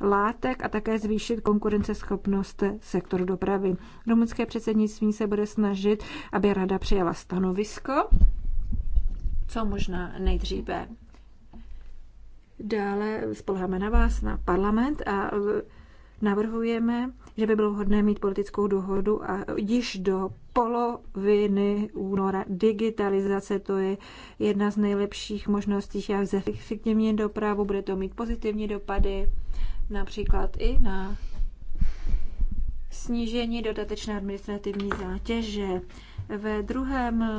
látek a také zvýšit konkurenceschopnost sektoru dopravy. Rumunské předsednictví se bude snažit, aby rada přijala stanovisko, co možná nejdříve. Dále spoleháme na vás, na parlament a navrhujeme, že by bylo vhodné mít politickou dohodu a již do poloviny února digitalizace, to je jedna z nejlepších možností, jak zefektivnit dopravu, bude to mít pozitivní dopady, například i na snížení dodatečné administrativní zátěže. Ve druhém eh,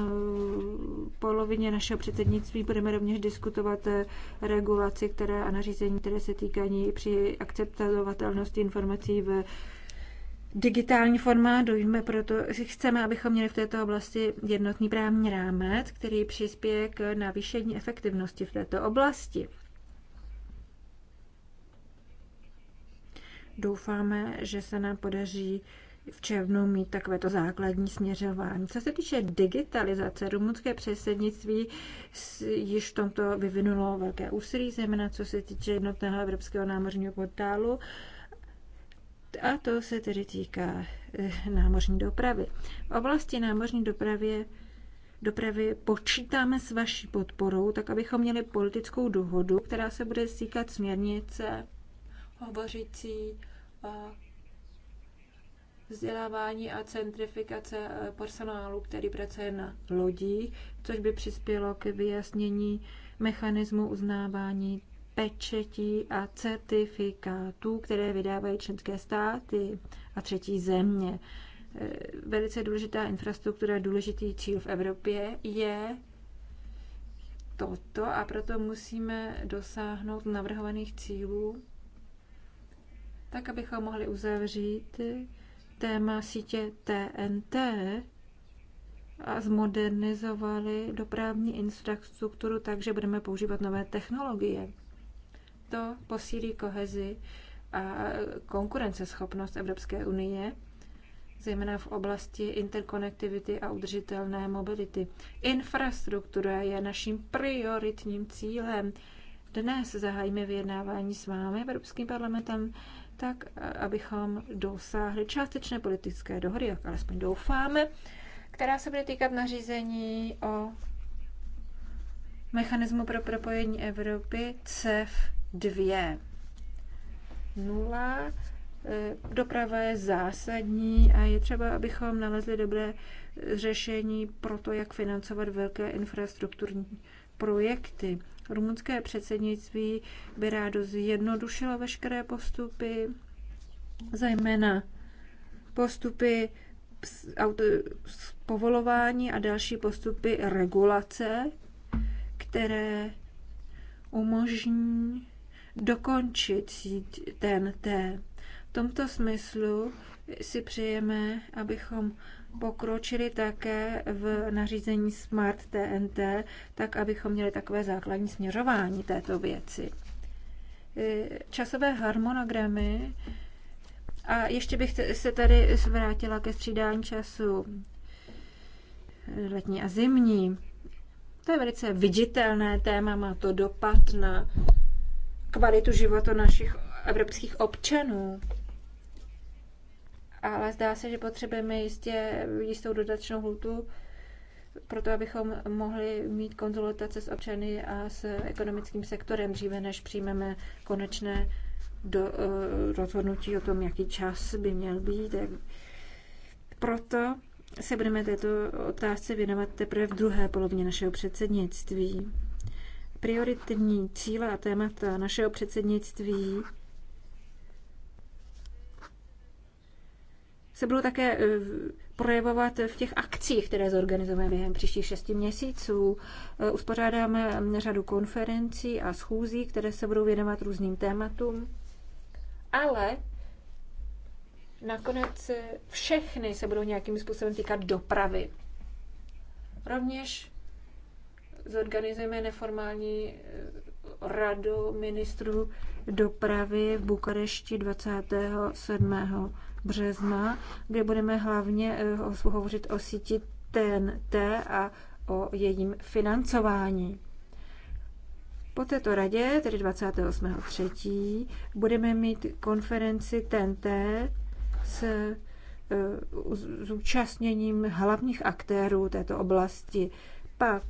polovině našeho předsednictví budeme rovněž diskutovat eh, regulaci které a nařízení, které se týkají při akceptovatelnosti informací v digitální forma dojme proto, že chceme, abychom měli v této oblasti jednotný právní rámec, který přispěje k navýšení efektivnosti v této oblasti. Doufáme, že se nám podaří v červnu mít takovéto základní směřování. Co se týče digitalizace, rumunské přesednictví již v tomto vyvinulo velké úsilí, zejména co se týče jednotného evropského námořního portálu. A to se tedy týká eh, námořní dopravy. V oblasti námořní dopravy, dopravy počítáme s vaší podporou, tak abychom měli politickou dohodu, která se bude stýkat směrnice hovořící o vzdělávání a centrifikace eh, personálu, který pracuje na lodích, což by přispělo k vyjasnění mechanismu uznávání pečetí a certifikátů, které vydávají členské státy a třetí země. E, velice důležitá infrastruktura, důležitý cíl v Evropě je toto a proto musíme dosáhnout navrhovaných cílů, tak abychom mohli uzavřít téma sítě TNT a zmodernizovali dopravní infrastrukturu tak, že budeme používat nové technologie to posílí kohezi a konkurenceschopnost Evropské unie, zejména v oblasti interkonektivity a udržitelné mobility. Infrastruktura je naším prioritním cílem. Dnes zahájíme vyjednávání s vámi, Evropským parlamentem, tak, abychom dosáhli částečné politické dohody, jak alespoň doufáme, která se bude týkat nařízení o mechanismu pro propojení Evropy CEF dvě. Nula. E, doprava je zásadní a je třeba, abychom nalezli dobré řešení pro to, jak financovat velké infrastrukturní projekty. Rumunské předsednictví by rádo zjednodušilo veškeré postupy, zejména postupy povolování a další postupy regulace, které umožní dokončit ten t V tomto smyslu si přejeme, abychom pokročili také v nařízení Smart TNT, tak abychom měli takové základní směřování této věci. E, časové harmonogramy a ještě bych se tady vrátila ke střídání času e, letní a zimní. To je velice viditelné téma, má to dopad na kvalitu života našich evropských občanů. Ale zdá se, že potřebujeme jistě jistou dodatečnou hlutu proto, abychom mohli mít konzultace s občany a s ekonomickým sektorem dříve, než přijmeme konečné do, eh, rozhodnutí o tom, jaký čas by měl být. Jak... Proto se budeme této otázce věnovat teprve v druhé polovině našeho předsednictví prioritní cíle a témata našeho předsednictví se budou také eh, projevovat v těch akcích, které zorganizujeme během příštích šesti měsíců. Eh, uspořádáme řadu konferencí a schůzí, které se budou věnovat různým tématům. Ale nakonec eh, všechny se budou nějakým způsobem týkat dopravy. Rovněž zorganizujeme neformální eh, radu ministrů dopravy v Bukarešti 27. března, kde budeme hlavně eh, hovořit o síti TNT a o jejím financování. Po této radě, tedy 28.3., budeme mít konferenci TNT s zúčastněním eh, hlavních aktérů této oblasti. Pak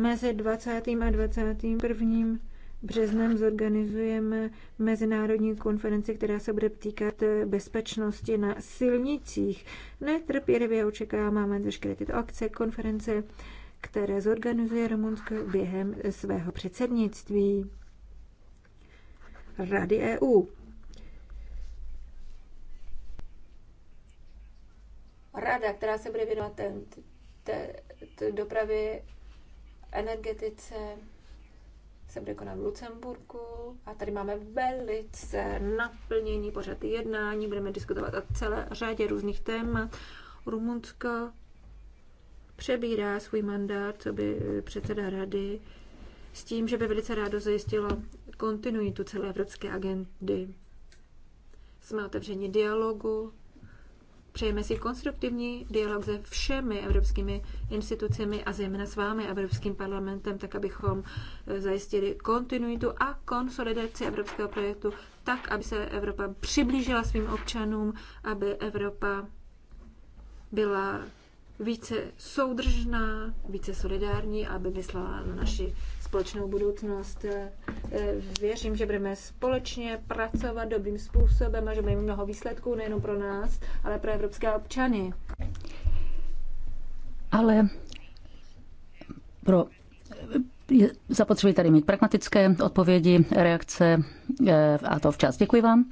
Mezi 20. a 21. březnem zorganizujeme mezinárodní konferenci, která se bude týkat eh, bezpečnosti na silnicích. Netrpělivě očekáváme veškeré tyto akce, konference, které zorganizuje Rumunsko během eh, svého předsednictví Rady EU. Rada, která se bude věnovat dopravě energetice jsem dokonal v Lucemburku a tady máme velice naplnění pořad jednání, budeme diskutovat o celé řadě různých témat. Rumunsko přebírá svůj mandát, co by eh, předseda rady, s tím, že by velice rádo zajistilo kontinuitu celé evropské agendy. Jsme otevřeni dialogu, Přejeme si konstruktivní dialog se všemi evropskými institucemi a zejména s vámi, Evropským parlamentem, tak abychom eh, zajistili kontinuitu a konsolidaci evropského projektu, tak, aby se Evropa přiblížila svým občanům, aby Evropa byla více soudržná, více solidární, aby myslela na naši společnou budoucnost. Eh, Věřím, že budeme společně pracovat dobrým způsobem a že budeme mnoho výsledků nejen pro nás, ale pro evropské občany. Ale pro je zapotřebí tady mít pragmatické odpovědi, reakce eh, a to včas. Děkuji vám.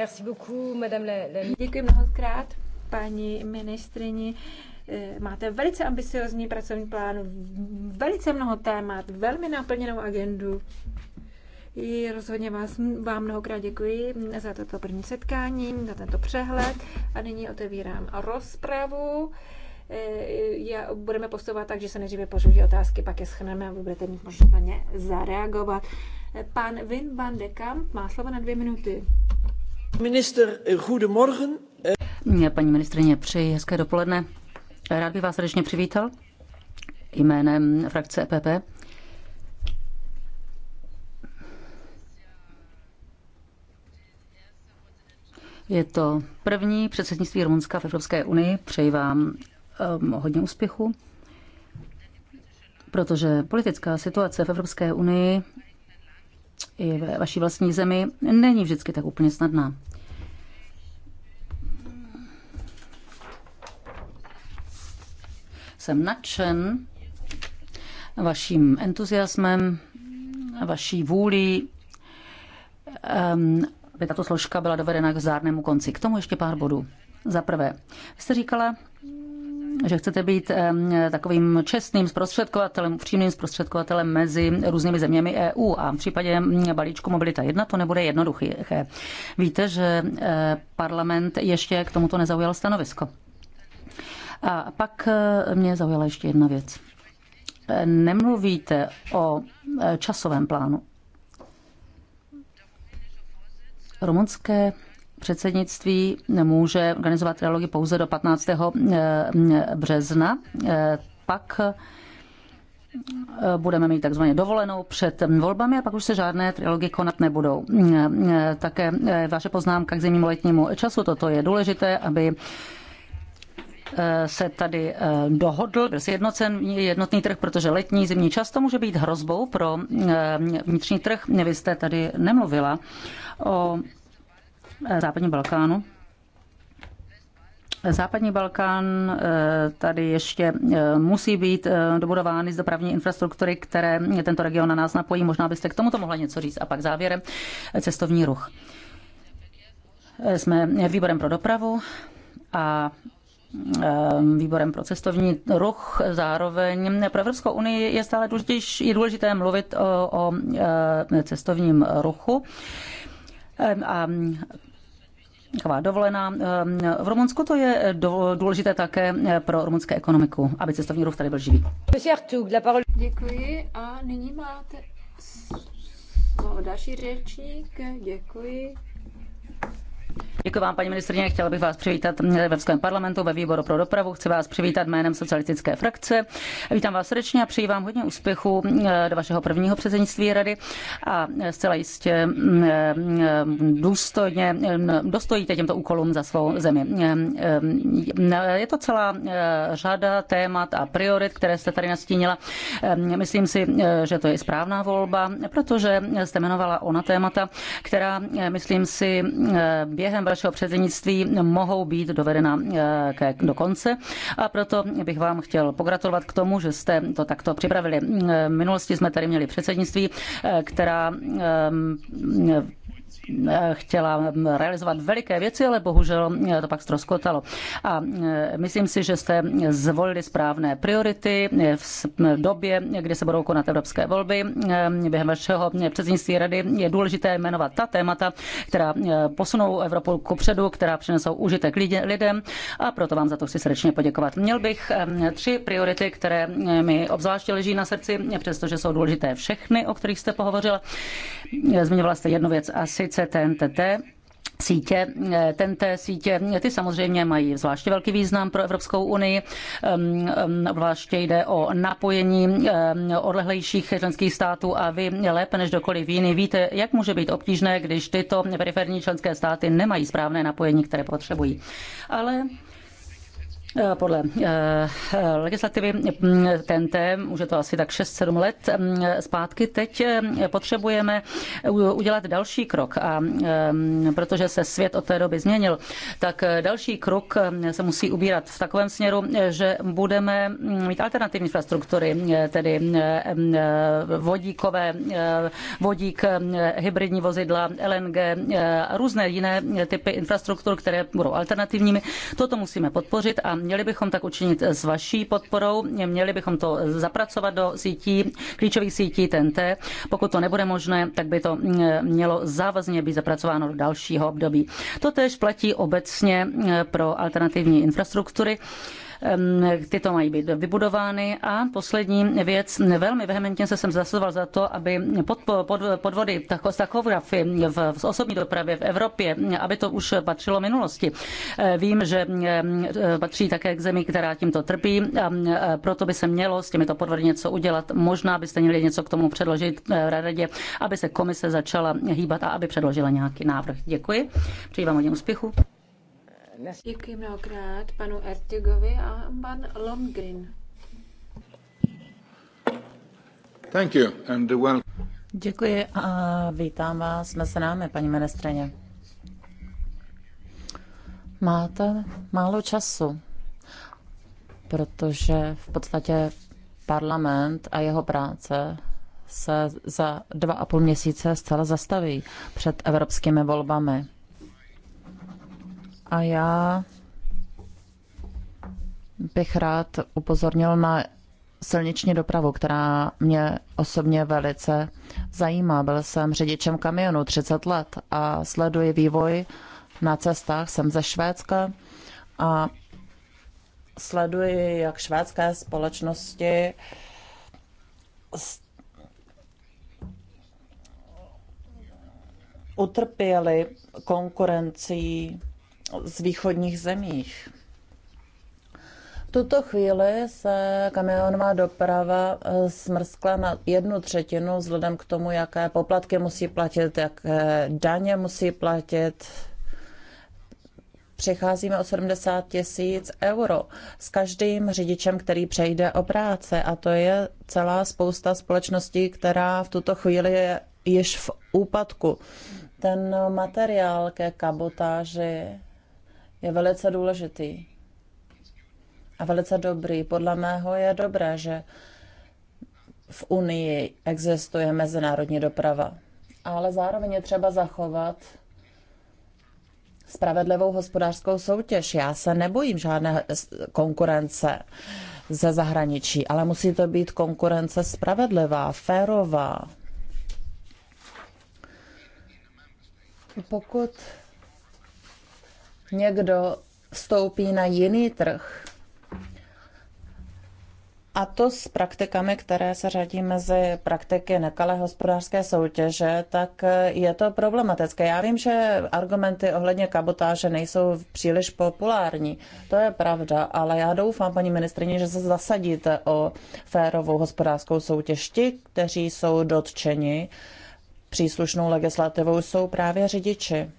Merci beaucoup, madame la, la... Děkuji mnohokrát, paní ministrini. Eh, máte velice ambiciozní pracovní plán, velice mnoho témat, velmi naplněnou agendu. I rozhodně vás, vám mnohokrát děkuji za toto první setkání, za tento přehled. A nyní otevírám rozpravu. Eh, já, budeme postupovat tak, že se nejdříve pořídí otázky, pak je schneme a budete mít možnost na ně zareagovat. Eh, pan Vin van de Kamp má slovo na dvě minuty. Minister, goedemorgen. Eh, Paní ministrině, přeji hezké dopoledne. Rád bych vás srdečně přivítal jménem frakce EPP. Je to první předsednictví Rumunska v Evropské unii. Přeji vám um, hodně úspěchu, protože politická situace v Evropské unii i ve vaší vlastní zemi není vždycky tak úplně snadná. Jsem nadšen vaším entuziasmem, vaší vůlí, ehm, aby tato složka byla dovedena k zárnému konci. K tomu ještě pár bodů. Za prvé, jste říkala, že chcete být takovým čestným zprostředkovatelem, upřímným zprostředkovatelem mezi různými zeměmi EU a v případě balíčku Mobilita 1 to nebude jednoduché. Víte, že eh, parlament ještě k tomuto nezaujal stanovisko. A pak eh, mě zaujala ještě jedna věc. Eh, nemluvíte o časovém plánu. Rumunské Předsednictví může organizovat trialogy pouze do 15. Eh, března. Eh, pak eh, budeme mít takzvaně dovolenou před volbami a pak už se žádné trialogy konat nebudou. Také vaše poznámka k zimnímu letnímu času, toto je důležité, aby se tady dohodl, byl sjednocen jednotný trh, protože letní zimní čas to může být hrozbou pro vnitřní trh. Vy jste tady nemluvila o západní Balkánu. Západní Balkán eh, tady ještě eh, musí být eh, dobudovány z dopravní infrastruktury, které tento region na nás napojí. Možná byste k tomuto mohla něco říct. A pak závěrem cestovní ruch. Jsme výborem pro dopravu a výborem pro cestovní ruch. Zároveň pro Evropskou unii je stále důležitější, je důležité mluvit o, o cestovním ruchu. A taková dovolená. Ehm, v Rumunsku to je důležité také eh, pro rumunské ekonomiku, aby cestovní ruch tady byl živý. Děkuji a nyní máte další řečník. Děkuji. Děkuji vám, paní ministrině. Chtěla bych vás přivítat v Evropském parlamentu ve výboru pro dopravu. Chci vás přivítat jménem socialistické frakce. Vítám vás srdečně a přeji vám hodně úspěchů eh, do vašeho prvního předsednictví rady a eh, zcela jistě mm, eh, mm, důstojně dostojíte těmto úkolům za svou zemi. Mm, je to celá řada témat a priorit, které jste tady nastínila. Myslím si, že to je správná volba, protože jste jmenovala ona témata, která, myslím si, během vašeho předsednictví mohou být dovedena eh, do konce. A proto bych vám chtěl pogratulovat k tomu, že jste to takto připravili. Eh, v minulosti jsme tady měli předsednictví, eh, která Eh, chtěla realizovat veliké věci, ale bohužel eh, to pak ztroskotalo. A eh, myslím si, že jste zvolili správné priority v době, kdy se budou konat evropské volby. Během vašeho předsednictví rady je důležité jmenovat ta témata, která posunou Evropu ku předu, která přinesou užitek lidem a proto vám za to chci srdečně poděkovat. Měl bych tři priority, které mi obzvláště leží na srdci, přestože jsou důležité všechny, o kterých jste pohovořila. Zmiňovala jste jednu věc a sice sítě TNTT, sítě, TNT sítě, ty samozřejmě mají zvláště velký význam pro Evropskou unii, zvláště jde o napojení odlehlejších členských států a vy lépe než dokoliv jiný víte, jak může být obtížné, když tyto periferní členské státy nemají správné napojení, které potřebují. Ale Eh, podle eh, legislativy TNT už je to asi tak 6-7 let mm, zpátky. Teď eh, potřebujeme udělat další krok a mm, protože se svět od té doby změnil, tak další krok mm, se musí ubírat v takovém směru, že budeme mít alternativní infrastruktury, tedy vodíkové, vodík, hybridní vozidla, LNG, různé jiné typy infrastruktur, které budou alternativními. Toto musíme podpořit a měli bychom tak učinit s vaší podporou, měli bychom to zapracovat do sítí, klíčových sítí TNT. Pokud to nebude možné, tak by to mm, mělo závazně být zapracováno do dalšího období. To tež platí obecně mm, pro alternativní infrastruktury tyto mají být vybudovány. A poslední věc, velmi vehementně se jsem zasazoval za to, aby podvody s takografy v, osobní dopravě v Evropě, aby to už patřilo minulosti. E, vím, že e, patří také k zemi, která tímto trpí a e, proto by se mělo s těmito podvody něco udělat. Možná byste měli něco k tomu předložit radě, aby se komise začala hýbat a aby předložila nějaký návrh. Děkuji. Přeji vám hodně úspěchu. Děkuji mnohokrát panu Ertigovi a pan Longrin. Thank you and Děkuji a vítám vás mezi námi, paní ministrině. Máte málo času, protože v podstatě parlament a jeho práce se za dva a půl měsíce zcela zastaví před evropskými volbami. A já bych rád upozornil na silniční dopravu, která mě osobně velice zajímá. Byl jsem řidičem kamionu 30 let a sleduji vývoj na cestách. Jsem ze Švédska a sleduji, jak švédské společnosti utrpěly konkurencí z východních zemích. V tuto chvíli se kamionová doprava eh, smrskla na jednu třetinu vzhledem k tomu, jaké poplatky musí platit, jaké daně musí platit. Přicházíme o 70 tisíc euro s každým řidičem, který přejde o práce. A to je celá spousta společností, která v tuto chvíli je již v úpadku. Ten materiál ke kabotáži je velice důležitý a velice dobrý. Podle mého je dobré, že v Unii existuje mezinárodní doprava, ale zároveň je třeba zachovat spravedlivou hospodářskou soutěž. Já se nebojím žádné konkurence ze zahraničí, ale musí to být konkurence spravedlivá, férová. Pokud někdo vstoupí na jiný trh, a to s praktikami, které se řadí mezi praktiky nekalé hospodářské soutěže, tak je to problematické. Já vím, že argumenty ohledně kabotáže nejsou příliš populární. To je pravda, ale já doufám, paní ministrině, že se zasadíte o férovou hospodářskou soutěž. Ti, kteří jsou dotčeni příslušnou legislativou, jsou právě řidiči.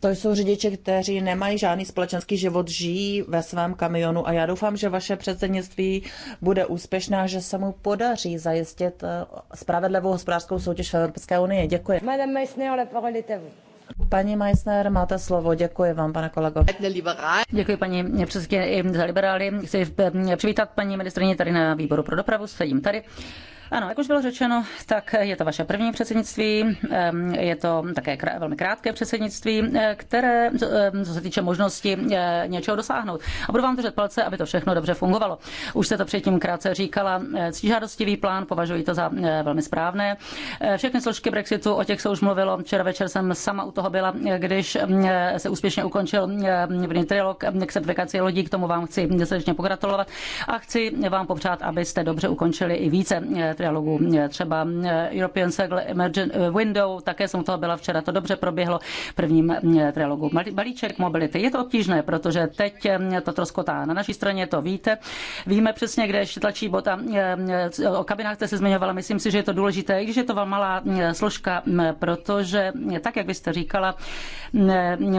To jsou řidiči, kteří nemají žádný společenský život, žijí ve svém kamionu a já doufám, že vaše předsednictví bude úspěšná, že se mu podaří zajistit eh, spravedlivou hospodářskou soutěž v Evropské unii. Děkuji. Madame Meissner, Paní Meissner, máte slovo. Děkuji vám, pane kolego. Děkuji, paní předsedkyně, za liberály. Chci eh, přivítat paní ministrině tady na výboru pro dopravu. Sedím tady. Ano, jak už bylo řečeno, tak je to vaše první předsednictví, je to také velmi krátké předsednictví, eh, které, co se týče možnosti eh, něčeho dosáhnout. A budu vám držet palce, aby to všechno dobře fungovalo. Už jste to předtím krátce říkala, eh, ctižádostivý plán, považuji to za velmi správné. Všechny složky Brexitu, o těch se už mluvilo, včera večer jsem sama u toho byla, když se úspěšně ukončil vnitřní trilog k certifikaci lodí, k tomu vám chci srdečně pogratulovat a chci vám popřát, abyste dobře ukončili i více trialogu, třeba eh, European Circle Emergent eh, Window, také jsem toho byla včera, to dobře proběhlo v prvním eh, trialogu. Balíček mobility, je to obtížné, protože teď to troskotá. Na naší straně to víte, víme přesně, kde ještě tlačí bod a o kabinách jste se zmiňovala, myslím si, že je to důležité, i když je to vám malá složka, protože tak, jak byste říkala,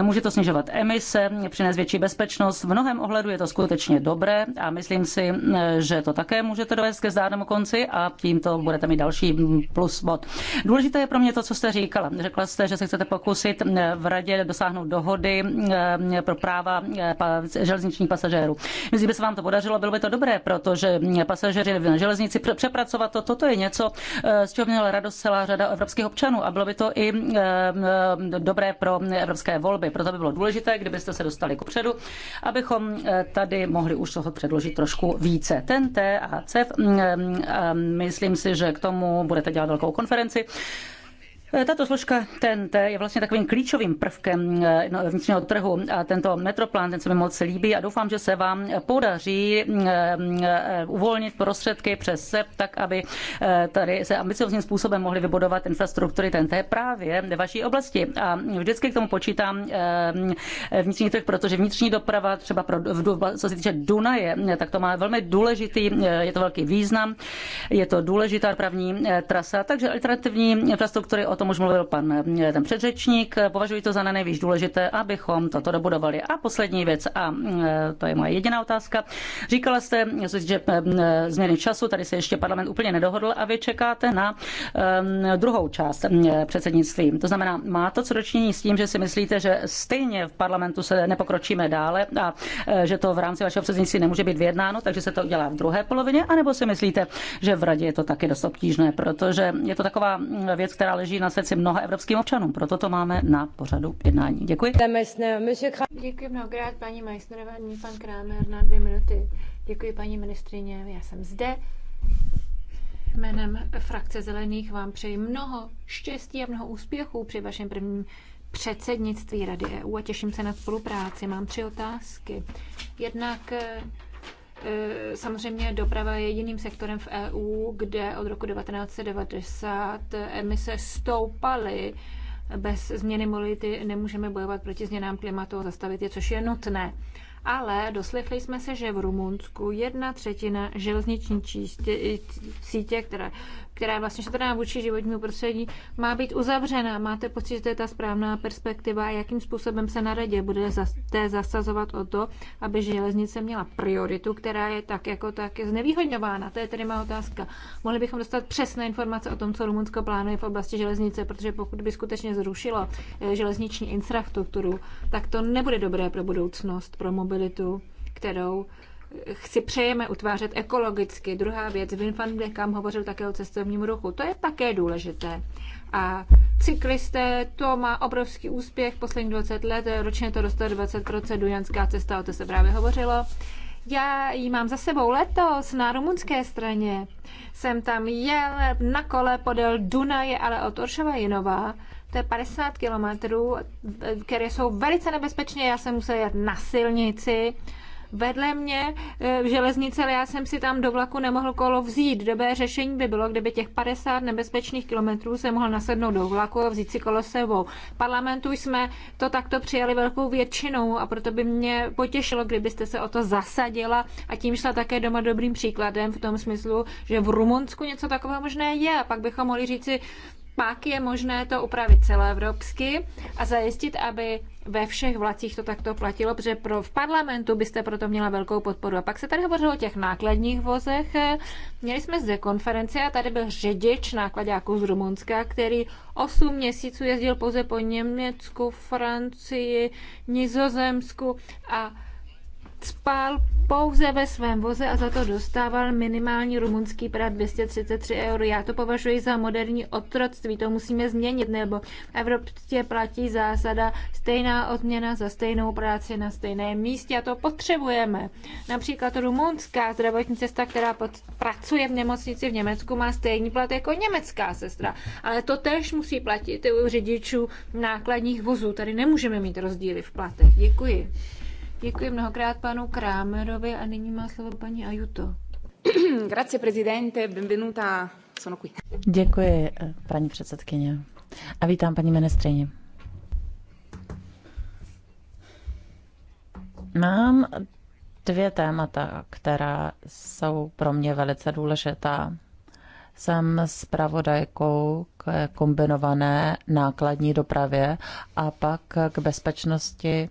může to snižovat emise, přinést větší bezpečnost. V mnohem ohledu je to skutečně dobré a myslím si, že to také můžete dovést ke zdárnému konci a tím tím to budete mít další plus bod. Důležité je pro mě to, co jste říkala. Řekla jste, že se chcete pokusit eh, v radě dosáhnout dohody eh, pro práva eh, železničních pasažérů. Myslím, by se vám to podařilo, bylo by to dobré, protože mm, pasažéři na železnici přepracovat to, toto je něco, z čeho měla radost celá řada evropských občanů a bylo by to i dobré pro evropské volby. Proto by bylo důležité, kdybyste se dostali kupředu, abychom tady mohli už toho předložit trošku více. Ten T a CEF, mm, mm, my Myslím si, že k tomu budete dělat velkou konferenci. Eh, tato složka TNT je vlastně takovým klíčovým prvkem eh, no, vnitřního trhu a tento metroplán, ten se mi moc líbí a doufám, že se vám podaří mm, eh, uvolnit prostředky přes SEP, tak aby tady se ambiciozním způsobem mohly vybudovat infrastruktury TNT právě ve vaší oblasti. A vždycky k tomu počítám vnitřní trh, protože vnitřní doprava třeba pro, co se týče Dunaje, tak to má velmi důležitý, je to velký význam, je to důležitá pravní trasa, takže alternativní infrastruktury od tom už mluvil pan eh, ten předřečník. Považuji to za na nejvíc důležité, abychom toto dobudovali. A poslední věc, a eh, to je moje jediná otázka. Říkala jste, eh, že změny času, tady se ještě parlament úplně nedohodl a vy čekáte na druhou část předsednictví. To znamená, má to co dočinění s tím, že si myslíte, že stejně v parlamentu se nepokročíme dále a že to v rámci vašeho předsednictví nemůže být vyjednáno, takže se to dělá v druhé polovině, anebo si myslíte, že v radě je to taky dost obtížné, protože je to taková hm, věc, která leží na srdci mnoha evropským občanům. Proto to máme na pořadu jednání. Děkuji. Děkuji mnohokrát, paní Meissnerová, pan Krámer na dvě minuty. Děkuji, paní ministrině, já jsem zde. Jménem frakce Zelených vám přeji mnoho štěstí a mnoho úspěchů při vašem prvním předsednictví Rady EU a těším se na spolupráci. Mám tři otázky. Jednak Eh, samozřejmě doprava je jediným sektorem v EU, kde od roku 1990 emise stoupaly. Bez změny molity nemůžeme bojovat proti změnám klimatu a zastavit je, což je nutné. Ale doslechli jsme se, že v Rumunsku jedna třetina železniční sítě, které která je vlastně šetrná vůči životnímu prostředí, má být uzavřena. Máte pocit, že to je ta správná perspektiva jakým způsobem se na radě budete zasazovat o to, aby železnice měla prioritu, která je tak jako tak je znevýhodňována. To je tedy má otázka. Mohli bychom dostat přesné informace o tom, co Rumunsko plánuje v oblasti železnice, protože pokud by skutečně zrušilo eh, železniční infrastrukturu, tak to nebude dobré pro budoucnost, pro mobilitu, kterou si přejeme utvářet ekologicky. Druhá věc, Vin van de Kam hovořil také o cestovním ruchu. To je také důležité. A cyklisté, to má obrovský úspěch posledních 20 let, ročně to dostalo 20%, Dujanská cesta, o to se právě hovořilo. Já ji mám za sebou letos na rumunské straně. Jsem tam jel na kole podél Dunaje, ale od Oršova Jinová. To je 50 kilometrů, které jsou velice nebezpečné. Já jsem musel jet na silnici vedle mě eh, v železnice, ale já jsem si tam do vlaku nemohl kolo vzít. Dobré řešení by bylo, kdyby těch 50 nebezpečných kilometrů se mohl nasednout do vlaku a vzít si kolo sebou. Parlamentu jsme to takto přijali velkou většinou a proto by mě potěšilo, kdybyste se o to zasadila a tím šla také doma dobrým příkladem v tom smyslu, že v Rumunsku něco takového možné je a pak bychom mohli říci, pak je možné to upravit celoevropsky a zajistit, aby ve všech vlacích to takto platilo, protože pro, v parlamentu byste proto měla velkou podporu. A pak se tady hovořilo o těch nákladních vozech. Měli jsme zde konferenci a tady byl řidič nákladňáků z Rumunska, který 8 měsíců jezdil pouze po Německu, Francii, Nizozemsku a spal pouze ve svém voze a za to dostával minimální rumunský prát 233 eur. Já to považuji za moderní otroctví, to musíme změnit, nebo v Evropě platí zásada stejná odměna za stejnou práci na stejném místě a to potřebujeme. Například rumunská zdravotní cesta, která pod, pracuje v nemocnici v Německu, má stejný plat jako německá sestra, ale to tež musí platit u řidičů nákladních vozů. Tady nemůžeme mít rozdíly v platech. Děkuji. Děkuji mnohokrát panu Krámerovi a nyní má slovo paní Ajuto. Grazie prezidente, benvenuta, sono qui. Děkuji, paní předsedkyně. A vítám paní ministrině. Mám dvě témata, která jsou pro mě velice důležitá. Jsem zpravodajkou k kombinované nákladní dopravě a pak k bezpečnosti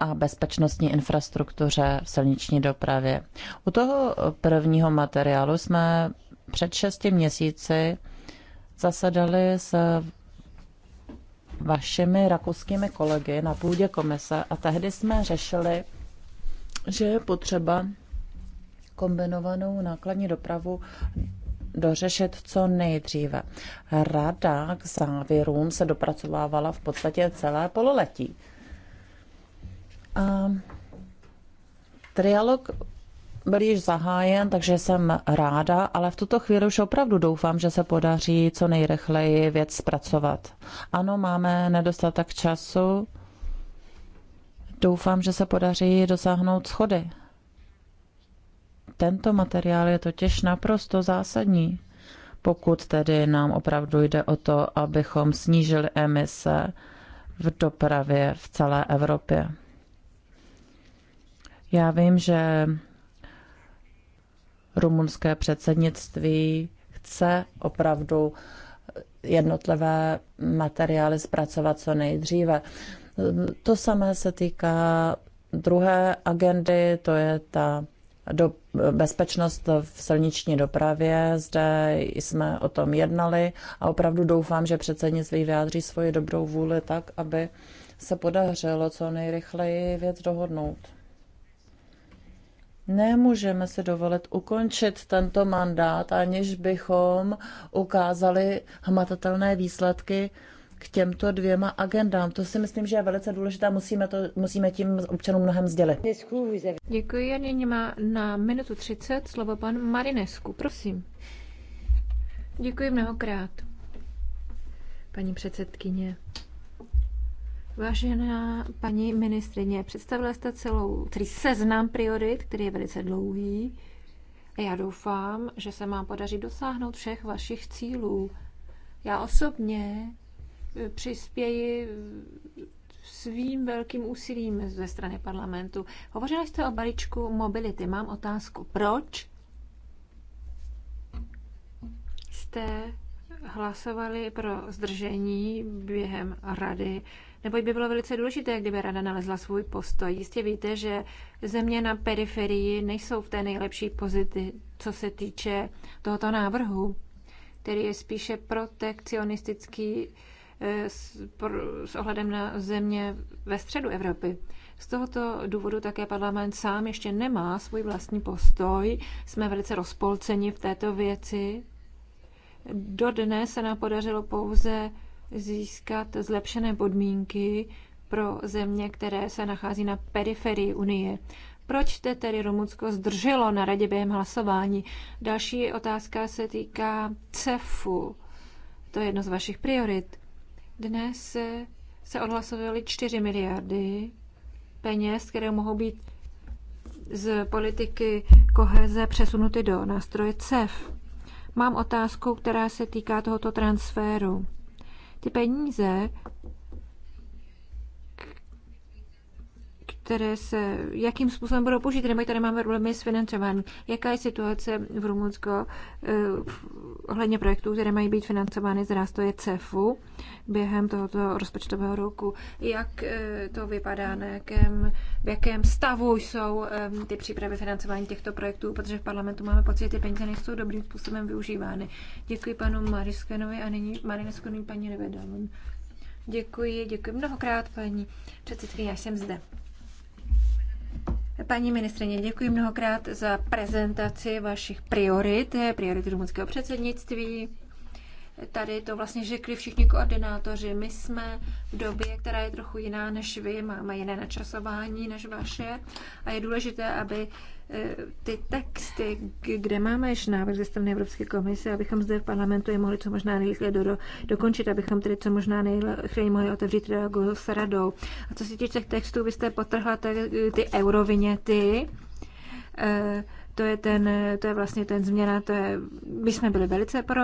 a bezpečnostní infrastruktuře v silniční dopravě. U toho prvního materiálu jsme před šesti měsíci zasedali s vašimi rakouskými kolegy na půdě komise a tehdy jsme řešili, že je potřeba kombinovanou nákladní dopravu dořešit co nejdříve. Rada k závěrům se dopracovávala v podstatě celé pololetí. A trialog byl již zahájen, takže jsem ráda, ale v tuto chvíli už opravdu doufám, že se podaří co nejrychleji věc zpracovat. Ano, máme nedostatek času. Doufám, že se podaří dosáhnout schody. Tento materiál je totiž naprosto zásadní, pokud tedy nám opravdu jde o to, abychom snížili emise v dopravě v celé Evropě. Já vím, že rumunské předsednictví chce opravdu jednotlivé materiály zpracovat co nejdříve. To samé se týká druhé agendy, to je ta do, bezpečnost v silniční dopravě. Zde jsme o tom jednali a opravdu doufám, že předsednictví vyjádří svoji dobrou vůli tak, aby se podařilo co nejrychleji věc dohodnout. Nemůžeme si dovolit ukončit tento mandát, aniž bychom ukázali hmatatelné výsledky k těmto dvěma agendám. To si myslím, že je velice důležité musíme, to, musíme tím občanům mnohem sdělit. Děkuji a nyní má na minutu 30 slovo pan Marinesku. Prosím. Děkuji mnohokrát, paní předsedkyně. Vážená paní ministrině, představila jste celou, tři seznam priorit, který je velice dlouhý. A já doufám, že se mám podařit dosáhnout všech vašich cílů. Já osobně eh, přispěji eh, svým velkým úsilím ze strany parlamentu. Hovořila jste o balíčku mobility. Mám otázku. Proč jste hlasovali pro zdržení během rady neboť by bylo velice důležité, kdyby rada nalezla svůj postoj. Jistě víte, že země na periferii nejsou v té nejlepší pozici, co se týče tohoto návrhu, který je spíše protekcionistický eh, s ohledem na země ve středu Evropy. Z tohoto důvodu také parlament sám ještě nemá svůj vlastní postoj. Jsme velice rozpolceni v této věci. Dodnes se nám podařilo pouze získat zlepšené podmínky pro země, které se nachází na periferii Unie. Proč te tedy Rumunsko zdrželo na radě během hlasování? Další otázka se týká CEFu. To je jedno z vašich priorit. Dnes se odhlasovaly 4 miliardy peněz, které mohou být z politiky koheze přesunuty do nástroje CEF. Mám otázku, která se týká tohoto transferu. Ty peníze které se, jakým způsobem budou použít, nebo tady máme problémy s financováním. Jaká je situace v Rumunsku eh, ohledně projektů, které mají být financovány z rástoje CEFu během tohoto rozpočtového roku? Jak eh, to vypadá, na jakém, v jakém stavu jsou eh, ty přípravy financování těchto projektů, protože v parlamentu máme pocit, že ty peníze nejsou dobrým způsobem využívány. Děkuji panu Mariskenovi a nyní Marinesku, paní Nevedalon. Děkuji, děkuji mnohokrát, paní předsedkyně, já jsem zde. Paní ministrině, děkuji mnohokrát za prezentaci vašich priorit, priorit rumunského předsednictví tady to vlastně řekli všichni koordinátoři. My jsme v době, která je trochu jiná než vy, máme jiné načasování než vaše a je důležité, aby eh, ty texty, kde máme ještě návrh ze strany Evropské komise, abychom zde v parlamentu je mohli co možná nejrychleji do, dokončit, abychom tedy co možná nejrychleji mohli otevřít dialog s radou. A co se týče těch textů, vy jste potrhla ty, ty euroviněty, eh, to je, ten, to je vlastně ten změna, to je, my jsme byli velice pro,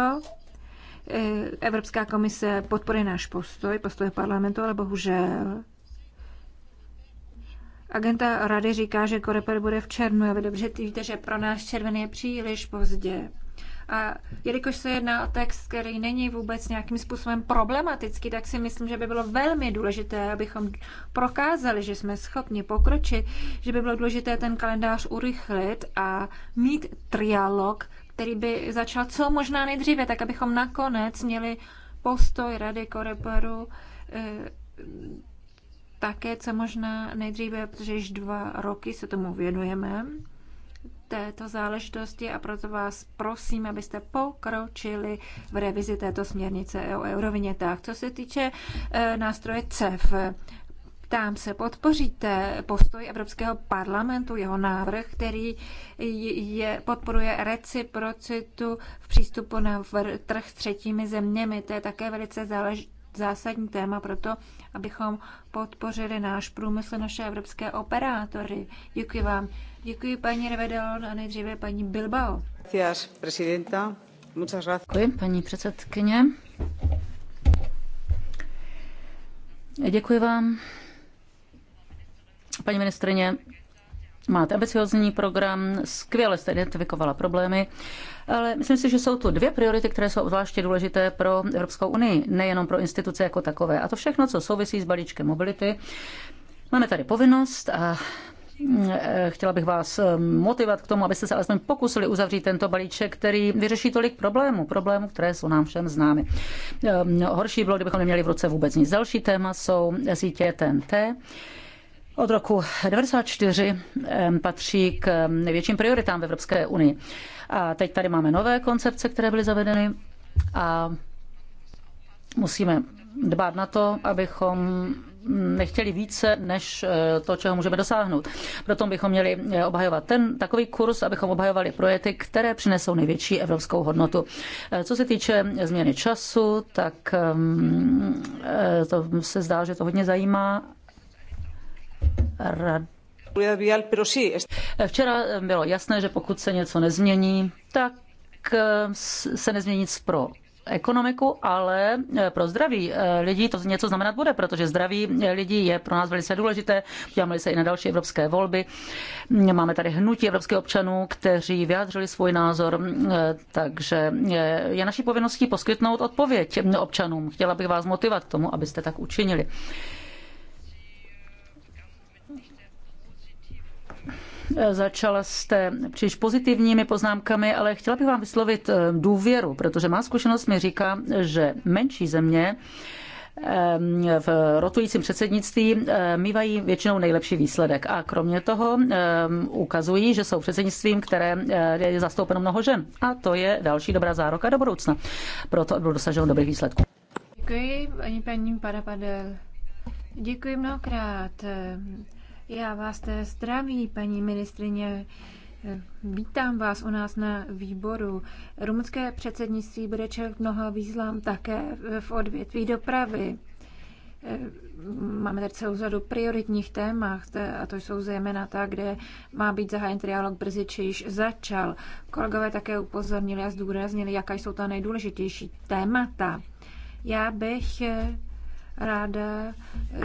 Eh, Evropská komise podporuje náš postoj, postoj parlamentu, ale bohužel Agenta rady říká, že koreper bude v červnu a vy dobře víte, že pro nás červen je příliš pozdě. A jelikož se jedná o text, který není vůbec nějakým způsobem problematický, tak si myslím, že by bylo velmi důležité, abychom prokázali, že jsme schopni pokročit, že by bylo důležité ten kalendář urychlit a mít trialog který by začal co možná nejdříve, tak abychom nakonec měli postoj Rady Koreperu eh, také co možná nejdříve, protože již dva roky se tomu věnujeme této záležitosti a proto vás prosím, abyste pokročili v revizi této směrnice o eurovinětách. Co se týče eh, nástroje CEF, Ptám se, podpoříte postoj Evropského parlamentu, jeho návrh, který je, podporuje reciprocitu v přístupu na trh s třetími zeměmi. To je také velice zálež, zásadní téma pro to, abychom podpořili náš průmysl, naše evropské operátory. Děkuji vám. Děkuji paní Revedelon a nejdříve paní Bilbao. Děkuji, paní předsedkyně. Děkuji vám Paní ministrině, máte ambiciozní program, skvěle jste identifikovala problémy, ale myslím si, že jsou tu dvě priority, které jsou zvláště důležité pro Evropskou unii, nejenom pro instituce jako takové. A to všechno, co souvisí s balíčkem mobility. Máme tady povinnost a eh, Chtěla bych vás eh, motivovat k tomu, abyste se alespoň pokusili uzavřít tento balíček, který vyřeší tolik problémů, problémů, které jsou nám všem známy. Eh, horší bylo, kdybychom neměli v ruce vůbec nic. Další téma jsou sítě TNT od roku 1994 patří k největším prioritám v Evropské unii. A teď tady máme nové koncepce, které byly zavedeny a musíme dbát na to, abychom nechtěli více než eh, to, čeho můžeme dosáhnout. Proto bychom měli eh, obhajovat ten takový kurz, abychom obhajovali projekty, které přinesou největší evropskou hodnotu. Eh, co se týče změny času, tak to se zdá, že to hodně zajímá Včera bylo jasné, že pokud se něco nezmění, tak eh, se nezmění nic pro ekonomiku, ale eh, pro zdraví eh, lidí to něco znamenat bude, protože zdraví lidí je pro nás velice důležité. Podíváme se i na další evropské volby. Mm, máme tady hnutí evropských občanů, kteří vyjádřili svůj názor, mm, takže je naší povinností poskytnout odpověď mm, občanům. Chtěla bych vás motivovat k tomu, abyste tak učinili. Začala jste příliš pozitivními poznámkami, ale chtěla bych vám vyslovit eh, důvěru, protože má zkušenost mi říká, že menší země eh, v rotujícím předsednictví eh, mývají většinou nejlepší výsledek. A kromě toho ukazují, že jsou předsednictvím, které je zastoupeno mnoho žen. A to je další dobrá zároka do budoucna. Proto bylo dosaženo dobrých výsledků. Děkuji, paní paní Parapadel. Děkuji mnohokrát. Já vás té zdraví, paní ministrině. Vítám vás u nás na výboru. Rumunské předsednictví bude čelit mnoha výzlám také v odvětví dopravy. Máme tady celou řadu prioritních témat, a to jsou zejména ta, kde má být zahájen trialog brzy, či již začal. Kolegové také upozornili a zdůraznili, jaká jsou ta nejdůležitější témata. Já bych ráda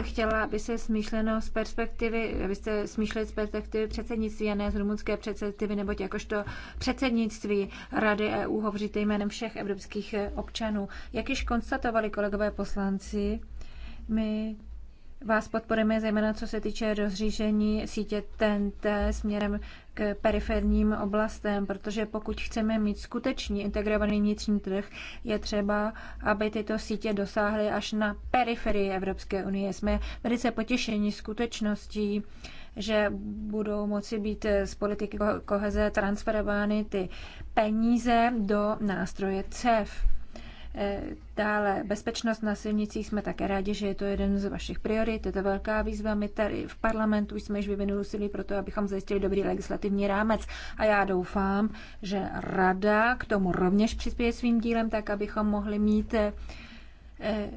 chtěla, aby se smýšleno z perspektivy, abyste smýšleli z perspektivy předsednictví a ne z rumunské předsednictví, neboť jakožto předsednictví Rady EU hovoříte jménem všech evropských občanů. Jak již konstatovali kolegové poslanci, my vás podporujeme, zejména co se týče rozřízení sítě TNT směrem k periferním oblastem, protože pokud chceme mít skutečný integrovaný vnitřní trh, je třeba, aby tyto sítě dosáhly až na periferii Evropské unie. Jsme velice potěšeni skutečností, že budou moci být z politiky koheze transferovány ty peníze do nástroje CEF. E, dále bezpečnost na silnicích jsme také rádi, že je to jeden z vašich priorit. Je to velká výzva. My tady v parlamentu jsme již vyvinuli úsilí pro to, abychom zajistili dobrý legislativní rámec. A já doufám, že rada k tomu rovněž přispěje svým dílem, tak abychom mohli mít e, e,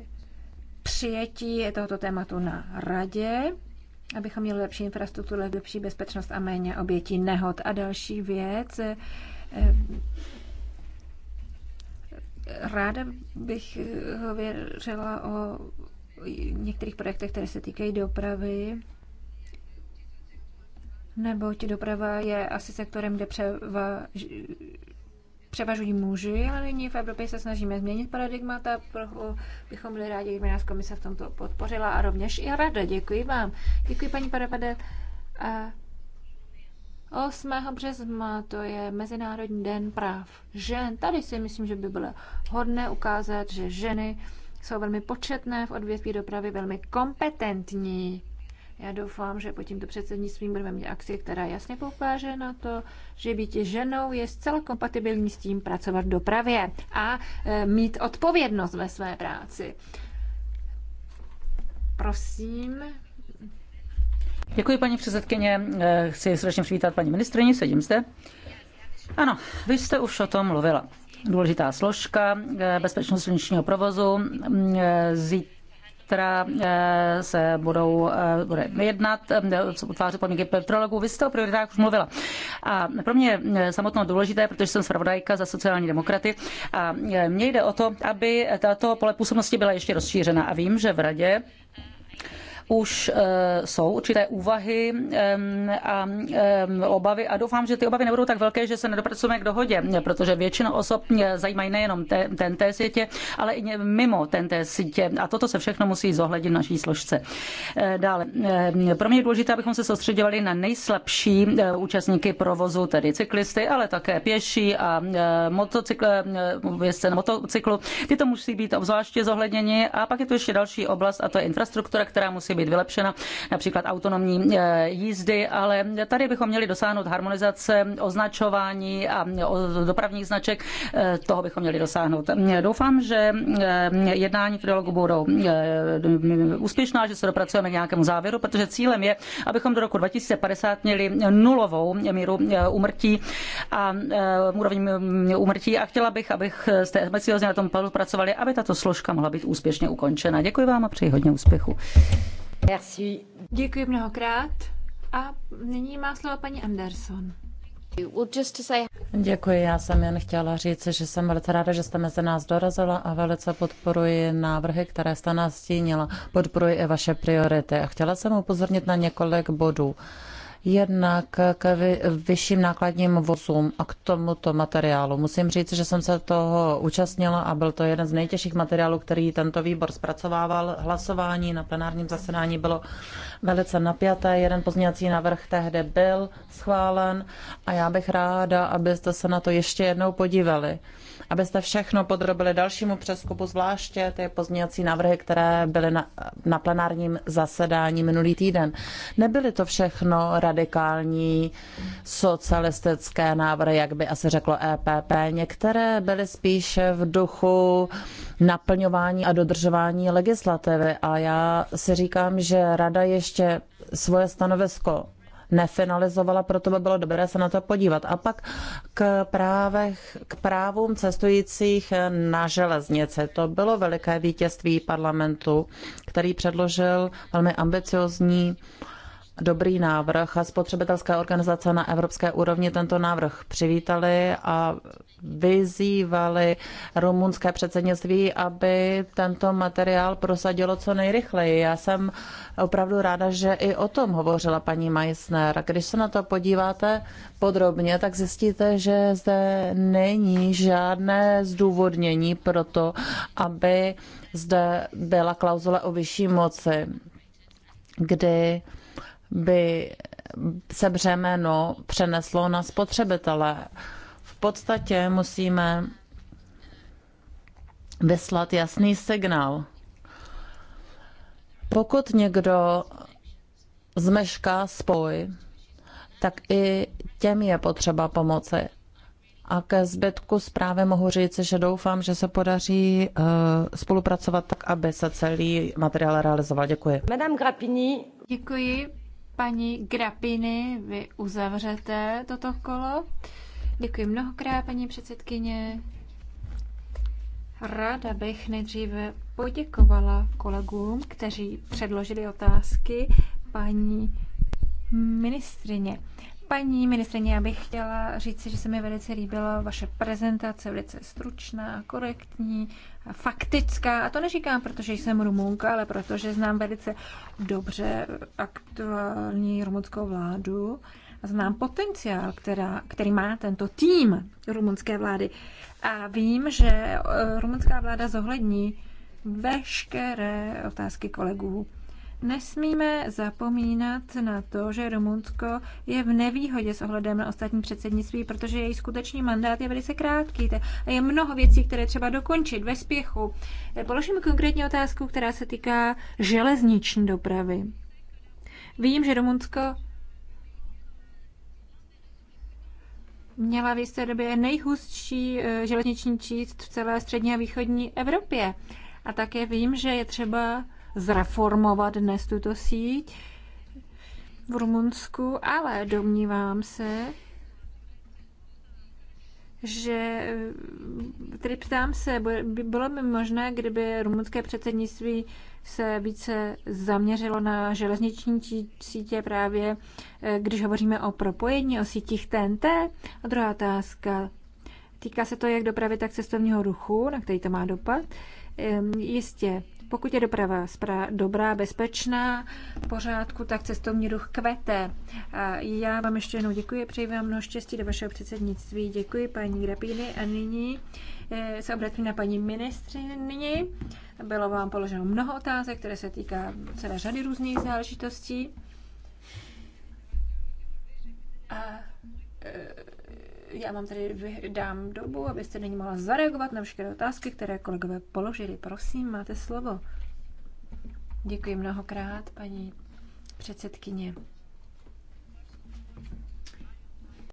přijetí tohoto tématu na radě abychom měli lepší infrastrukturu, lepší bezpečnost a méně obětí nehod. A další věc, Ráda bych eh, hověřila o některých projektech, které se týkají dopravy, neboť doprava je asi sektorem, kde převaž, převažují muži, ale nyní v Evropě se snažíme změnit paradigmata, proto bychom byli rádi, kdyby nás komise v tomto podpořila a rovněž i rada. Děkuji vám. Děkuji paní Parapade. A 8. března, to je Mezinárodní den práv žen. Tady si myslím, že by bylo hodné ukázat, že ženy jsou velmi početné v odvětví dopravy, velmi kompetentní. Já doufám, že po tímto předsednictvím budeme mít akci, která jasně poukáže na to, že být ženou je zcela kompatibilní s tím pracovat v dopravě a e, mít odpovědnost ve své práci. Prosím, Děkuji, paní předsedkyně. Eh, chci srdečně přivítat paní ministrině, sedím zde. Ano, vy jste už o tom mluvila. Důležitá složka eh, bezpečnost silničního provozu. Mm, eh, zítra se budou bude jednat, utváří podmínky petrologů. Vy jste o prioritách už mluvila. A pro mě je samotnou důležité, protože jsem zpravodajka za sociální demokraty a mně jde o to, aby tato pole působnosti byla ještě rozšířena. A vím, že v radě už eh, jsou určité úvahy a obavy a doufám, že ty obavy nebudou tak velké, že se nedopracujeme k dohodě, protože většina osob zajímají nejenom ten té sítě, ale i mimo ten té sítě a toto se všechno musí zohlednit v naší složce. Eh, dále, pro mě je důležité, abychom se soustředili na nejslabší eh, účastníky provozu, tedy cyklisty, ale také pěší a motocykl, jezdce na motocyklu. Tyto musí být obzvláště zohledněni a pak je tu ještě další oblast a to je infrastruktura, která musí být být vylepšena, například autonomní eh, jízdy, ale tady bychom měli dosáhnout harmonizace označování a dopravních značek, eh, toho bychom měli dosáhnout. Doufám, že eh, jednání v dialogu budou úspěšná, že se dopracujeme k nějakému závěru, protože cílem je, abychom do roku 2050 měli nulovou míru umrtí a úroveň umrtí mm, a chtěla bych, abych jste ambiciozně na tom pracovali, aby tato složka mohla být úspěšně ukončena. Děkuji vám a přeji hodně úspěchu. Merci. Děkuji mnohokrát. A nyní má slovo paní Anderson. Děkuji, já jsem jen chtěla říct, že jsem velice ráda, že jste mezi nás dorazila a velice podporuji návrhy, které jste nás stínila. Podporuji i vaše priority a chtěla jsem upozornit na několik bodů jednak k vyšším nákladním vozům a k tomuto materiálu. Musím říct, že jsem se toho účastnila a byl to jeden z nejtěžších materiálů, který tento výbor zpracovával. Hlasování na plenárním zasedání bylo velice napjaté. Jeden pozměňovací návrh tehdy byl schválen a já bych ráda, abyste se na to ještě jednou podívali abyste všechno podrobili dalšímu přeskupu, zvláště ty pozměňovací návrhy, které byly na, na plenárním zasedání minulý týden. Nebyly to všechno radikální socialistické návrhy, jak by asi řeklo EPP. Některé byly spíše v duchu naplňování a dodržování legislativy a já si říkám, že rada ještě svoje stanovisko nefinalizovala, proto by bylo dobré se na to podívat. A pak k, právech, k právům cestujících na železnici. To bylo veliké vítězství parlamentu, který předložil velmi ambiciozní uh, dobrý návrh a spotřebitelské organizace na evropské úrovni tento návrh přivítali a vyzývali rumunské předsednictví, aby tento materiál prosadilo co nejrychleji. Já jsem opravdu ráda, že i o tom hovořila paní Meissner. Když se na to podíváte podrobně, tak zjistíte, že zde není žádné zdůvodnění pro to, aby zde byla klauzule o vyšší moci, kdy by se břemeno přeneslo na spotřebitele. V podstatě musíme vyslat jasný signál. Pokud někdo zmešká spoj, tak i těm je potřeba pomoci. A ke zbytku zprávy mohu říct, že doufám, že se podaří uh, spolupracovat tak, aby se celý materiál realizoval. Děkuji. Madame Grappini. Děkuji paní Grapiny, vy uzavřete toto kolo. Děkuji mnohokrát, paní předsedkyně. Ráda bych nejdříve poděkovala kolegům, kteří předložili otázky paní ministrině. Paní ministrině, já bych chtěla říct, že se mi velice líbila vaše prezentace, velice stručná, korektní, faktická. A to neříkám, protože jsem Rumunka, ale protože znám velice dobře aktuální rumunskou vládu a znám potenciál, která, který má tento tým rumunské vlády. A vím, že eh, rumunská vláda zohlední veškeré otázky kolegů Nesmíme zapomínat na to, že Rumunsko je v nevýhodě s ohledem na ostatní předsednictví, protože její skutečný mandát je velice krátký. Je mnoho věcí, které třeba dokončit ve spěchu. Eh, položím konkrétní otázku, která se týká železniční dopravy. Vím, že Rumunsko měla v jisté době nejhustší eh, železniční číst v celé střední a východní Evropě. A také vím, že je třeba zreformovat dnes tuto síť v Rumunsku, ale domnívám se, že tedy ptám se, bylo by možné, kdyby rumunské předsednictví se více zaměřilo na železniční sítě právě, eh, když hovoříme o propojení, o sítích TNT? A druhá otázka, týká se to jak dopravy, tak cestovního ruchu, na který to má dopad. Ehm, jistě, pokud je doprava dobrá, bezpečná, v pořádku, tak cestovní ruch kvete. A já vám ještě jednou děkuji, přeji vám mnoho štěstí do vašeho předsednictví. Děkuji paní Grapíny a nyní e, se obratím na paní ministrině. Bylo vám položeno mnoho otázek, které se týká celé řady různých záležitostí. A, e, já vám tady dám dobu, abyste není mohla zareagovat na všechny otázky, které kolegové položili. Prosím, máte slovo. Děkuji mnohokrát, paní předsedkyně.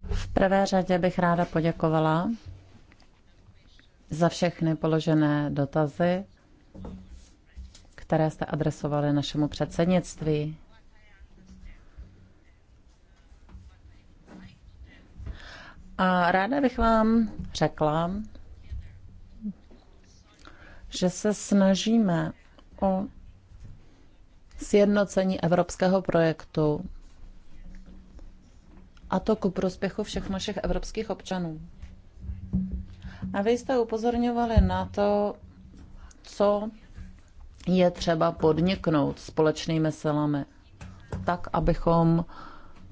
V prvé řadě bych ráda poděkovala za všechny položené dotazy, které jste adresovali našemu předsednictví. A ráda bych vám řekla, že se snažíme o sjednocení evropského projektu a to ku prospěchu všech našich evropských občanů. A vy jste upozorňovali na to, co je třeba podniknout společnými silami, tak abychom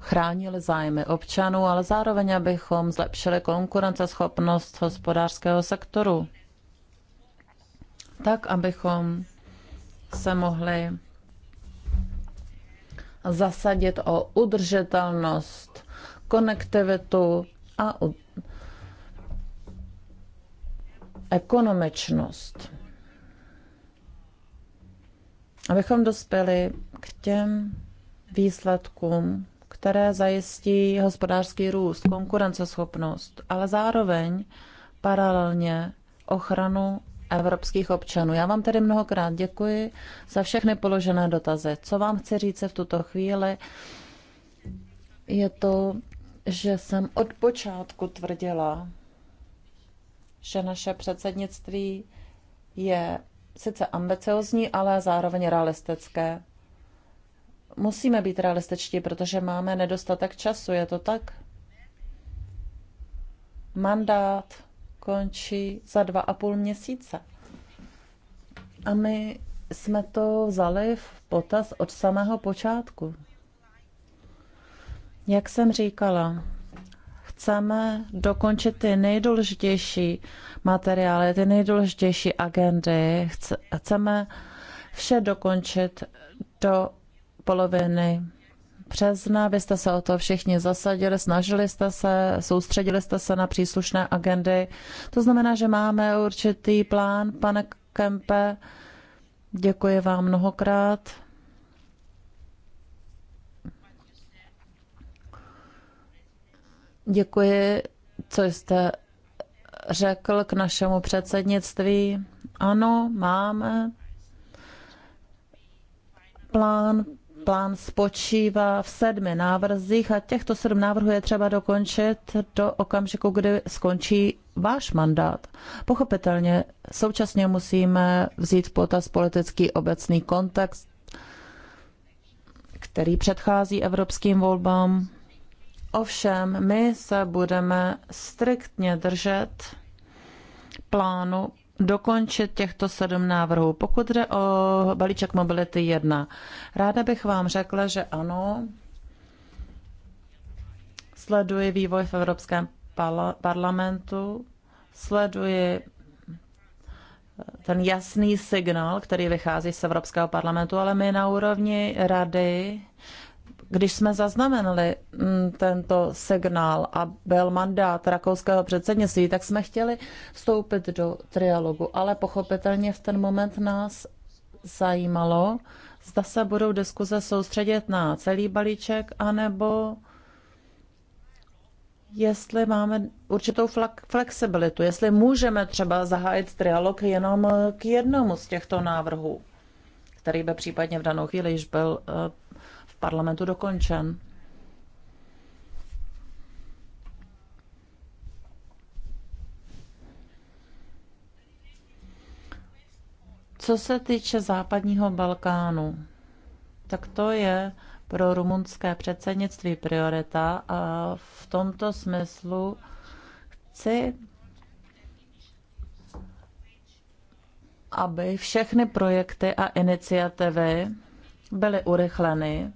chránili zájmy občanů, ale zároveň abychom zlepšili konkurenceschopnost hospodářského sektoru. Tak, abychom se mohli zasadit o udržitelnost, konektivitu a ekonomičnost. Abychom dospěli k těm výsledkům, které zajistí hospodářský růst, konkurenceschopnost, ale zároveň paralelně ochranu evropských občanů. Já vám tedy mnohokrát děkuji za všechny položené dotazy. Co vám chci říct v tuto chvíli, je to, že jsem od počátku tvrdila, že naše předsednictví je sice ambiciozní, ale zároveň realistické. Musíme být realističtí, protože máme nedostatek času, je to tak? Mandát končí za dva a půl měsíce. A my jsme to vzali v potaz od samého počátku. Jak jsem říkala, chceme dokončit ty nejdůležitější materiály, ty nejdůležitější agendy. Chceme vše dokončit do poloviny března. Vy jste se o to všichni zasadili, snažili jste se, soustředili jste se na příslušné agendy. To znamená, že máme určitý plán, pane Kempe. Děkuji vám mnohokrát. Děkuji, co jste řekl k našemu předsednictví. Ano, máme plán plán spočívá v sedmi návrzích a těchto sedm návrhů je třeba dokončit do okamžiku, kdy skončí váš mandát. Pochopitelně současně musíme vzít v potaz politický obecný kontext, který předchází evropským volbám. Ovšem, my se budeme striktně držet plánu dokončit těchto sedm návrhů. Pokud jde o balíček Mobility 1, ráda bych vám řekla, že ano, sleduji vývoj v Evropském parlamentu, sleduji eh, ten jasný signál, který vychází z Evropského parlamentu, ale my na úrovni rady když jsme zaznamenali mm, tento signál a byl mandát rakouského předsednictví, tak jsme chtěli vstoupit do trialogu, ale pochopitelně v ten moment nás zajímalo, zda se budou diskuze soustředit na celý balíček, anebo jestli máme určitou flexibilitu, jestli můžeme třeba zahájit trialog jenom k jednomu z těchto návrhů, který by případně v danou chvíli již byl eh, parlamentu dokončen. Co se týče západního Balkánu, tak to je pro rumunské předsednictví priorita a v tomto smyslu chci, aby všechny projekty a iniciativy byly urychleny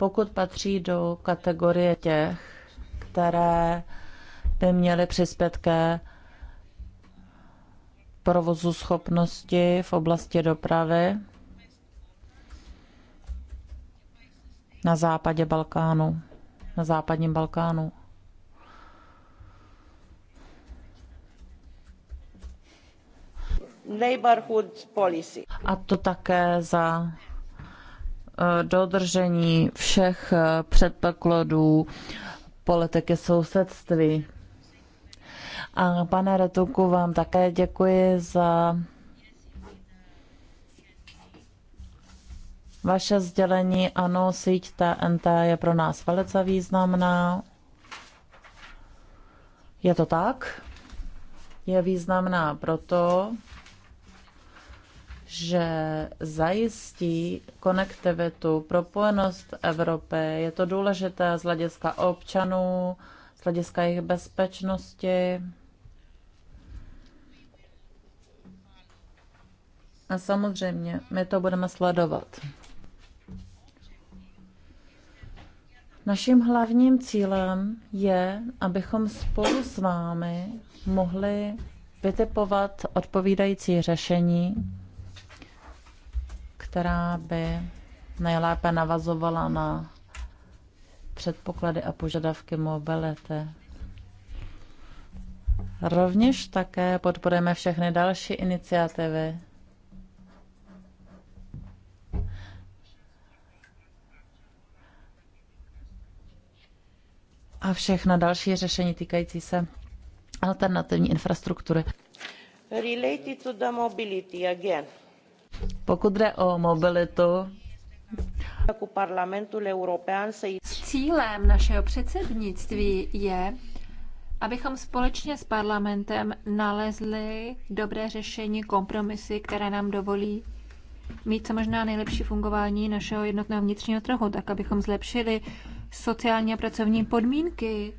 pokud patří do kategorie těch, které by měly přispět ke provozu schopnosti v oblasti dopravy na západě Balkánu, na západním Balkánu. Neighborhood policy. A to také za Eh, dodržení všech eh, předpokladů politiky sousedství. A pane Retuku, vám také děkuji za vaše sdělení. Ano, síť TNT je pro nás velice významná. Je to tak? Je významná proto, že zajistí konektivitu, propojenost Evropy. Je to důležité z hlediska občanů, z hlediska jejich bezpečnosti. A samozřejmě, my to budeme sledovat. Naším hlavním cílem je, abychom spolu s vámi mohli vytipovat odpovídající řešení která by nejlépe navazovala na předpoklady a požadavky mobility. Rovněž také podporujeme všechny další iniciativy. A všechna další řešení týkající se alternativní infrastruktury. Related to the mobility again. Pokud jde o mobilitu, Cílem našeho předsednictví je, abychom společně s parlamentem nalezli dobré řešení, kompromisy, které nám dovolí mít co možná nejlepší fungování našeho jednotného vnitřního trhu, tak abychom zlepšili sociálně a pracovní podmínky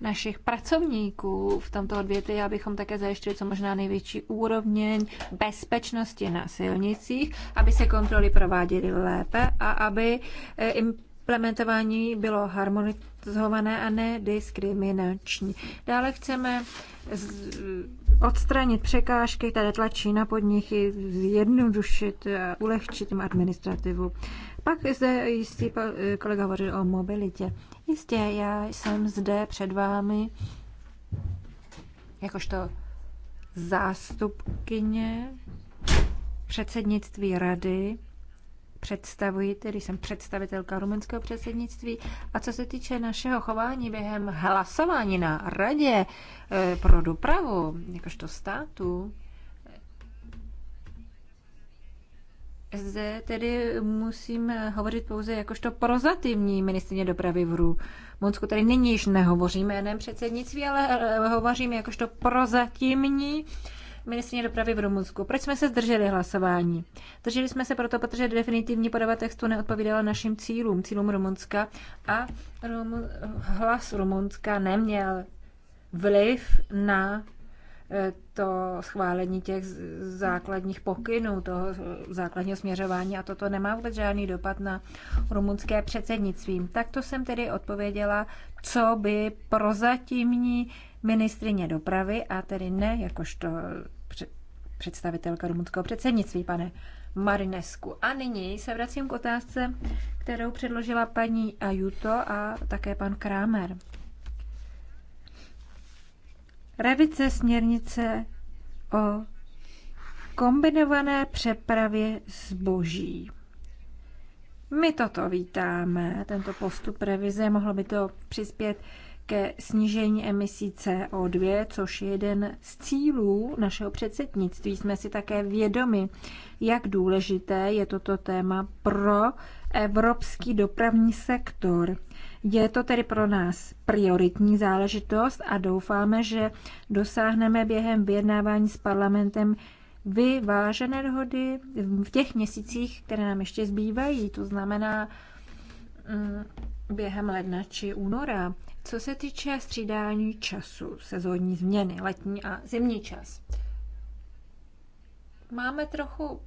našich pracovníků v tomto odvětví, abychom také zajištili co možná největší úroveň bezpečnosti na silnicích, aby se kontroly prováděly lépe a aby eh, implementování bylo harmonizované a nediskriminační. Dále chceme odstranit překážky, které tlačí na podniky, zjednodušit a ulehčit jim administrativu. Pak zde jistý eh, kolega hovořil o mobilitě. Jistě, já jsem zde před vámi jakožto zástupkyně předsednictví rady představuji, tedy jsem představitelka rumunského předsednictví. A co se týče našeho chování během hlasování na radě eh, pro dopravu, jakožto státu, Zde tedy musím hovořit pouze jakožto prozativní ministrině dopravy v Rumunsku. Tady nyní již nehovořím jménem předsednictví, ale eh, hovořím jakožto prozatímní ministrině dopravy v Rumunsku. Proč jsme se zdrželi hlasování? Zdrželi jsme se proto, protože definitivní podoba textu neodpovídala našim cílům, cílům Rumunska a Rum, hlas Rumunska neměl vliv na Eh, to schválení těch základních pokynů, toho základního směřování a toto nemá vůbec žádný dopad na rumunské předsednictví. Tak to jsem tedy odpověděla, co by prozatímní ministrině dopravy a tedy ne jakožto představitelka rumunského předsednictví, pane Marinesku. A nyní se vracím k otázce, kterou předložila paní Ajuto a také pan Krámer revice směrnice o kombinované přepravě zboží. My toto vítáme, tento postup revize, mohlo by to přispět ke snížení emisí CO2, což je jeden z cílů našeho předsednictví. Jsme si také vědomi, jak důležité je toto téma pro evropský dopravní sektor. Je to tedy pro nás prioritní záležitost a doufáme, že dosáhneme během vyjednávání s parlamentem vyvážené dohody v těch měsících, které nám ještě zbývají, to znamená mm, během ledna či února. Co se týče střídání času, sezónní změny, letní a zimní čas, máme trochu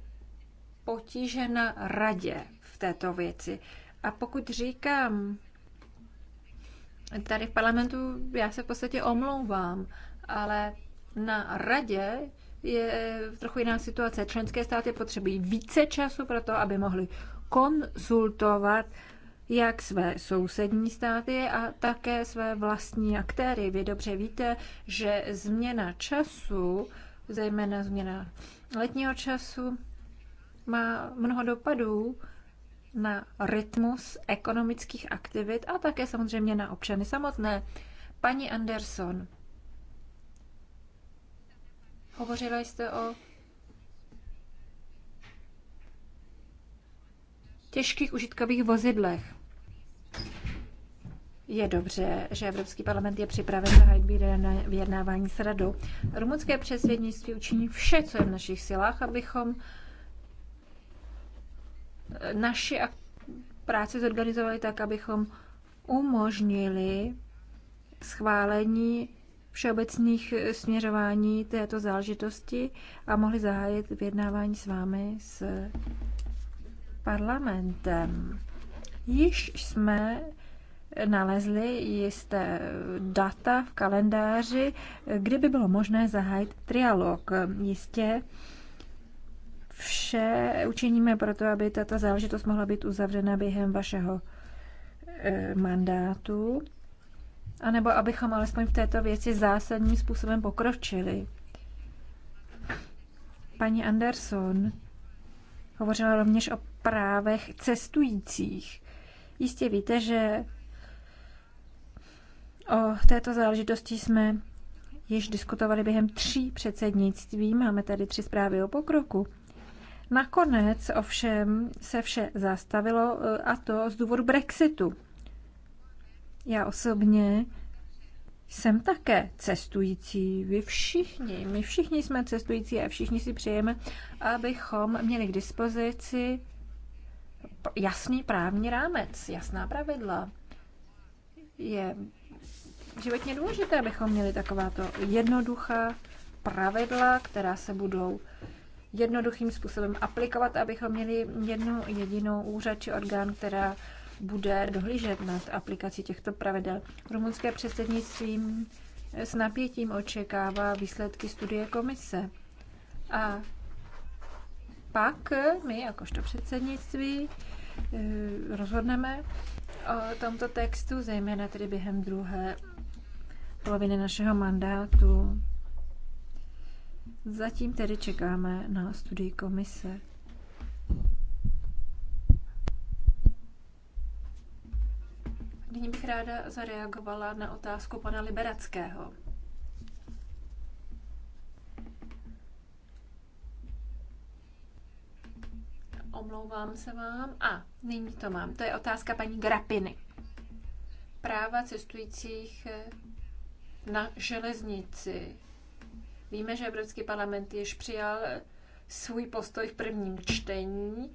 potíže na radě v této věci. A pokud říkám Tady v parlamentu já se v podstatě omlouvám, ale na radě je trochu jiná situace. Členské státy potřebují více času pro to, aby mohly konzultovat jak své sousední státy a také své vlastní aktéry. Vy dobře víte, že změna času, zejména změna letního času, má mnoho dopadů na rytmus ekonomických aktivit a také samozřejmě na občany samotné. Paní Anderson, hovořila jste o těžkých užitkových vozidlech. Je dobře, že Evropský parlament je připraven zahájit vyjednávání s radou. Rumunské předsednictví učiní vše, co je v našich silách, abychom naši práci zorganizovali tak, abychom umožnili schválení všeobecných směřování této záležitosti a mohli zahájit vyjednávání s vámi s parlamentem. Již jsme nalezli jisté data v kalendáři, kdyby bylo možné zahájit trialog. Jistě vše učiníme pro to, aby tato záležitost mohla být uzavřena během vašeho e, mandátu, anebo abychom alespoň v této věci zásadním způsobem pokročili. Paní Anderson hovořila rovněž o právech cestujících. Jistě víte, že o této záležitosti jsme již diskutovali během tří předsednictví. Máme tady tři zprávy o pokroku. Nakonec ovšem se vše zastavilo e, a to z důvodu Brexitu. Já osobně jsem také cestující. Vy všichni, my všichni jsme cestující a všichni si přejeme, abychom měli k dispozici jasný právní rámec, jasná pravidla. Je životně důležité, abychom měli takováto jednoduchá pravidla, která se budou jednoduchým způsobem aplikovat, abychom měli jednu jedinou úřad či orgán, která bude dohlížet nad aplikací těchto pravidel. Rumunské předsednictví s napětím očekává výsledky studie komise. A pak my, jakožto předsednictví, eh, rozhodneme o tomto textu, zejména tedy během druhé poloviny našeho mandátu. Zatím tedy čekáme na studii komise. Nyní bych ráda zareagovala na otázku pana Liberackého. Omlouvám se vám. A nyní to mám. To je otázka paní Grapiny. Práva cestujících na železnici Víme, že Evropský parlament již přijal svůj postoj v prvním čtení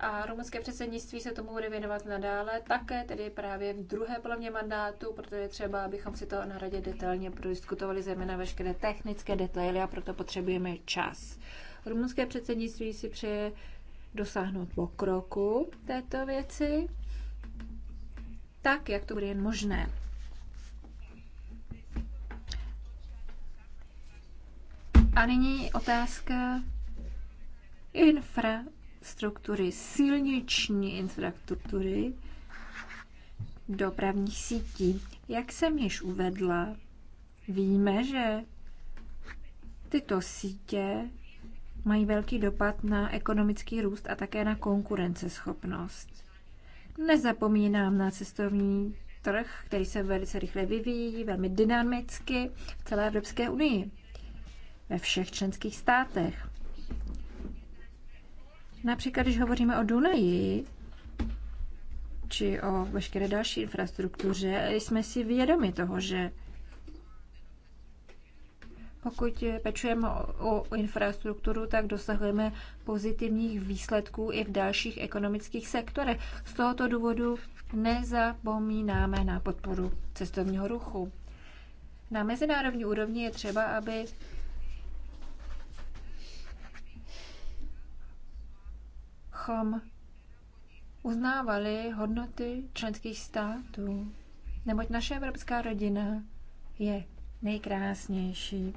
a rumunské předsednictví se tomu bude věnovat nadále, také tedy právě v druhé polovině mandátu, protože třeba, abychom si to na radě detailně prodiskutovali, zejména veškeré technické detaily a proto potřebujeme čas. Rumunské předsednictví si přeje dosáhnout pokroku této věci, tak, jak to bude jen možné. A nyní otázka infrastruktury, silniční infrastruktury dopravních sítí. Jak jsem již uvedla, víme, že tyto sítě mají velký dopad na ekonomický růst a také na konkurenceschopnost. Nezapomínám na cestovní trh, který se velice rychle vyvíjí, velmi dynamicky v celé Evropské unii ve všech členských státech. Například, když hovoříme o Dunaji či o veškeré další infrastruktuře, jsme si vědomi toho, že pokud pečujeme o, o infrastrukturu, tak dosahujeme pozitivních výsledků i v dalších ekonomických sektorech. Z tohoto důvodu nezapomínáme na podporu cestovního ruchu. Na mezinárodní úrovni je třeba, aby abychom uznávali hodnoty členských států, neboť naše evropská rodina je nejkrásnější.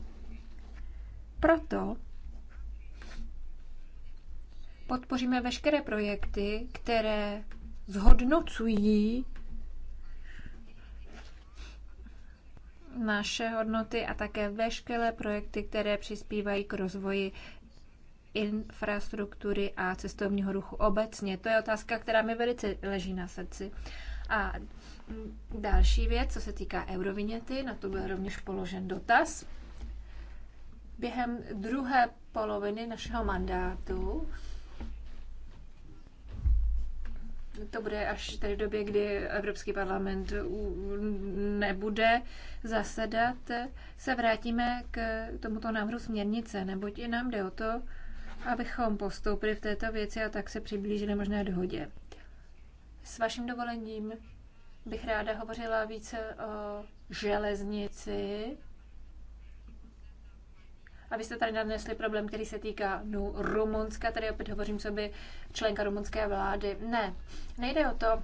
Proto podpoříme veškeré projekty, které zhodnocují naše hodnoty a také veškeré projekty, které přispívají k rozvoji infrastruktury a cestovního ruchu obecně. To je otázka, která mi velice leží na srdci. A další věc, co se týká eurovinety, na to byl rovněž položen dotaz. Během druhé poloviny našeho mandátu to bude až tady v době, kdy Evropský parlament nebude zasedat, se vrátíme k tomuto návrhu směrnice, neboť i nám jde o to, abychom postoupili v této věci a tak se přiblížili možné dohodě. S vaším dovolením bych ráda hovořila více o železnici. A vy jste tady nadnesli problém, který se týká no, Rumunska, tady opět hovořím sobě členka rumunské vlády. Ne, nejde o to,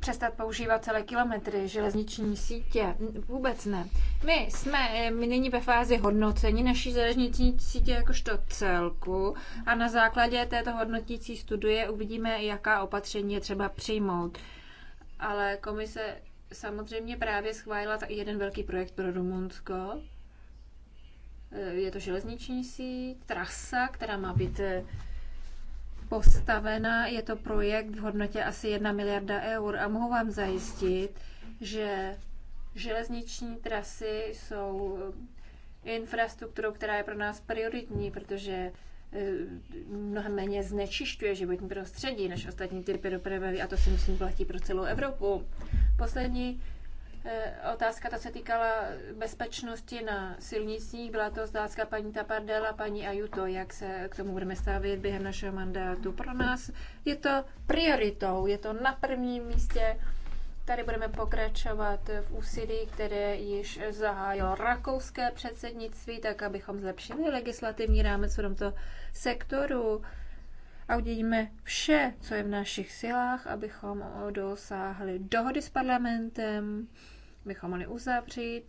přestat používat celé kilometry železniční sítě. Vůbec ne. My jsme my nyní ve fázi hodnocení naší železniční sítě jakožto celku a na základě této hodnotící studie uvidíme, jaká opatření je třeba přijmout. Ale komise samozřejmě právě schválila jeden velký projekt pro Rumunsko. E, je to železniční síť, trasa, která má být e, postavena. Je to projekt v hodnotě asi 1 miliarda eur a mohu vám zajistit, že železniční trasy jsou eh, infrastrukturou, která je pro nás prioritní, protože eh, mnohem méně znečišťuje životní prostředí než ostatní typy dopravy a to si myslím platí pro celou Evropu. Poslední Eh, otázka ta se týkala bezpečnosti na silnicích. Byla to otázka paní Tapardel a paní Ajuto, jak se k tomu budeme stavit během našeho mandátu. Pro nás je to prioritou, je to na prvním místě. Tady budeme pokračovat v úsilí, které již zahájilo rakouské předsednictví, tak abychom zlepšili legislativní rámec v tomto sektoru a udělíme vše, co je v našich silách, abychom dosáhli dohody s parlamentem, bychom mohli uzavřít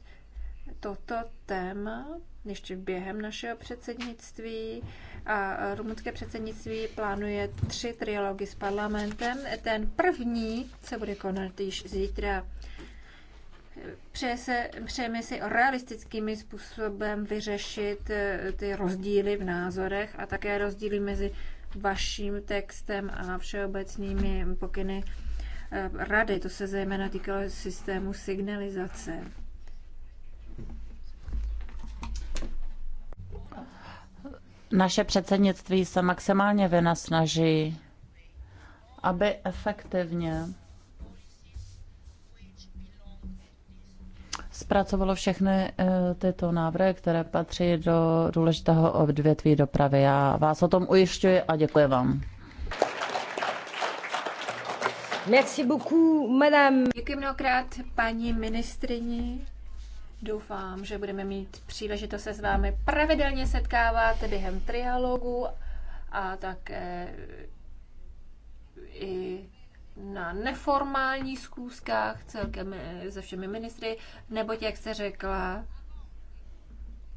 toto téma ještě během našeho předsednictví a rumunské předsednictví plánuje tři trialogy s parlamentem. Ten první se bude konat již zítra. Přeje se, přejeme si realistickým způsobem vyřešit eh, ty rozdíly v názorech a také rozdíly mezi vaším textem a všeobecnými pokyny Eh, rady. To se zejména týkalo systému signalizace. Naše předsednictví se maximálně vynasnaží, aby efektivně zpracovalo všechny eh, tyto návrhy, které patří do důležitého odvětví dopravy. Já vás o tom ujišťuji a děkuji vám. Merci beaucoup, madame. Děkuji mnohokrát, paní ministrini. Doufám, že budeme mít příležitost se s vámi pravidelně setkávat během trialogu a také eh, i na neformálních zkouškách celkem eh, se všemi ministry, neboť, jak jste řekla,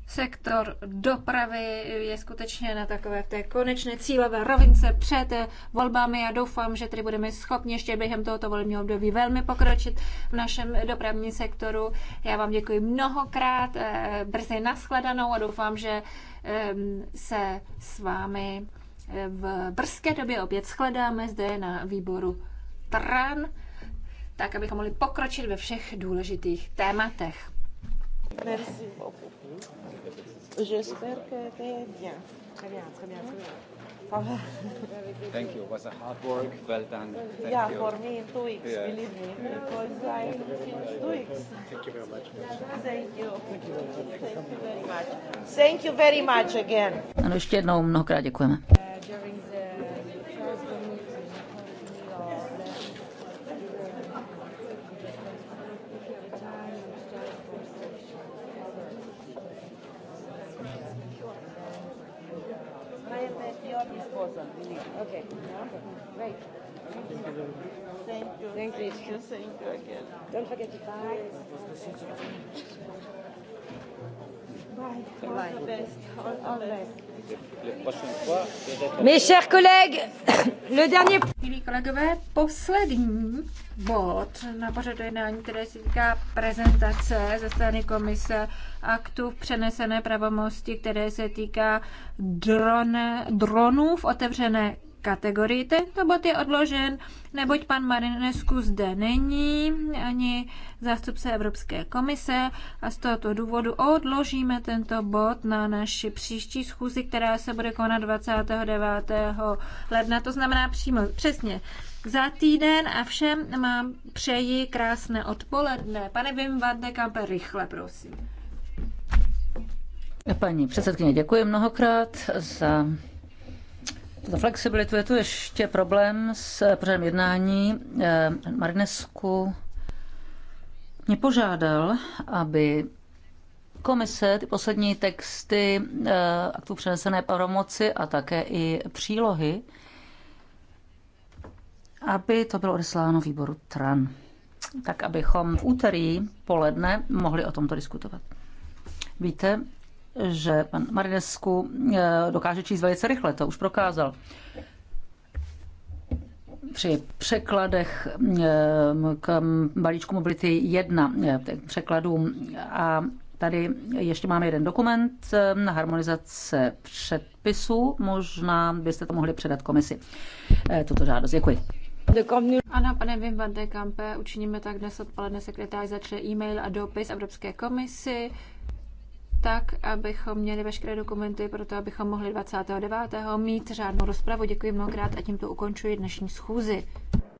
sektor dopravy je skutečně na takové v té konečné cílové rovince před volbami a doufám, že tedy budeme schopni ještě během tohoto volebního období velmi pokročit v našem dopravním sektoru. Já vám děkuji mnohokrát, eh, brzy nashledanou a doufám, že ehm, se s vámi eh, v brzké době opět shledáme zde na výboru TRAN, tak abychom mohli pokročit ve všech důležitých tématech. Merci beaucoup. J'espère que tu es bien. Très bien, très bien, très bien. Thank you. It was a hard work. Well done. Um, thank yeah, you. for me in two weeks, yeah. believe me, because I finished two weeks. Thank you very much. Thank you. Thank you very much. Thank you very much again. Ano, ještě jednou mnohokrát děkujeme. Uh, during the proposal. Okay. Great. Thank you. Thank you. Thank you again. Don't forget to buy. Mes chers collègues, le dernier... Milí kolegové, poslední bod na pořadu jednání, které se týká prezentace ze strany komise aktu v přenesené pravomosti, které se týká drone, dronů v otevřené kategorii. Tento bod je odložen, neboť pan Marinescu zde není, ani zástupce Evropské komise a z tohoto důvodu odložíme tento bod na naši příští schůzi, která se bude konat 29. ledna, to znamená přímo přesně za týden a všem mám přeji krásné odpoledne. Pane Vim Kampe, rychle prosím. Paní předsedkyně, děkuji mnohokrát za flexibilitu je tu ještě problém s eh, pořadem jednání. Eh, Marinesku mě požádal, aby komise ty poslední texty eh, aktů přenesené pravomoci a také i přílohy, aby to bylo odesláno výboru TRAN, tak abychom v úterý poledne mohli o tomto diskutovat. Víte, že pan Marinescu eh, dokáže číst velice rychle, to už prokázal. Při překladech eh, k balíčku mobility 1, eh, překladům a Tady ještě máme jeden dokument, na harmonizace předpisů. Možná byste to mohli předat komisi. Tuto žádost. Děkuji. Ano, pane Vim van de Kampe, učiníme tak dnes odpoledne sekretář začne e-mail a dopis Evropské komisi tak, abychom měli veškeré dokumenty pro to, abychom mohli 29. mít řádnou rozpravu. Děkuji mnohokrát a tímto ukončuji dnešní schůzi.